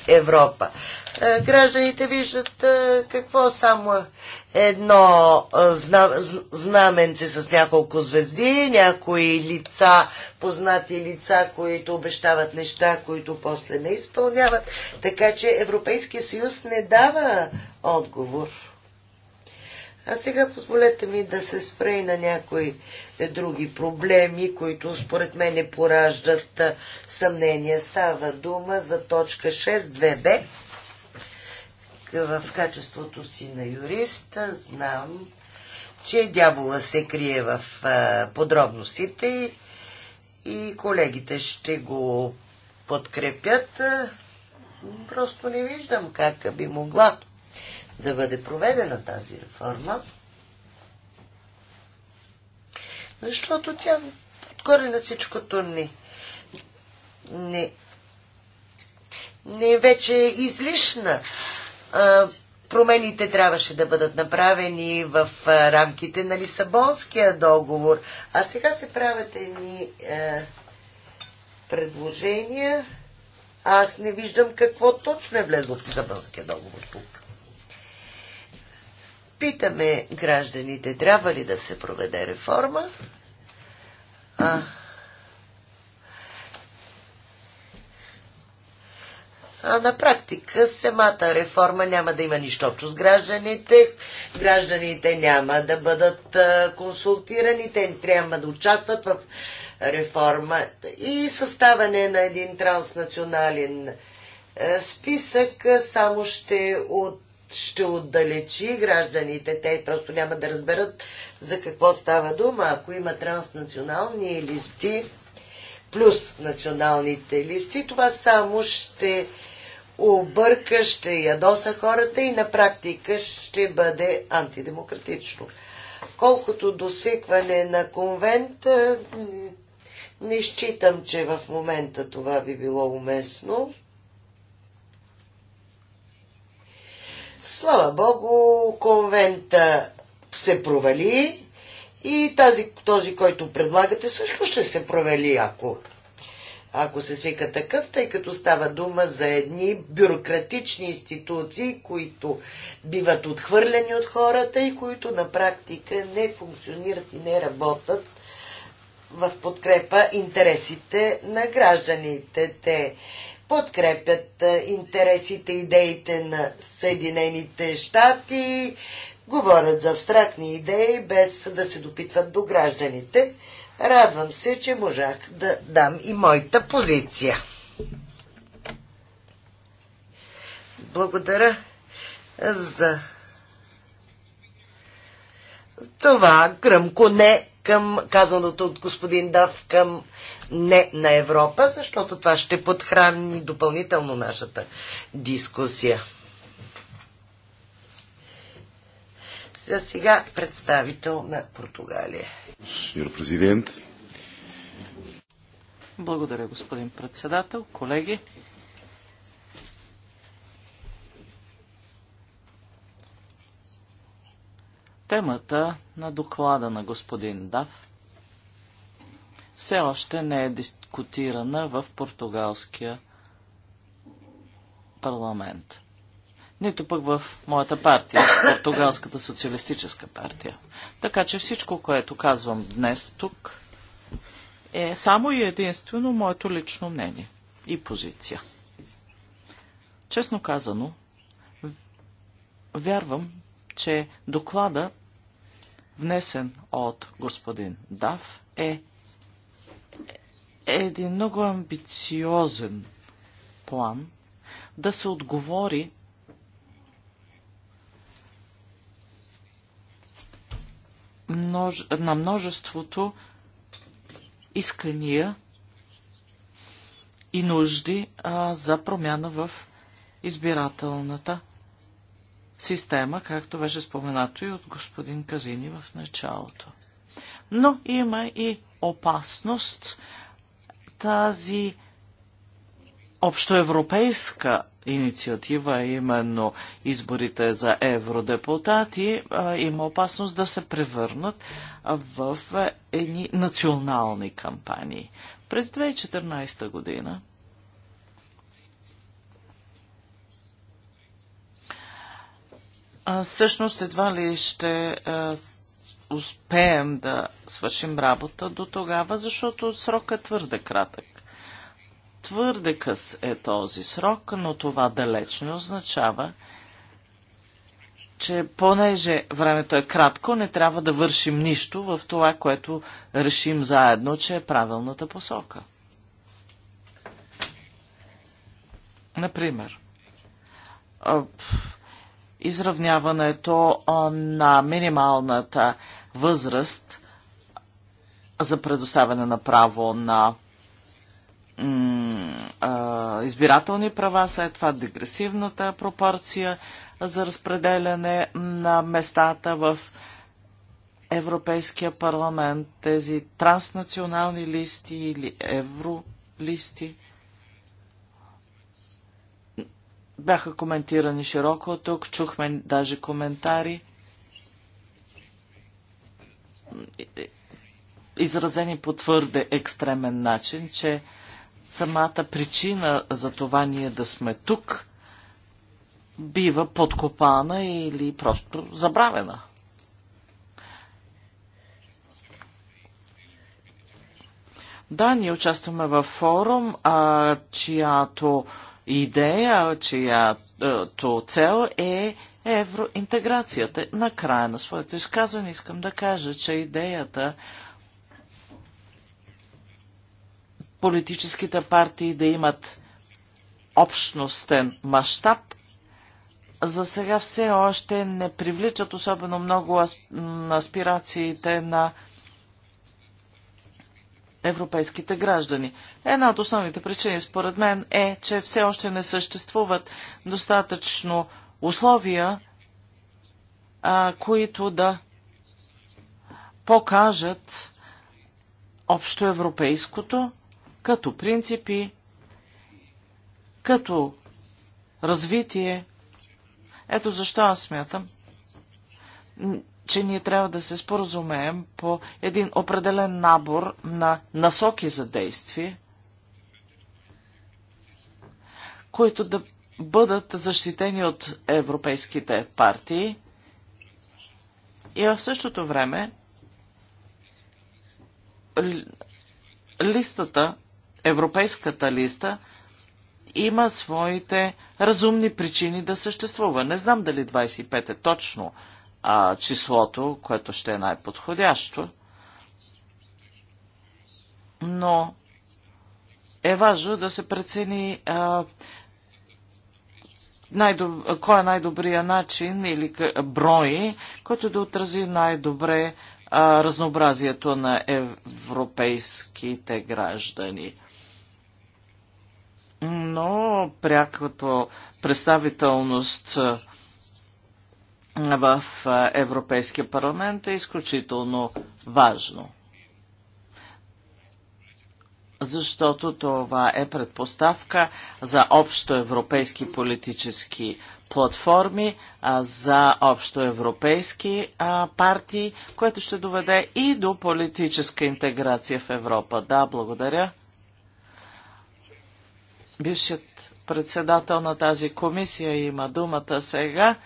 Европа. Гражданите виждат какво само едно знаменце с няколко звезди, някои лица, познати лица, които обещават неща, които после не изпълняват. Така че Европейския съюз не дава отговор. А сега позволете ми да се спре и на някои е, други проблеми, които според мен пораждат съмнения. Става дума за точка 6.2b. В качеството си на юрист знам, че дявола се крие в подробностите и колегите ще го подкрепят. Просто не виждам как би могла да бъде проведена тази реформа, защото тя отгоре на всичкото не, не, не е вече излишна. А, промените трябваше да бъдат направени в а, рамките на Лисабонския договор, а сега се правят едни предложения. Аз не виждам какво точно е влезло в Лисабонския договор тук питаме гражданите, трябва ли да се проведе реформа. А, а на практика самата реформа няма да има нищо общо с гражданите. Гражданите няма да бъдат консултирани, те трябва да участват в реформа и съставане на един транснационален списък само ще от ще отдалечи гражданите. Те просто няма да разберат за какво става дума. Ако има транснационални листи, плюс националните листи, това само ще обърка, ще ядоса хората и на практика ще бъде антидемократично. Колкото до свикване на конвент, не считам, че в момента това би било уместно. Слава Богу, конвента се провали и тази, този, който предлагате, също ще се провали, ако, ако се свика такъв, тъй като става дума за едни бюрократични институции, които биват отхвърлени от хората и които на практика не функционират и не работят в подкрепа интересите на гражданите. Те подкрепят интересите, идеите на Съединените щати, говорят за абстрактни идеи, без да се допитват до гражданите. Радвам се, че можах да дам и моята позиция. Благодаря за това гръмко не към казаното от господин Дав към не на Европа, защото това ще подхрани допълнително нашата дискусия. За сега представител на Португалия. Сеньор президент. Благодаря, господин председател, колеги. Темата на доклада на господин Дав все още не е дискутирана в португалския парламент. Нито пък в моята партия, Португалската социалистическа партия. Така че всичко, което казвам днес тук, е само и единствено моето лично мнение и позиция. Честно казано, вярвам, че доклада внесен от господин Дав, е един много амбициозен план да се отговори на множеството искания и нужди а, за промяна в избирателната система, както беше споменато и от господин Казини в началото. Но има и опасност тази общоевропейска инициатива, именно изборите за евродепутати, има опасност да се превърнат в едни национални кампании. През 2014 година всъщност едва ли ще а, успеем да свършим работа до тогава, защото срок е твърде кратък. Твърде къс е този срок, но това далеч не означава, че понеже времето е кратко, не трябва да вършим нищо в това, което решим заедно, че е правилната посока. Например, изравняването на минималната възраст за предоставяне на право на избирателни права, след това дегресивната пропорция за разпределяне на местата в Европейския парламент, тези транснационални листи или евролисти – бяха коментирани широко тук, чухме даже коментари, изразени по твърде екстремен начин, че самата причина за това ние да сме тук бива подкопана или просто забравена. Да, ние участваме във форум, а, чиято а, идея, чиято е, цел е евроинтеграцията. Накрая на своето изказване искам да кажа, че идеята политическите партии да имат общностен мащаб за сега все още не привличат особено много аспирациите на европейските граждани. Една от основните причини, според мен, е, че все още не съществуват достатъчно условия, а, които да покажат общо европейското като принципи, като развитие. Ето защо аз смятам, че ние трябва да се споразумеем по един определен набор на насоки за действие, които да бъдат защитени от европейските партии и в същото време листата, европейската листа, има своите разумни причини да съществува. Не знам дали 25 е точно а, числото, което ще е най-подходящо. Но е важно да се прецени а, най-доб... кой е най-добрия начин или брои, който да отрази най-добре разнообразието на европейските граждани. Но прякото представителност в Европейския парламент е изключително важно. Защото това е предпоставка за общо европейски политически платформи, за общоевропейски европейски партии, което ще доведе и до политическа интеграция в Европа. Да, благодаря. Бившият председател на тази комисия има думата сега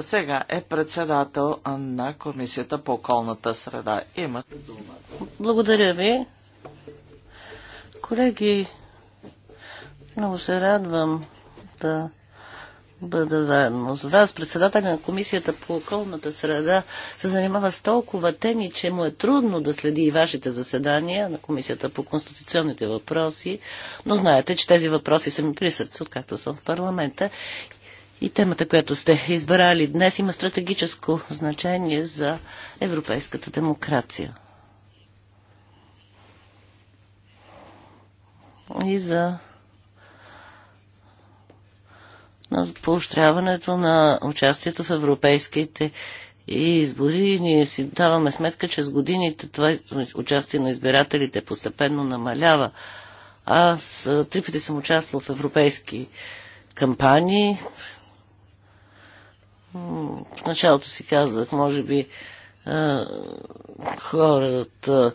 сега е председател на Комисията по околната среда. Имате думата. Благодаря ви. Колеги, много се радвам да бъда заедно с вас. Председателя на Комисията по околната среда се занимава с толкова теми, че му е трудно да следи и вашите заседания на Комисията по конституционните въпроси, но знаете, че тези въпроси са ми при сърце, откакто съм в парламента и темата, която сте избрали днес, има стратегическо значение за европейската демокрация. И за на поощряването на участието в европейските избори. Ние си даваме сметка, че с годините това участие на избирателите постепенно намалява. Аз три пъти съм участвал в европейски кампании, в началото си казвах, може би хората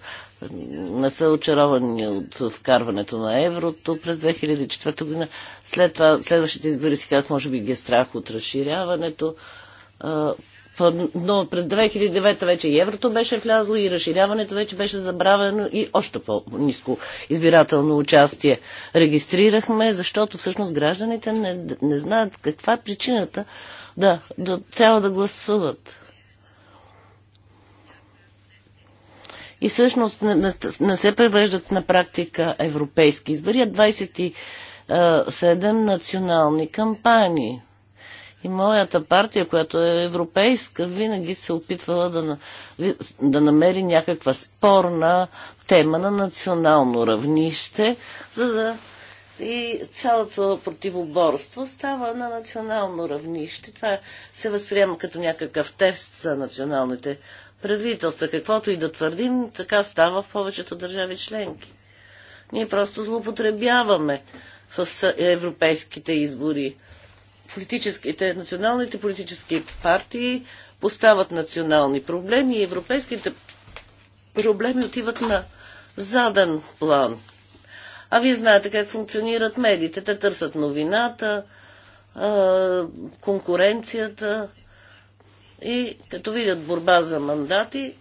не са очаровани от вкарването на еврото през 2004 година. След това, следващите избори си казах, може би ги е страх от разширяването. Но през 2009 вече и еврото беше влязло и разширяването вече беше забравено и още по-низко избирателно участие регистрирахме, защото всъщност гражданите не, не знаят каква е причината, да, да, трябва да гласуват. И всъщност не, не, не се превеждат на практика европейски избори, а 27 национални кампании. И моята партия, която е европейска, винаги се опитвала да, да намери някаква спорна тема на национално равнище, за да и цялото противоборство става на национално равнище. Това се възприема като някакъв тест за националните правителства. Каквото и да твърдим, така става в повечето държави членки. Ние просто злоупотребяваме с европейските избори. Политическите, националните политически партии поставят национални проблеми и европейските проблеми отиват на заден план. А вие знаете как функционират медиите. Те търсят новината, конкуренцията и като видят борба за мандати,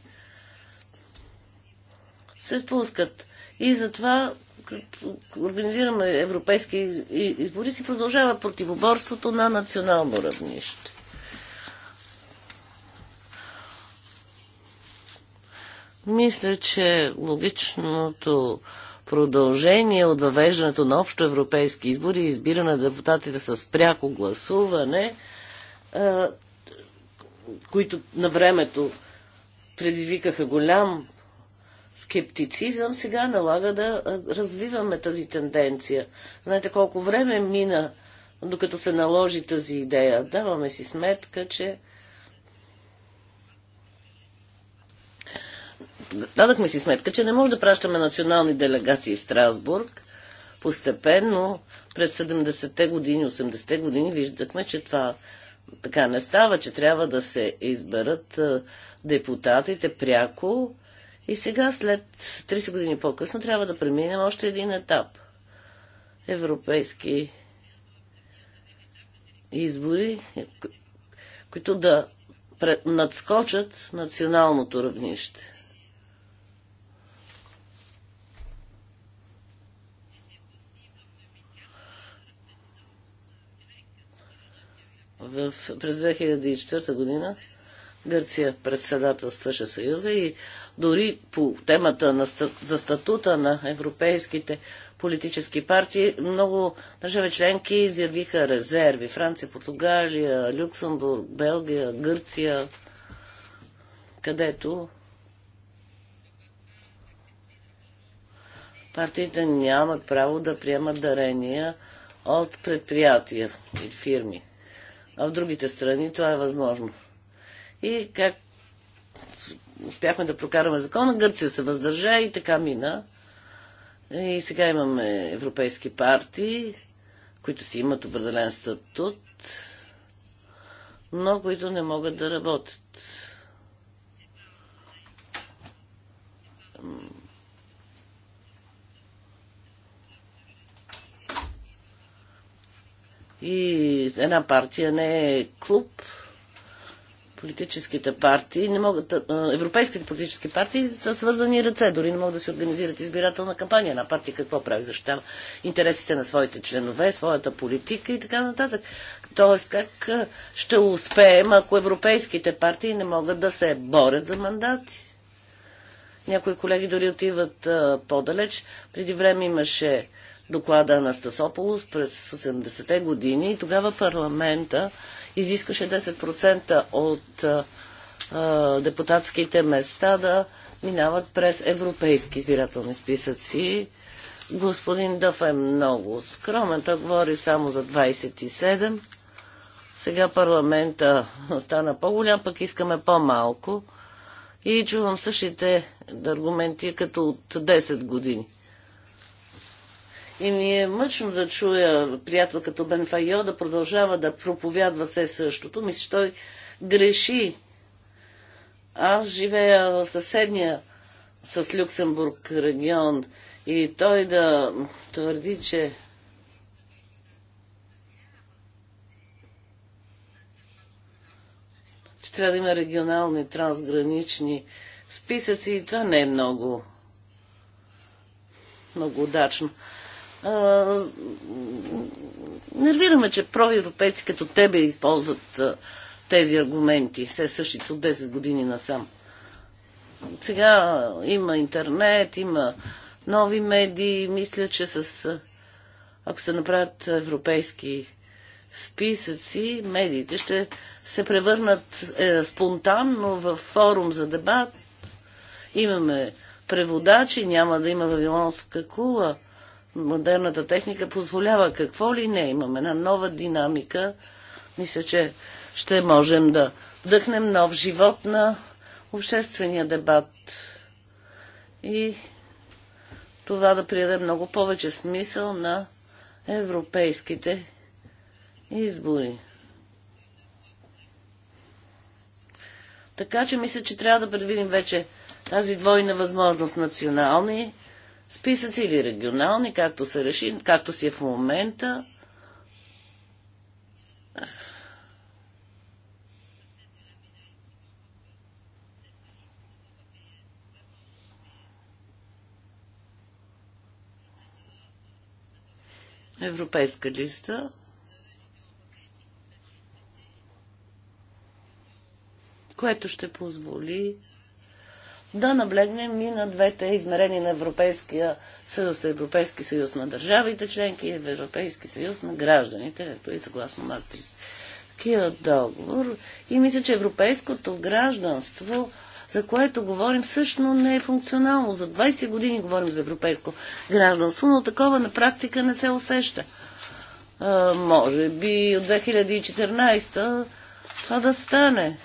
се спускат. И затова, като организираме европейски избори, си продължава противоборството на национално равнище. Мисля, че логичното продължение от въвеждането на общо европейски избори и избиране на депутатите с пряко гласуване, е, които на времето предизвикаха голям скептицизъм, сега налага да е, развиваме тази тенденция. Знаете колко време мина, докато се наложи тази идея. Даваме си сметка, че дадахме си сметка, че не може да пращаме национални делегации в Страсбург. Постепенно през 70-те години, 80-те години виждахме, че това така не става, че трябва да се изберат депутатите пряко. И сега, след 30 години по-късно, трябва да преминем още един етап. Европейски избори, които да надскочат националното равнище. в, през 2004 година Гърция председателстваше Съюза и дори по темата на, за статута на европейските политически партии много държави членки изявиха резерви. Франция, Португалия, Люксембург, Белгия, Гърция, където партиите нямат право да приемат дарения от предприятия и фирми. А в другите страни това е възможно. И как успяхме да прокараме закона, Гърция се въздържа и така мина. И сега имаме европейски партии, които си имат определен статут, но които не могат да работят. И една партия не е клуб. Политическите партии не могат. Европейските политически партии са свързани ръце. Дори не могат да си организират избирателна кампания. Една партия какво прави? Защитава интересите на своите членове, своята политика и така нататък. Тоест, как ще успеем, ако европейските партии не могат да се борят за мандати? Някои колеги дори отиват по-далеч. Преди време имаше доклада на Стасополос през 80-те години и тогава парламента изискаше 10% от а, депутатските места да минават през европейски избирателни списъци. Господин Дъв е много скромен, той говори само за 27. Сега парламента стана по-голям, пък искаме по-малко. И чувам същите аргументи като от 10 години. И ми е мъчно да чуя приятел като Бен Файо да продължава да проповядва все същото. Мисля, че той греши. Аз живея в съседния с Люксембург регион и той да твърди, че че трябва да има регионални, трансгранични списъци и това не е много много удачно нервираме, че проевропейци като тебе използват а, тези аргументи, все същите от 10 години насам. Сега има интернет, има нови медии. Мисля, че с, ако се направят европейски списъци, медиите ще се превърнат е, спонтанно в форум за дебат. Имаме преводачи, няма да има вавилонска кула модерната техника позволява какво ли не. Имаме една нова динамика. Мисля, че ще можем да вдъхнем нов живот на обществения дебат. И това да приеде много повече смисъл на европейските избори. Така че мисля, че трябва да предвидим вече тази двойна възможност национални списъци или регионални, както се реши, както си е в момента. Европейска листа. което ще позволи да наблегнем и на двете измерения на Европейския съюз, Европейски съюз на държавите членки и Европейски съюз на гражданите, ето и съгласно такива договор. И мисля, че европейското гражданство за което говорим, всъщност не е функционално. За 20 години говорим за европейско гражданство, но такова на практика не се усеща. А, може би от 2014 това да стане.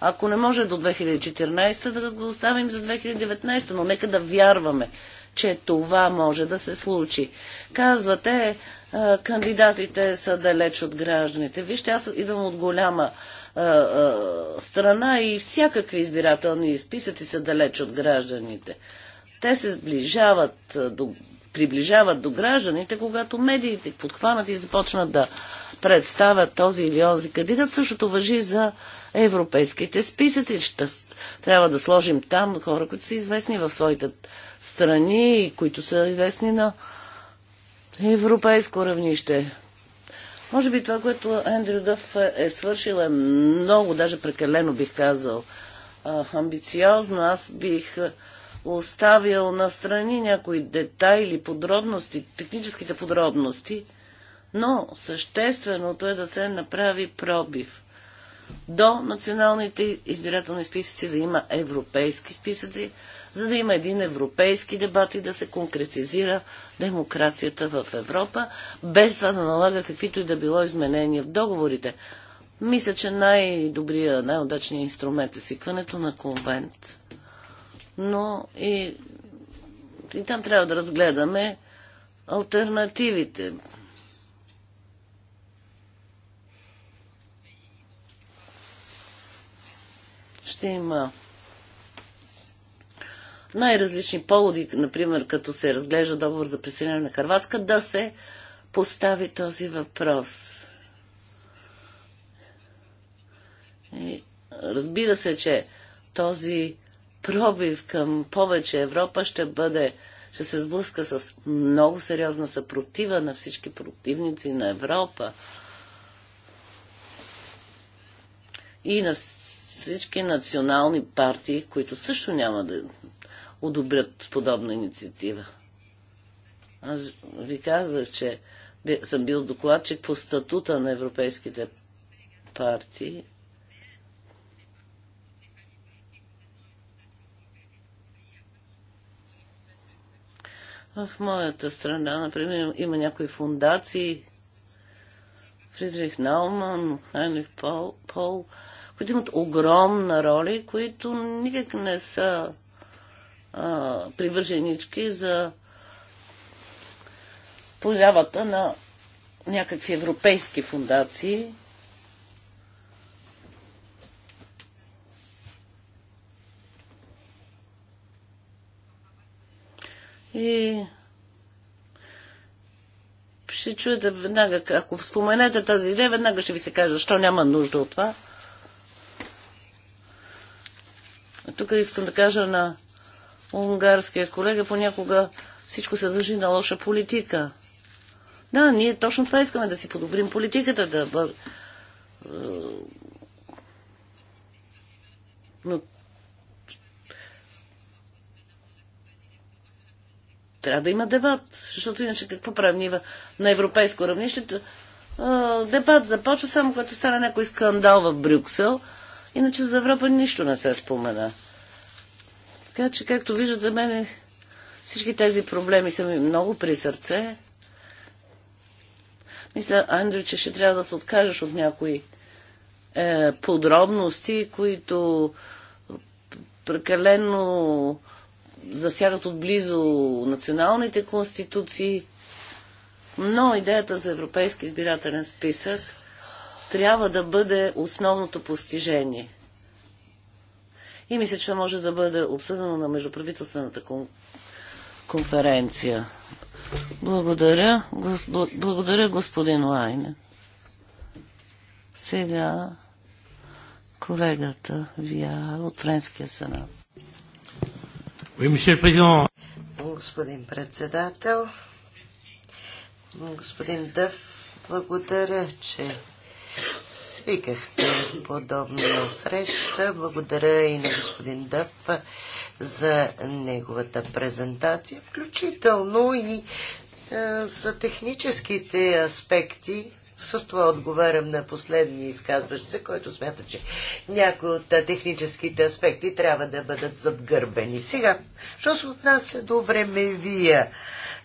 Ако не може до 2014, да го оставим за 2019, но нека да вярваме, че това може да се случи. Казвате, е, кандидатите са далеч от гражданите. Вижте, аз идвам от голяма е, е, страна и всякакви избирателни списъци са далеч от гражданите. Те се сближават до, приближават до гражданите, когато медиите подхванат и започнат да представят този или онзи кандидат. Същото въжи за европейските списъци. Ще трябва да сложим там хора, които са известни в своите страни и които са известни на европейско равнище. Може би това, което Ендрю Дъв е, е свършил е много, даже прекалено бих казал, амбициозно. Аз бих е, оставил на страни някои детайли, подробности, техническите подробности, но същественото е да се направи пробив до националните избирателни списъци, да има европейски списъци, за да има един европейски дебат и да се конкретизира демокрацията в Европа, без това да налага каквито и да било изменения в договорите. Мисля, че най-добрия, най-удачният инструмент е свикването на конвент. Но и, и там трябва да разгледаме альтернативите. ще има най-различни поводи, например, като се разглежда договор за присъединяване на Харватска, да се постави този въпрос. И разбира се, че този пробив към повече Европа ще бъде, ще се сблъска с много сериозна съпротива на всички противници на Европа и на всички национални партии, които също няма да одобрят подобна инициатива. Аз ви казах, че съм бил докладчик по статута на европейските партии. В моята страна, например, има някои фундации. Фридрих Науман, Хайнрих Пол, Пол които имат огромна роля и които никак не са а, привърженички за появата на някакви европейски фундации. И ще чуете веднага, ако споменете тази идея, веднага ще ви се каже, защо няма нужда от това. Тук искам да кажа на унгарския колега, понякога всичко се дължи на лоша политика. Да, ние точно това искаме да си подобрим политиката, да бър... Е, но трябва да има дебат, защото иначе какво правим ние на европейско равнище? Дебат започва само когато стане някой скандал в Брюксел – Иначе за Европа нищо не се спомена. Така че, както виждате, мене всички тези проблеми са ми много при сърце. Мисля, Андрю, че ще трябва да се откажеш от някои е, подробности, които прекалено засягат отблизо националните конституции. Но идеята за европейски избирателен списък – трябва да бъде основното постижение. И мисля, че може да бъде обсъдено на междуправителствената конференция. Благодаря, благодаря господин Лайне. Сега колегата Вия от Френския сенат. Господин председател, господин Дъв, благодаря, че свикахте подобна среща. Благодаря и на господин Дъв за неговата презентация, включително и е, за техническите аспекти. С това отговарям на последния изказващ се, който смята, че някои от е, техническите аспекти трябва да бъдат задгърбени. Сега, що се отнася до времевия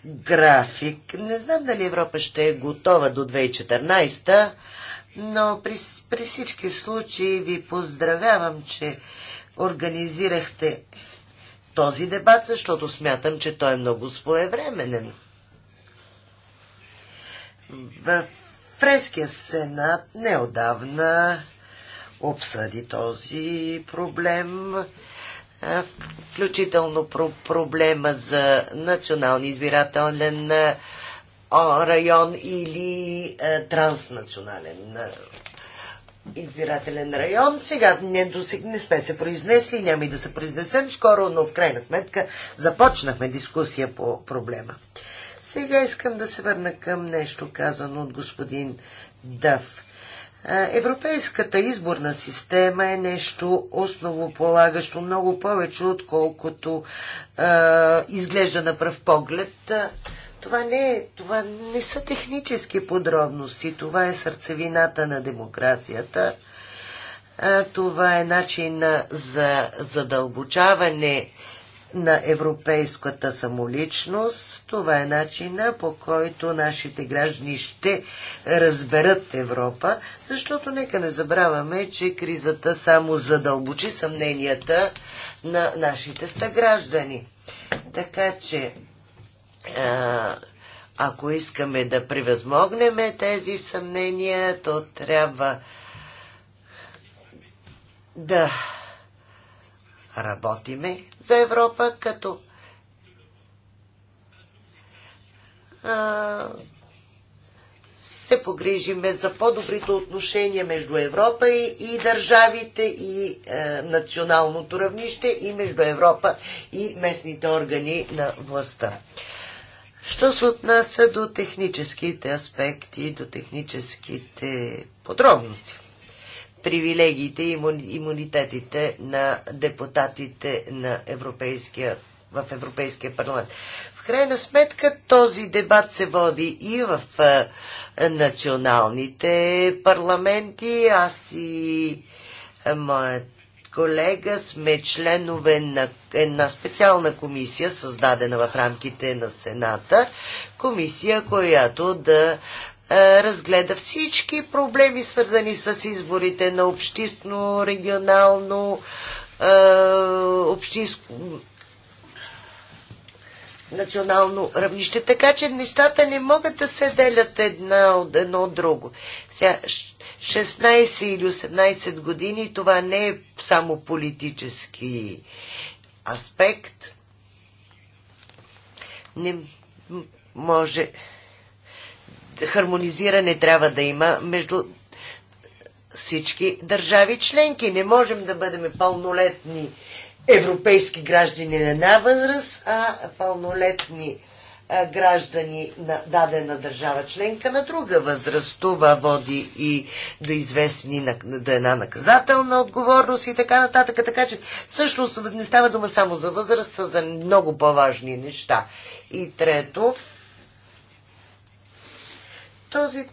график, не знам дали Европа ще е готова до 2014 та но при, при всички случаи ви поздравявам, че организирахте този дебат, защото смятам, че той е много своевременен. В Френския сенат неодавна обсъди този проблем, включително про проблема за национални избирателен район или е, транснационален е, избирателен район. Сега не, досег, не сме се произнесли, няма и да се произнесем скоро, но в крайна сметка започнахме дискусия по проблема. Сега искам да се върна към нещо казано от господин Дъв. Е, европейската изборна система е нещо основополагащо много повече, отколкото е, изглежда на пръв поглед. Това не, е, това не са технически подробности, това е сърцевината на демокрацията. Това е начин за задълбочаване на европейската самоличност. Това е начина по който нашите граждани ще разберат Европа, защото нека не забравяме, че кризата само задълбочи съмненията на нашите съграждани. Така че ако искаме да превъзмогнем тези съмнения, то трябва да работиме за Европа, като а, се погрижиме за по-добрите отношения между Европа и, и държавите и е, националното равнище и между Европа и местните органи на властта. Що се отнася до техническите аспекти, до техническите подробности, привилегиите и имунитетите на депутатите на Европейския, в Европейския парламент. В крайна сметка този дебат се води и в националните парламенти. Аз и моят колега сме членове на една специална комисия, създадена в рамките на Сената. Комисия, която да е, разгледа всички проблеми, свързани с изборите на общинско, регионално, е, общинско, национално равнище, така че нещата не могат да се делят една от едно от друго. Сега, 16 или 18 години това не е само политически аспект. Не може. Хармонизиране трябва да има между всички държави членки. Не можем да бъдем пълнолетни европейски граждани на една възраст, а пълнолетни граждани на дадена държава членка на друга възраст. Това води и до известни на, до една наказателна отговорност и така нататък. Така че всъщност не става дума само за възраст, а за много по-важни неща. И трето, този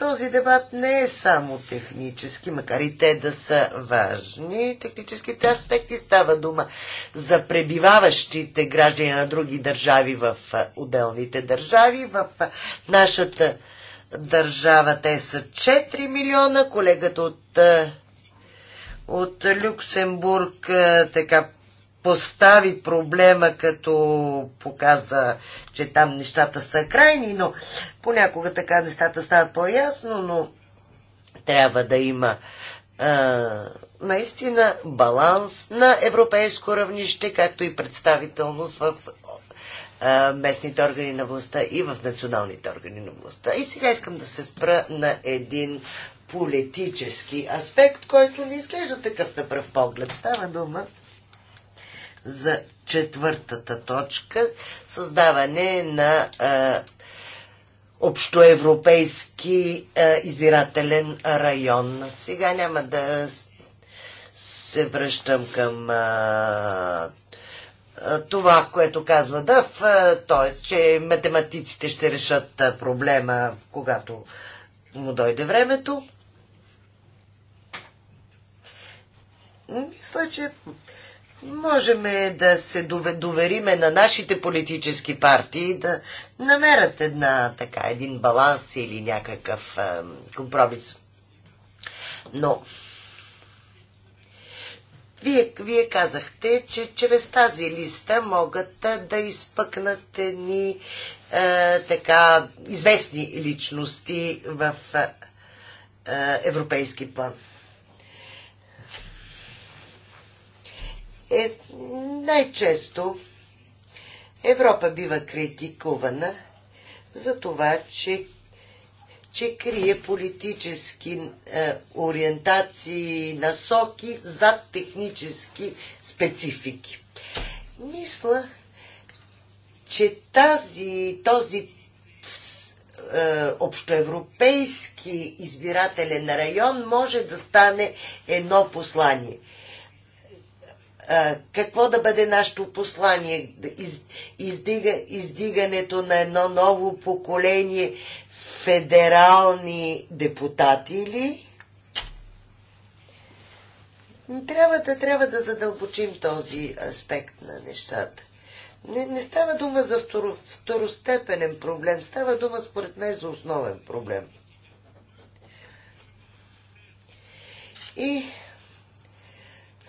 този дебат не е само технически, макар и те да са важни. Техническите аспекти става дума за пребиваващите граждани на други държави в отделните държави. В нашата държава те са 4 милиона. Колегата от, от Люксембург така постави проблема, като показа, че там нещата са крайни, но понякога така нещата стават по-ясно, но трябва да има а, наистина баланс на европейско равнище, както и представителност в а, местните органи на властта и в националните органи на властта. И сега искам да се спра на един политически аспект, който не изглежда такъв на пръв поглед. Става дума за четвъртата точка създаване на а, общоевропейски а, избирателен район. Сега няма да се връщам към а, това, което казва Дъв, т.е. че математиците ще решат проблема, когато му дойде времето. Мисля, че можем да се довериме на нашите политически партии да намерят една, така, един баланс или някакъв е, компромис. Но вие, вие казахте, че чрез тази листа могат да изпъкнат ни е, така известни личности в е, европейски план. е, най-често Европа бива критикувана за това, че, че крие политически е, ориентации, насоки зад технически специфики. Мисля, че тази, този е, общоевропейски избирателен район може да стане едно послание какво да бъде нашето послание? Из, издига, издигането на едно ново поколение федерални депутати ли? Трябва да, трябва да задълбочим този аспект на нещата. Не, не става дума за второ, второстепенен проблем, става дума според мен за основен проблем. И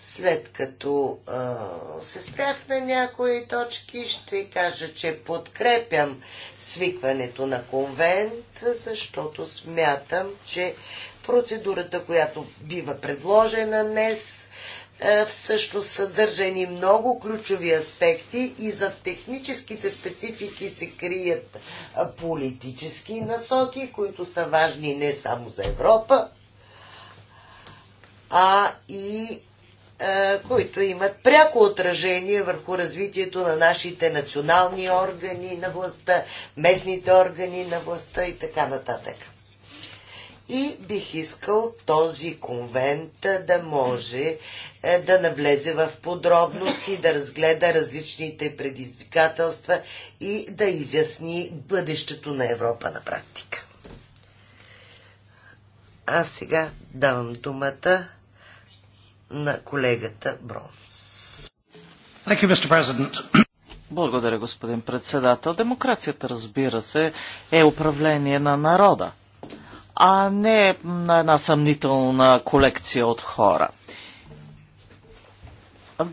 след като а, се спрях на някои точки, ще кажа, че подкрепям свикването на конвент, защото смятам, че процедурата, която бива предложена днес, всъщност съдържа ни много ключови аспекти и за техническите специфики се крият политически насоки, които са важни не само за Европа, а и които имат пряко отражение върху развитието на нашите национални органи на властта, местните органи на властта и така нататък. И бих искал този конвент да може да навлезе в подробности, да разгледа различните предизвикателства и да изясни бъдещето на Европа на практика. А сега давам думата на колегата Бронс. Благодаря, господин председател. Демокрацията, разбира се, е управление на народа, а не на една съмнителна колекция от хора.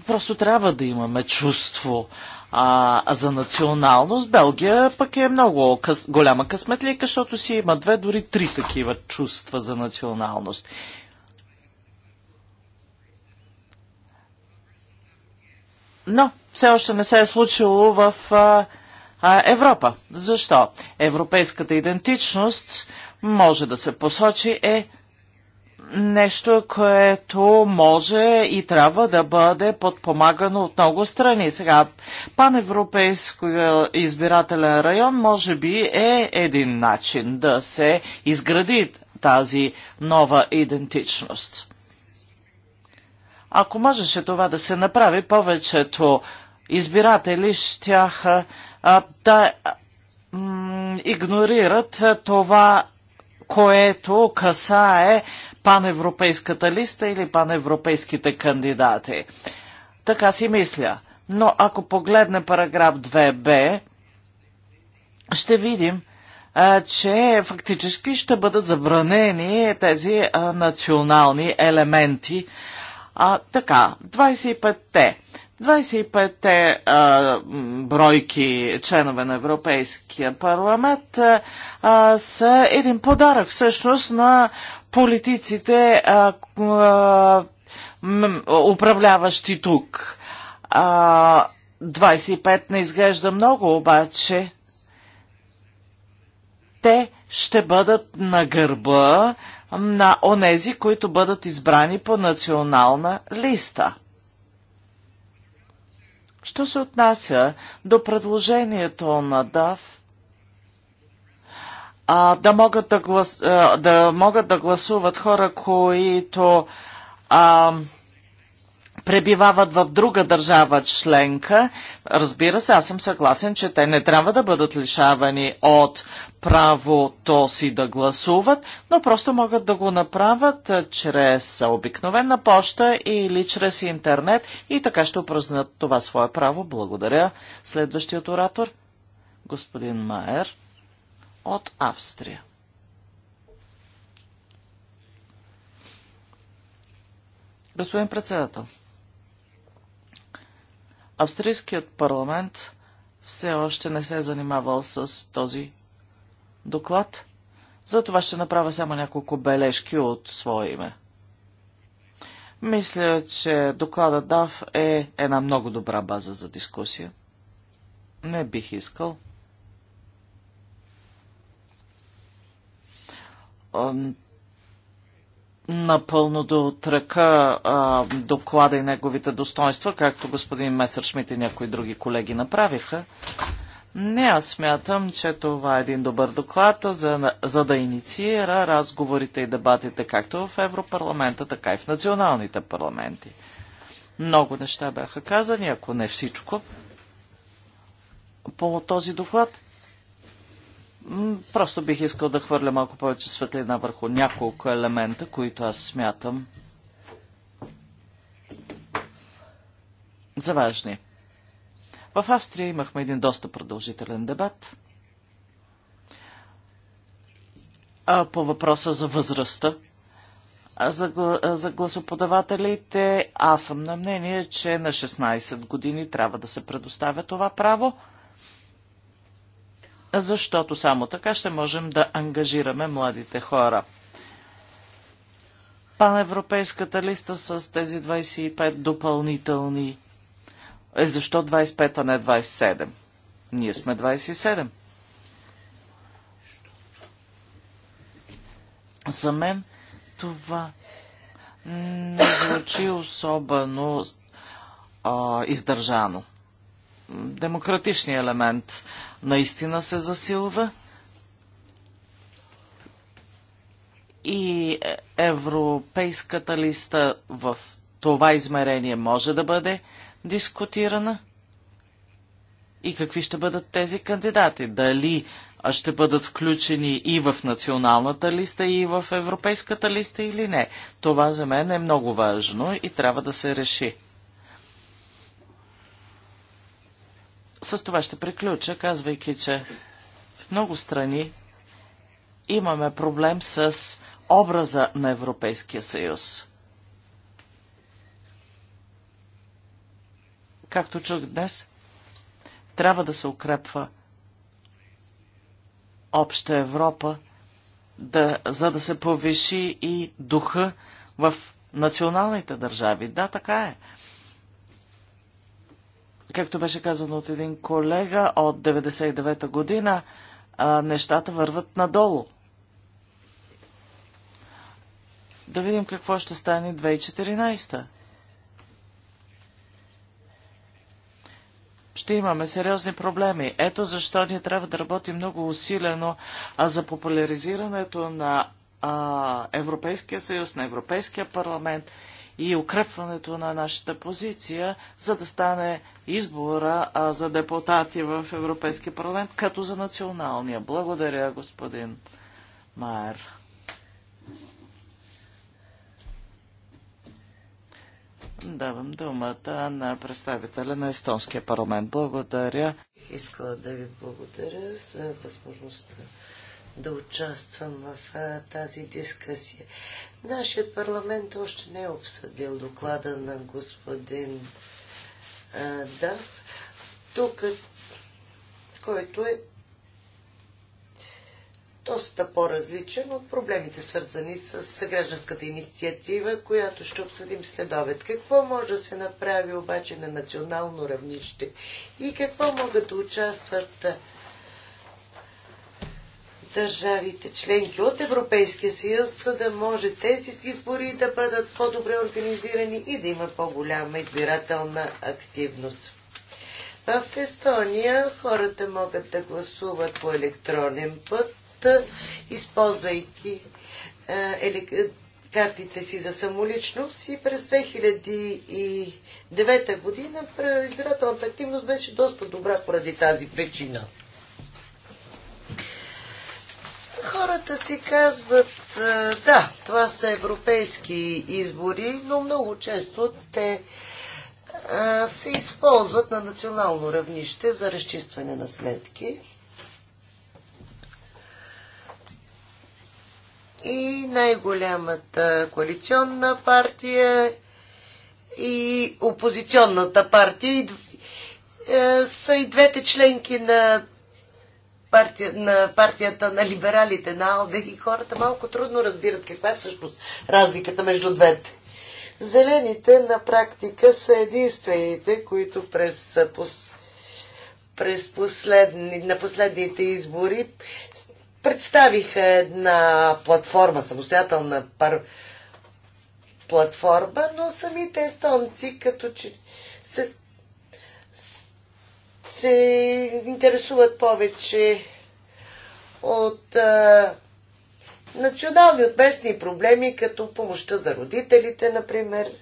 Просто трябва да имаме чувство а, за националност. Белгия пък е много къс, голяма късметлика, защото си има две, дори три такива чувства за националност. но все още не се е случило в а, Европа. Защо? Европейската идентичност може да се посочи е нещо, което може и трябва да бъде подпомагано от много страни. Сега, паневропейско избирателен район може би е един начин да се изгради тази нова идентичност. Ако можеше това да се направи, повечето избиратели щяха да игнорират това, което касае паневропейската листа или паневропейските кандидати. Така си мисля. Но ако погледне параграф 2б, ще видим, че фактически ще бъдат забранени тези национални елементи а, така, 25-те. 25-те бройки членове на Европейския парламент а, са един подарък всъщност на политиците, а, а, управляващи тук. А, 25 не изглежда много, обаче те ще бъдат на гърба на онези, които бъдат избрани по национална листа. Що се отнася до предложението на ДАВ, а, да, могат да, глас, а, да могат да гласуват хора, които а, пребивават в друга държава членка, разбира се, аз съм съгласен, че те не трябва да бъдат лишавани от правото си да гласуват, но просто могат да го направят чрез обикновена поща или чрез интернет и така ще упразнат това свое право. Благодаря. Следващият оратор, господин Майер от Австрия. Господин председател, Австрийският парламент все още не се е занимавал с този доклад. Затова ще направя само няколко бележки от свое име. Мисля, че докладът ДАВ е една много добра база за дискусия. Не бих искал напълно до тръка а, доклада и неговите достоинства, както господин Месършмит и някои други колеги направиха. Не, аз смятам, че това е един добър доклад, за, за да инициира разговорите и дебатите както в Европарламента, така и в националните парламенти. Много неща бяха казани, ако не всичко, по този доклад. Просто бих искал да хвърля малко повече светлина върху няколко елемента, които аз смятам за важни. В Австрия имахме един доста продължителен дебат а, по въпроса за възрастта за, за гласоподавателите. Аз съм на мнение, че на 16 години трябва да се предоставя това право – защото само така ще можем да ангажираме младите хора. Паневропейската листа с тези 25 допълнителни. Е, защо 25, а не 27? Ние сме 27. За мен това не звучи особено а, издържано. Демократичният елемент наистина се засилва. И европейската листа в това измерение може да бъде дискутирана. И какви ще бъдат тези кандидати? Дали ще бъдат включени и в националната листа, и в европейската листа или не? Това за мен е много важно и трябва да се реши. С това ще приключа, казвайки, че в много страни имаме проблем с образа на Европейския съюз. Както чух днес, трябва да се укрепва обща Европа, да, за да се повиши и духа в националните държави. Да, така е както беше казано от един колега от 99-та година, нещата върват надолу. Да видим какво ще стане 2014-та. Ще имаме сериозни проблеми. Ето защо ние трябва да работим много усилено за популяризирането на Европейския съюз, на Европейския парламент – и укрепването на нашата позиция, за да стане избора а, за депутати в Европейския парламент, като за националния. Благодаря, господин Майер. Давам думата на представителя на Естонския парламент. Благодаря. Искала да ви благодаря за възможността да участвам в а, тази дискусия. Нашият парламент още не е обсъдил доклада на господин а, Дав, тук, който е доста по-различен от проблемите, свързани с гражданската инициатива, която ще обсъдим след обед. Какво може да се направи обаче на национално равнище и какво могат да участват държавите членки от Европейския съюз, за да може тези избори да бъдат по-добре организирани и да има по-голяма избирателна активност. В Естония хората могат да гласуват по електронен път, използвайки е, картите си за самоличност и през 2009 година избирателната активност беше доста добра поради тази причина. Хората си казват, да, това са европейски избори, но много често те се използват на национално равнище за разчистване на сметки. И най-голямата коалиционна партия и опозиционната партия е, са и двете членки на партия, на партията на либералите, на Алде и хората малко трудно разбират каква е всъщност разликата между двете. Зелените на практика са единствените, които през, през последни, на последните избори представиха една платформа, самостоятелна пар... платформа, но самите естонци като че се се интересуват повече от а, национални, от местни проблеми, като помощта за родителите, например.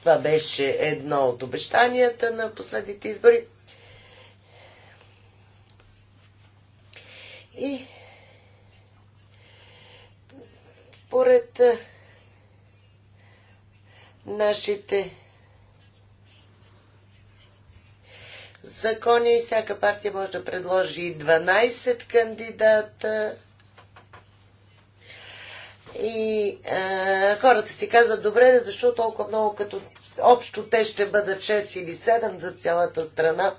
Това беше едно от обещанията на последните избори. И поред нашите закони и всяка партия може да предложи 12 кандидата. И а, хората си казват, добре, защо толкова много, като общо те ще бъдат 6 или 7 за цялата страна.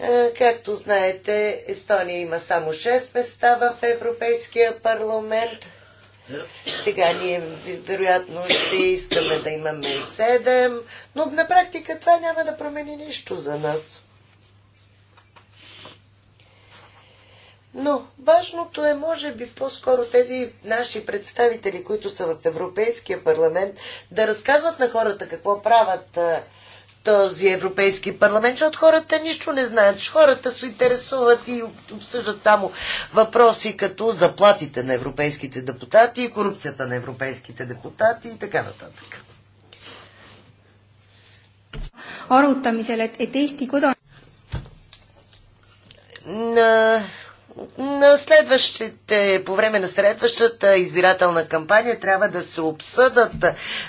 А, както знаете, Естония има само 6 места в Европейския парламент. Сега ние вероятно ще искаме да имаме седем, но на практика това няма да промени нищо за нас. Но важното е, може би, по-скоро тези наши представители, които са в Европейския парламент, да разказват на хората какво правят този Европейски парламент, защото хората нищо не знаят. Хората се интересуват и обсъждат само въпроси като заплатите на европейските депутати и корупцията на европейските депутати и така нататък. Arutamisel, et, et Eesti kodan... На на следващите, по време на следващата избирателна кампания трябва да се обсъдат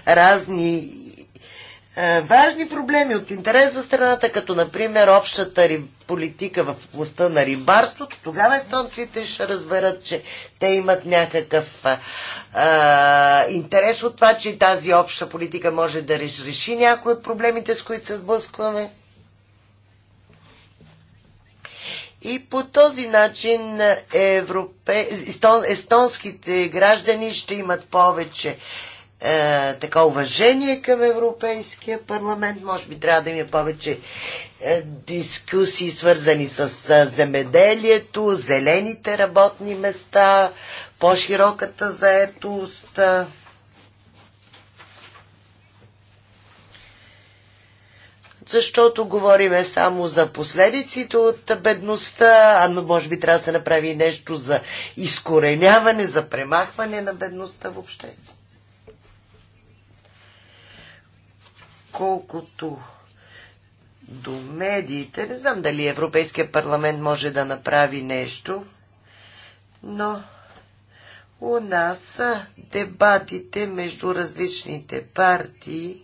разни е, важни проблеми от интерес за страната, като например общата политика в областта на рибарството, тогава естонците ще разберат, че те имат някакъв а, е, е, интерес от това, че тази обща политика може да реши някои от проблемите, с които се сблъскваме. И по този начин европе... Естон... естонските граждани ще имат повече е, така уважение към Европейския парламент. Може би трябва да има повече е, дискусии, свързани с с земеделието, зелените работни места, по-широката заетост. Е. защото говориме само за последиците от бедността, а може би трябва да се направи нещо за изкореняване, за премахване на бедността въобще. колкото до медиите, не знам дали Европейския парламент може да направи нещо, но у нас дебатите между различните партии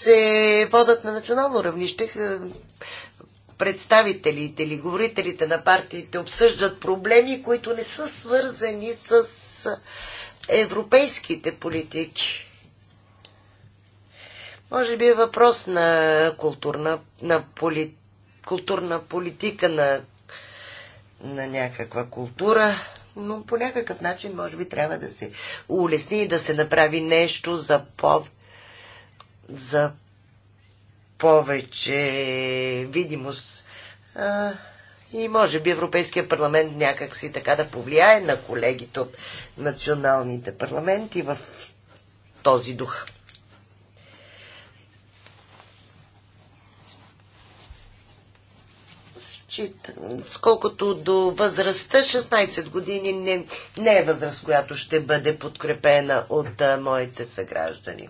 се водат на национално равнище представителите или говорителите на партиите обсъждат проблеми, които не са свързани с европейските политики. Може би е въпрос на културна, на поли, културна политика, на, на някаква култура, но по някакъв начин може би трябва да се улесни и да се направи нещо за по, за повече видимост. А, и може би Европейския парламент някакси така да повлияе на колегите от националните парламенти в този дух. Сколкото до възрастта, 16 години не, не е възраст, която ще бъде подкрепена от а, моите съграждани.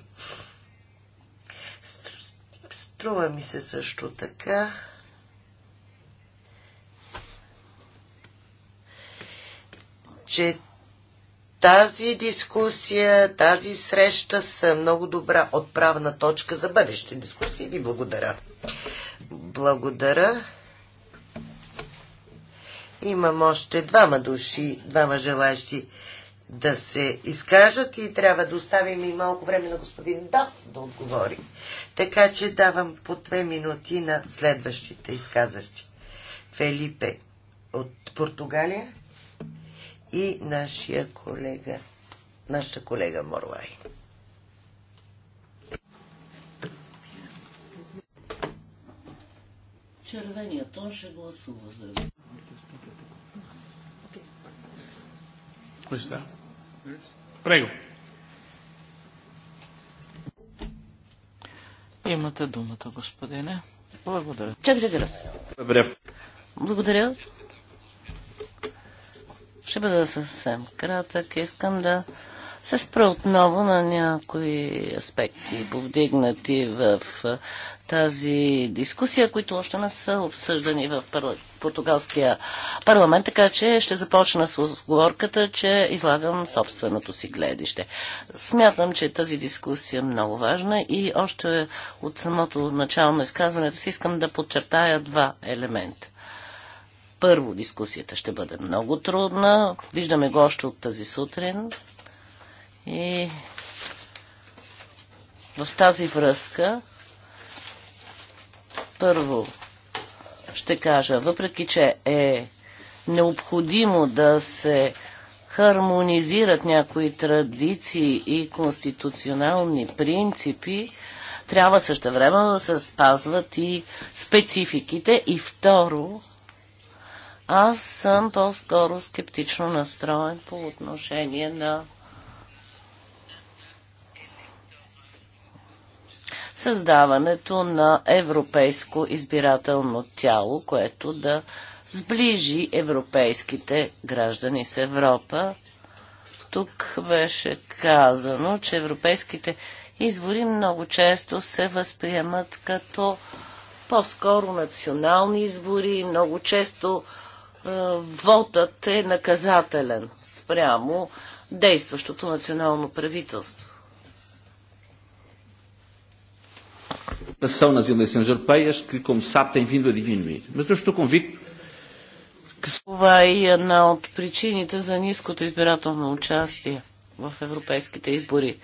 Струва ми се също така, че тази дискусия, тази среща са много добра отправна точка за бъдещи дискусии. Ви благодаря. Благодаря. Имам още двама души, двама желащи да се изкажат и трябва да оставим и малко време на господин Дав да отговори. Така че давам по две минути на следващите изказващи. Фелипе от Португалия и нашия колега, нашата колега Морлай. Червения тон ще гласува за. Questa. Прего. Имате думата, господине. Благодаря. Чак за Добре. Благодаря. Ще бъда съвсем кратък. Искам да се спра отново на някои аспекти, повдигнати в тази дискусия, които още не са обсъждани в португалския парламент, така че ще започна с отговорката, че излагам собственото си гледище. Смятам, че тази дискусия е много важна и още от самото начало на изказването си искам да подчертая два елемента първо дискусията ще бъде много трудна. Виждаме го още от тази сутрин. И в тази връзка първо ще кажа, въпреки че е необходимо да се хармонизират някои традиции и конституционални принципи, трябва същевременно да се спазват и спецификите. И второ, аз съм по-скоро скептично настроен по отношение на създаването на европейско избирателно тяло, което да сближи европейските граждани с Европа. Тук беше казано, че европейските избори много често се възприемат като по-скоро национални избори. Много често е, водът е наказателен спрямо действащото национално правителство. participação nas eleições europeias que, como sabe, tem vindo a diminuir. Mas eu estou convicto que... Това е една от причините за ниското избирателно участие в европейските избори.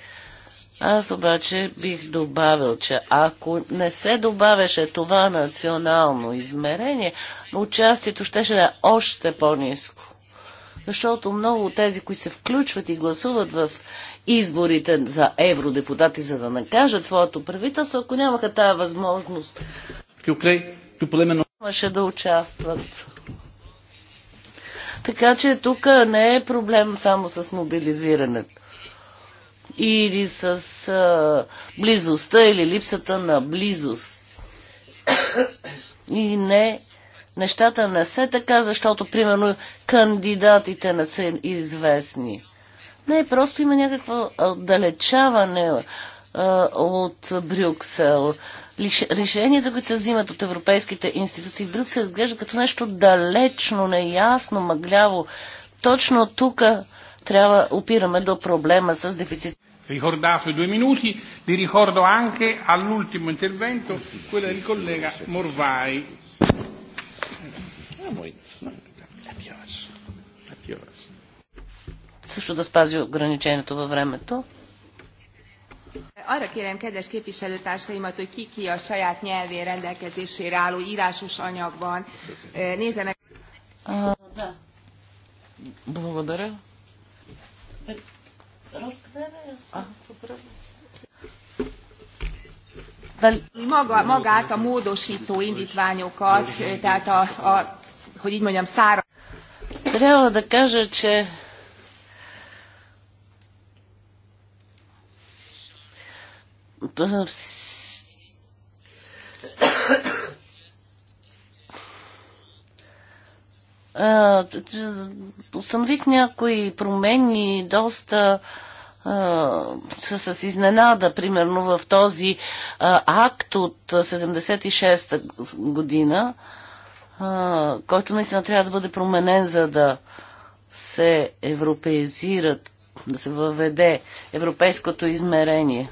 Аз обаче бих добавил, че ако не се добавеше това национално измерение, участието щеше да е още по-низко. Защото много от тези, които се включват и гласуват в изборите за евродепутати, за да накажат своето правителство, ако нямаха тази възможност. Нямаше да участват. Така че тук не е проблем само с мобилизирането или с а, близостта или липсата на близост. И не, нещата не се така, защото, примерно, кандидатите не са известни. Не, просто има някакво отдалечаване от Брюксел. да които се взимат от европейските институции в Брюксел, изглежда като нещо далечно, неясно, мъгляво. Точно тук трябва опираме до проблема с дефицит. Ricordato i due minuti, li ricordo anche all'ultimo intervento quello del collega Morvai. също да спази ограничението във времето. Arra kérem kedves képviselőtársaimat, hogy ki ki a saját nyelvén rendelkezésére álló írásos anyagban nézze meg. Maga, magát a módosító indítványokat, tehát a, a hogy így mondjam, szára. Трябва да кажа, че Установих някои промени доста са с изненада, примерно в този акт от 76-та година, който наистина трябва да бъде променен, за да се европеизират, да се въведе европейското измерение.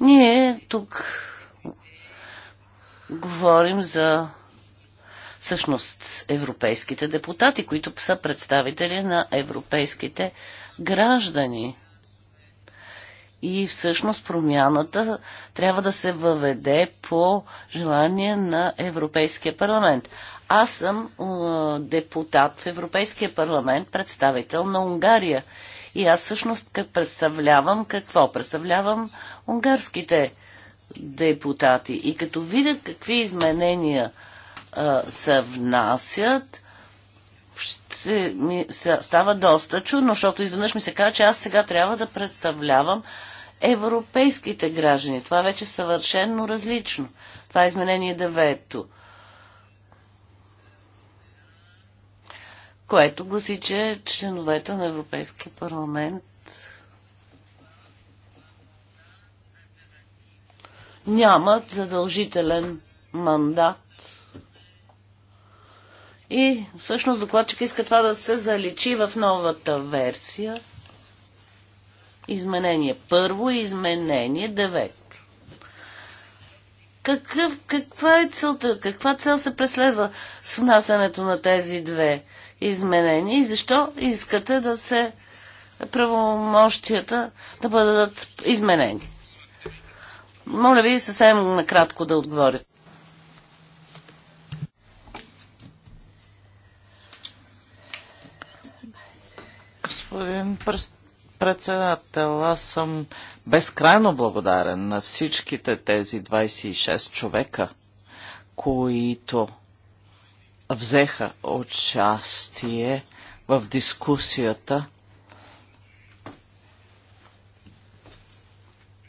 Ние тук говорим за всъщност европейските депутати, които са представители на европейските граждани. И всъщност промяната трябва да се въведе по желание на Европейския парламент. Аз съм депутат в Европейския парламент, представител на Унгария. И аз всъщност как представлявам какво? Представлявам унгарските депутати. И като видят какви изменения а, се внасят, ще ми става доста чудно, защото изведнъж ми се казва, че аз сега трябва да представлявам европейските граждани. Това вече е съвършенно различно. Това е изменение девето. което гласи, че членовете на Европейския парламент нямат задължителен мандат. И всъщност докладчик иска това да се заличи в новата версия. Изменение първо и изменение девето. Какъв, каква е целта? Каква цел се преследва с внасянето на тези две Изменени. и защо искате да се правомощията да бъдат изменени. Моля ви съвсем накратко да отговорите. Господин председател, аз съм безкрайно благодарен на всичките тези 26 човека, които взеха участие в дискусията.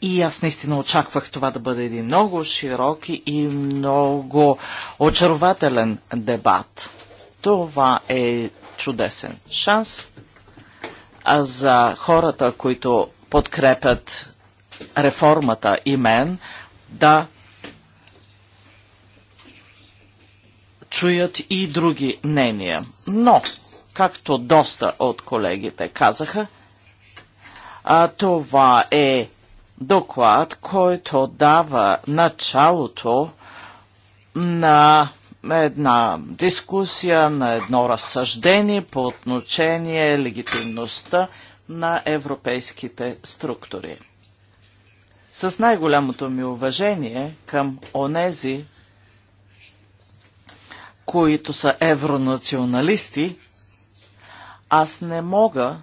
И аз наистина очаквах това да бъде един много широк и много очарователен дебат. Това е чудесен шанс за хората, които подкрепят реформата и мен, да чуят и други мнения. Но, както доста от колегите казаха, а, това е доклад, който дава началото на една дискусия, на едно разсъждение по отношение легитимността на европейските структури. С най-голямото ми уважение към онези, които са евронационалисти, аз не мога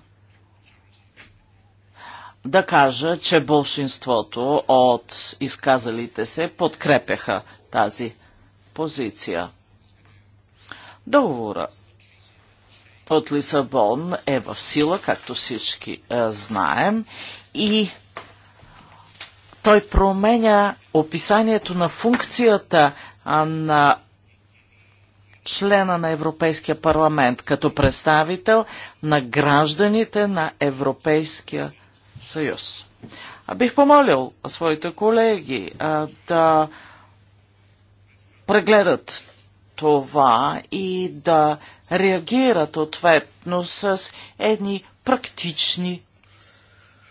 да кажа, че большинството от изказалите се подкрепяха тази позиция. Договора от Лисабон е в сила, както всички е, знаем, и той променя описанието на функцията на члена на Европейския парламент като представител на гражданите на Европейския съюз. А бих помолил своите колеги а, да прегледат това и да реагират ответно с едни практични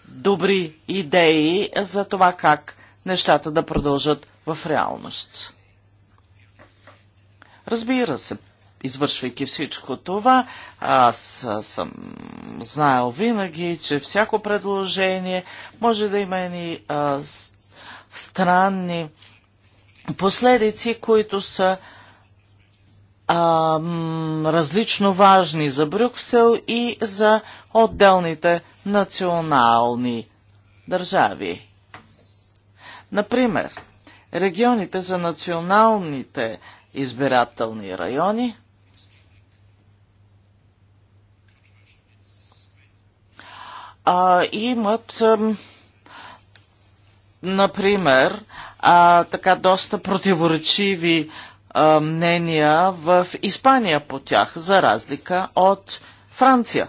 добри идеи за това как нещата да продължат в реалност. Разбира се, извършвайки всичко това, аз съм знаел винаги, че всяко предложение може да има и странни последици, които са а, различно важни за Брюксел и за отделните национални държави. Например, регионите за националните избирателни райони. А, имат, например, а, така доста противоречиви а, мнения в Испания по тях, за разлика от Франция.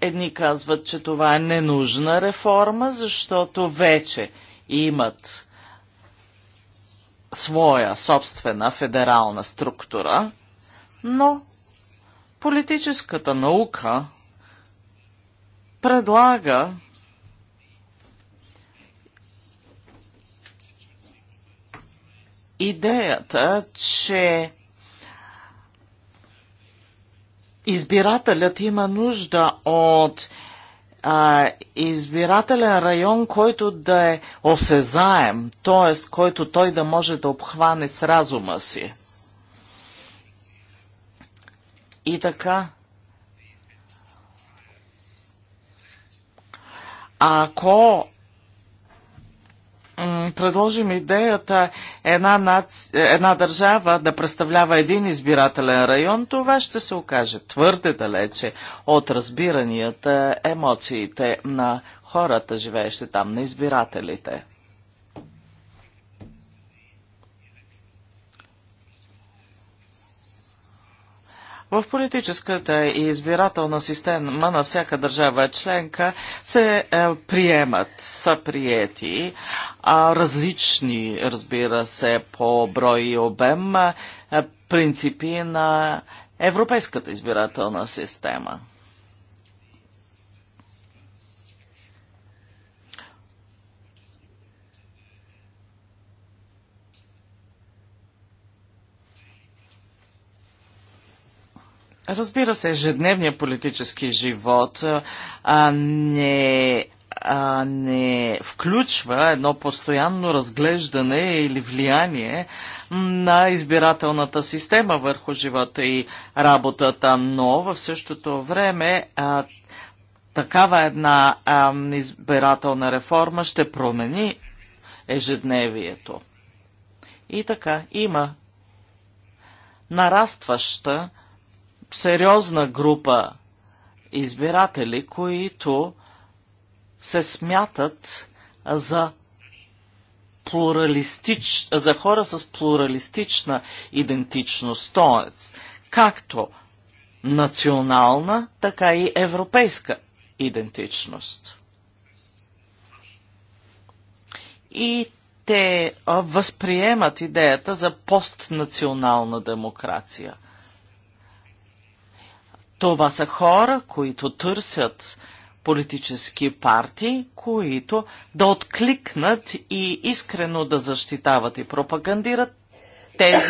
Едни казват, че това е ненужна реформа, защото вече имат своя собствена федерална структура, но политическата наука предлага идеята, че избирателят има нужда от а, избирателен район, който да е осезаем, т.е. който той да може да обхване с разума си. И така, ако предложим идеята една, наци... една държава да представлява един избирателен район, това ще се окаже твърде далече от разбиранията, емоциите на хората, живеещи там, на избирателите. В политическата и избирателна система на всяка държава членка се е, приемат, са приети а, различни, разбира се, по брой и обем е, принципи на европейската избирателна система. Разбира се, ежедневният политически живот а, не, а, не включва едно постоянно разглеждане или влияние на избирателната система върху живота и работата, но в същото време а, такава една а, избирателна реформа ще промени ежедневието. И така, има нарастваща сериозна група избиратели, които се смятат за плуралистич, за хора с плуралистична идентичност, т.е. както национална, така и европейска идентичност. И те възприемат идеята за постнационална демокрация – това са хора, които търсят политически партии, които да откликнат и искрено да защитават и пропагандират тези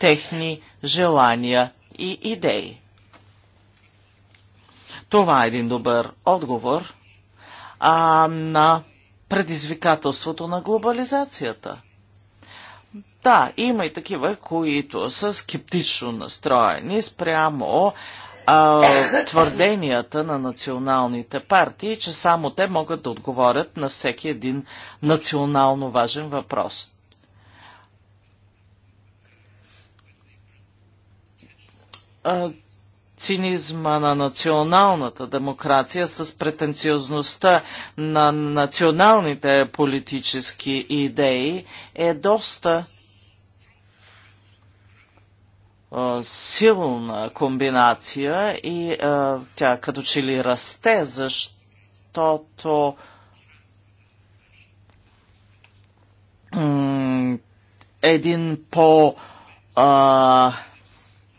техни желания и идеи. Това е един добър отговор а, на предизвикателството на глобализацията. Да, има и такива, които са скептично настроени спрямо а, твърденията на националните партии, че само те могат да отговорят на всеки един национално важен въпрос. А, цинизма на националната демокрация с претенциозността на националните политически идеи е доста силна комбинация и а, тя като че ли расте, защото един по а,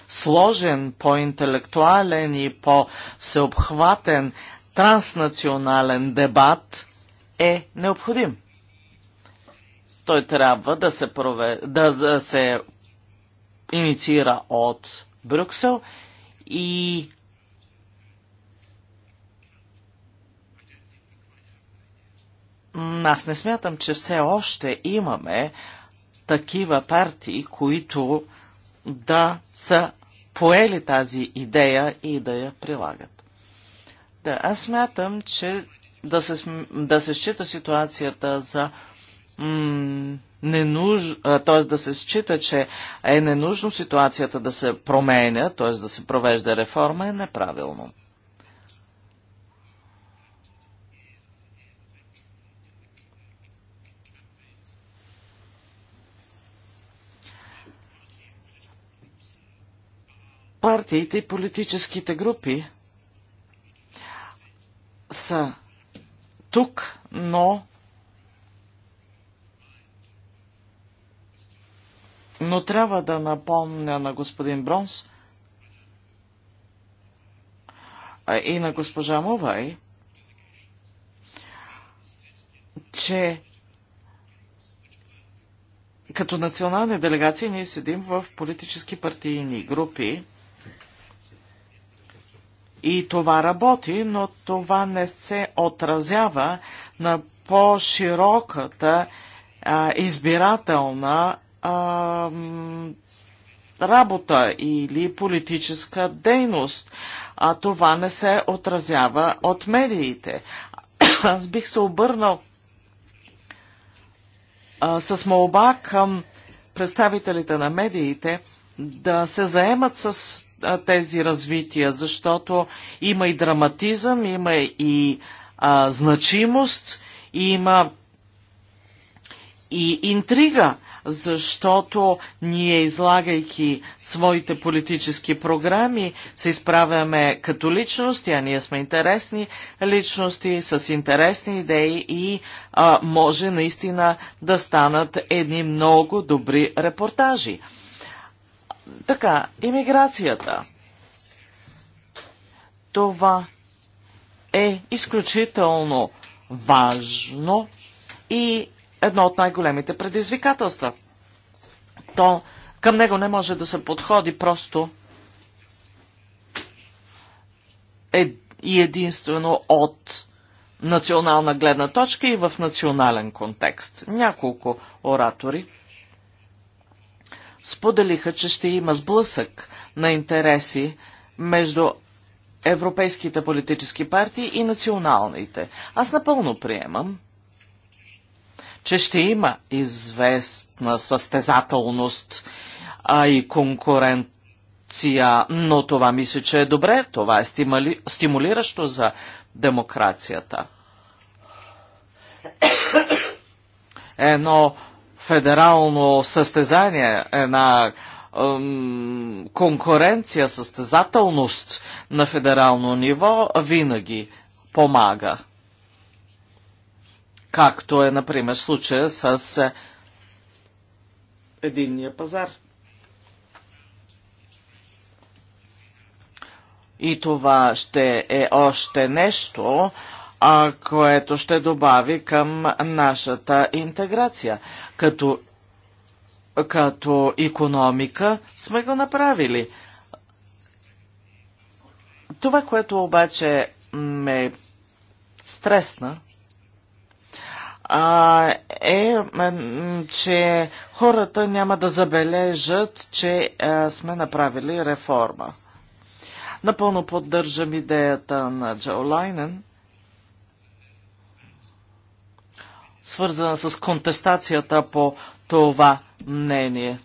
сложен, по-интелектуален и по-всеобхватен транснационален дебат е необходим. Той трябва да се, прове... да се инициира от Брюксел и аз не смятам, че все още имаме такива партии, които да са поели тази идея и да я прилагат. Да, аз смятам, че да се, да се счита ситуацията за ненуж... т.е. да се счита, че е ненужно ситуацията да се променя, т.е. да се провежда реформа, е неправилно. партиите и политическите групи са тук, но Но трябва да напомня на господин Бронс и на госпожа Мувай, че като национални делегации ние седим в политически партийни групи и това работи, но това не се отразява на по-широката избирателна а, работа или политическа дейност, а това не се отразява от медиите. Аз бих се обърнал а, с молба към представителите на медиите да се заемат с а, тези развития, защото има и драматизъм, има и а, значимост, има и интрига защото ние, излагайки своите политически програми, се изправяме като личности, а ние сме интересни личности с интересни идеи и а, може наистина да станат едни много добри репортажи. Така, имиграцията. Това е изключително важно и едно от най-големите предизвикателства. То към него не може да се подходи просто е и единствено от национална гледна точка и в национален контекст. Няколко оратори споделиха, че ще има сблъсък на интереси между европейските политически партии и националните. Аз напълно приемам, че ще има известна състезателност а и конкуренция, но това мисля, че е добре. Това е стимули... стимулиращо за демокрацията. Едно федерално състезание, една ем, конкуренция, състезателност на федерално ниво винаги помага както е, например, случая с е, единния пазар. И това ще е още нещо, а, което ще добави към нашата интеграция. Като, като економика сме го направили. Това, което обаче ме стресна, а, е, че хората няма да забележат, че а, сме направили реформа. Напълно поддържам идеята на Джо Лайнен, свързана с контестацията по това мнение.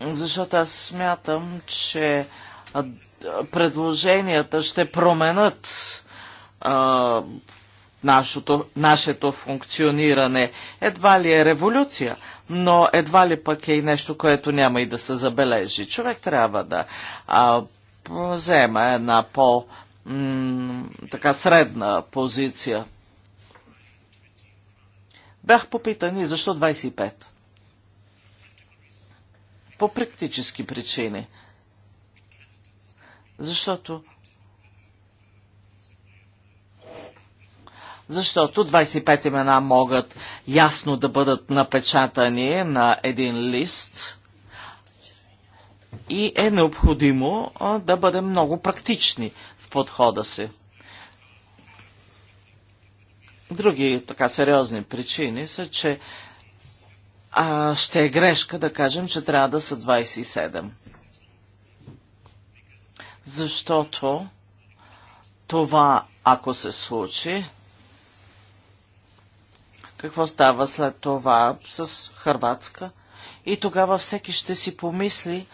Защото аз смятам, че предложенията ще променят а, нашето, нашето функциониране. Едва ли е революция, но едва ли пък е и нещо, което няма и да се забележи. Човек трябва да а, взема една по- така средна позиция. Бях попитан и защо 25? По практически причини. Защото защото 25 имена могат ясно да бъдат напечатани на един лист и е необходимо да бъдем много практични в подхода си. Други така сериозни причини са, че а, ще е грешка да кажем, че трябва да са 27. Защото това, ако се случи, какво става след това с Хрватска. И тогава всеки ще си помисли,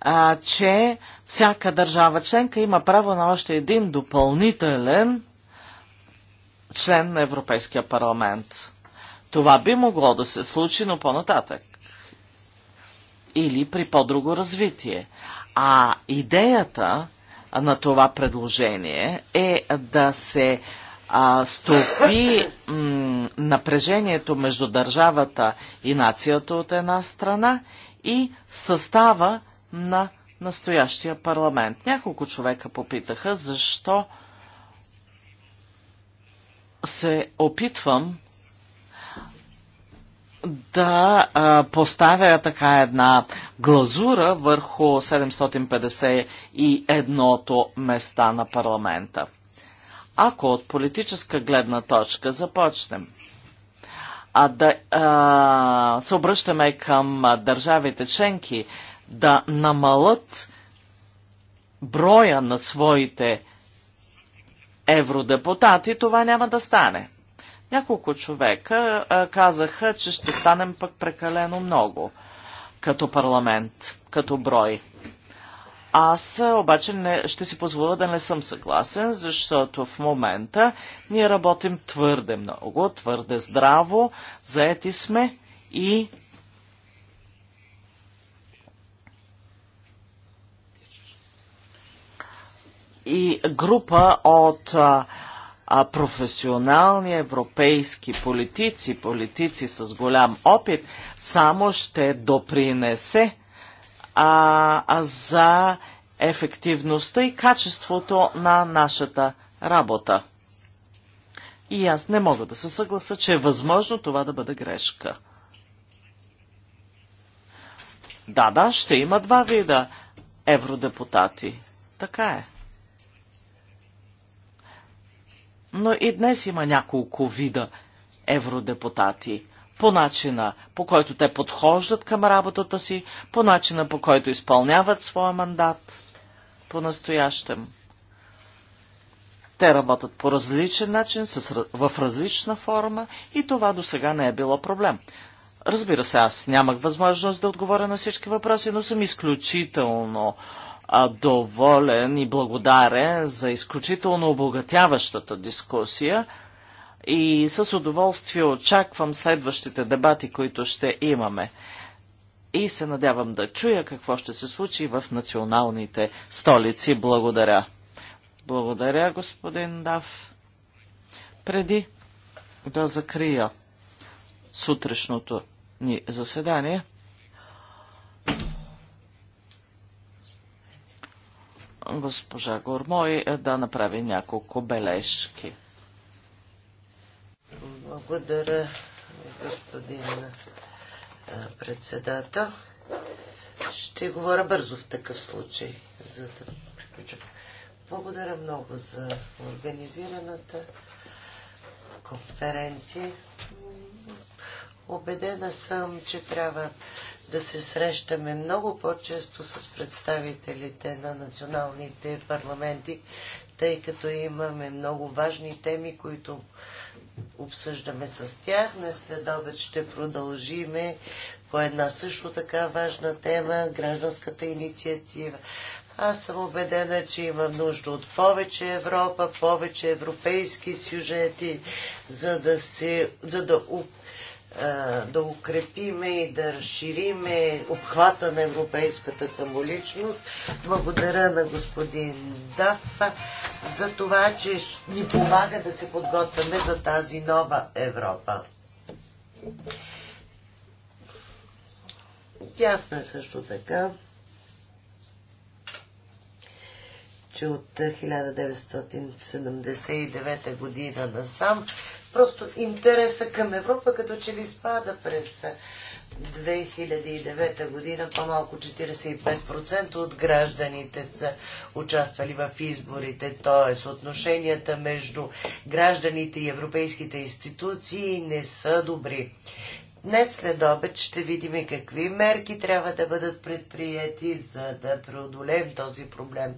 а, че всяка държава членка има право на още един допълнителен член на Европейския парламент. Това би могло да се случи, но по-нататък. Или при по-друго развитие. А идеята на това предложение е да се а, стопи напрежението между държавата и нацията от една страна и състава на настоящия парламент. Няколко човека попитаха защо се опитвам да а, поставя така една глазура върху 751-то места на парламента ако от политическа гледна точка започнем а да а, се обръщаме към държавите членки да намалят броя на своите евродепутати, това няма да стане. Няколко човека а, казаха, че ще станем пък прекалено много като парламент, като брой. Аз обаче не, ще си позволя да не съм съгласен, защото в момента ние работим твърде много, твърде здраво, заети сме и и група от а, а, професионални европейски политици, политици с голям опит, само ще допринесе а, а за ефективността и качеството на нашата работа. И аз не мога да се съгласа, че е възможно това да бъде грешка. Да, да, ще има два вида евродепутати. Така е. Но и днес има няколко вида евродепутати – по начина по който те подхождат към работата си, по начина по който изпълняват своя мандат по-настоящем. Те работят по различен начин, с, в различна форма и това до сега не е било проблем. Разбира се, аз нямах възможност да отговоря на всички въпроси, но съм изключително а, доволен и благодарен за изключително обогатяващата дискусия – и с удоволствие очаквам следващите дебати, които ще имаме. И се надявам да чуя какво ще се случи в националните столици. Благодаря. Благодаря, господин Дав. Преди да закрия сутрешното ни заседание, госпожа Гормой е да направи няколко бележки. Благодаря, господин председател. Ще говоря бързо в такъв случай, за да приключим. Благодаря много за организираната конференция. Обедена съм, че трябва да се срещаме много по-често с представителите на националните парламенти, тъй като имаме много важни теми, които обсъждаме с тях. На след обед ще продължиме по една също така важна тема гражданската инициатива. Аз съм убедена, че има нужда от повече Европа, повече европейски сюжети, за да, се, за да да укрепиме и да разшириме обхвата на европейската самоличност. Благодаря на господин Даф за това, че ни помага да се подготвяме за тази нова Европа. Ясно е също така, че от 1979 година насам Просто интереса към Европа като че ли спада през 2009 година. По-малко 45% от гражданите са участвали в изборите, т.е. отношенията между гражданите и европейските институции не са добри. Днес след обед ще видим какви мерки трябва да бъдат предприяти, за да преодолеем този проблем.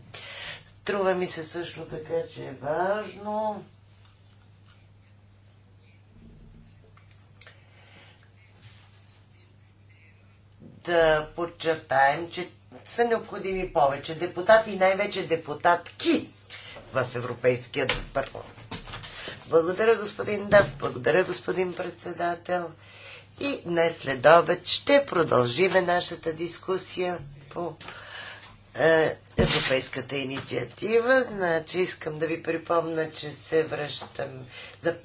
Струва ми се също така, че е важно да подчертаем, че са необходими повече депутати и най-вече депутатки в Европейския парламент. Благодаря, господин Дав, благодаря, господин председател. И днес след обед ще продължиме нашата дискусия по е, Европейската инициатива. Значи искам да ви припомна, че се връщам за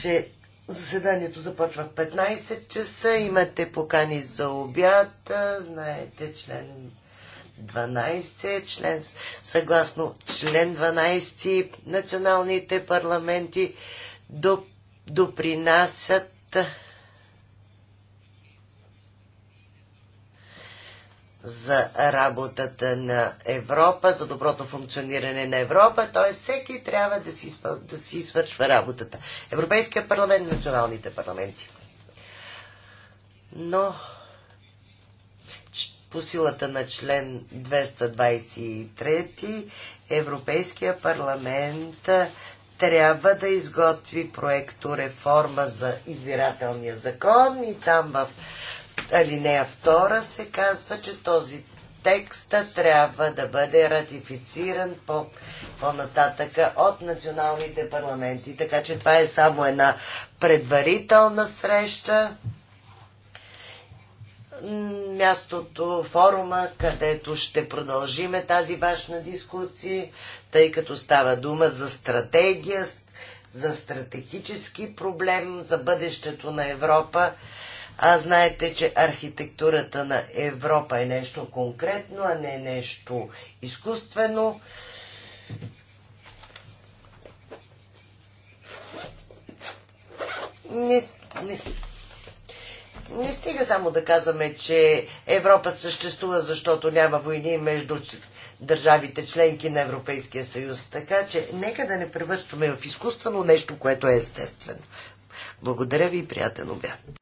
че Заседанието започва в 15 часа. Имате покани за обяд. Знаете член 12, член, съгласно член 12, националните парламенти допринасят за работата на Европа, за доброто функциониране на Европа, т.е. всеки трябва да си, да си свършва работата. Европейския парламент, националните парламенти. Но по силата на член 223 Европейския парламент трябва да изготви проекто реформа за избирателния закон и там в алинея 2 се казва, че този текста трябва да бъде ратифициран по, по-нататъка от националните парламенти. Така че това е само една предварителна среща. Мястото, форума, където ще продължиме тази важна дискусия, тъй като става дума за стратегия, за стратегически проблем за бъдещето на Европа а знаете, че архитектурата на Европа е нещо конкретно, а не нещо изкуствено. Не, не, не стига само да казваме, че Европа съществува, защото няма войни между държавите членки на Европейския съюз. Така че нека да не превръщаме в изкуствено нещо, което е естествено. Благодаря ви и приятен обяд.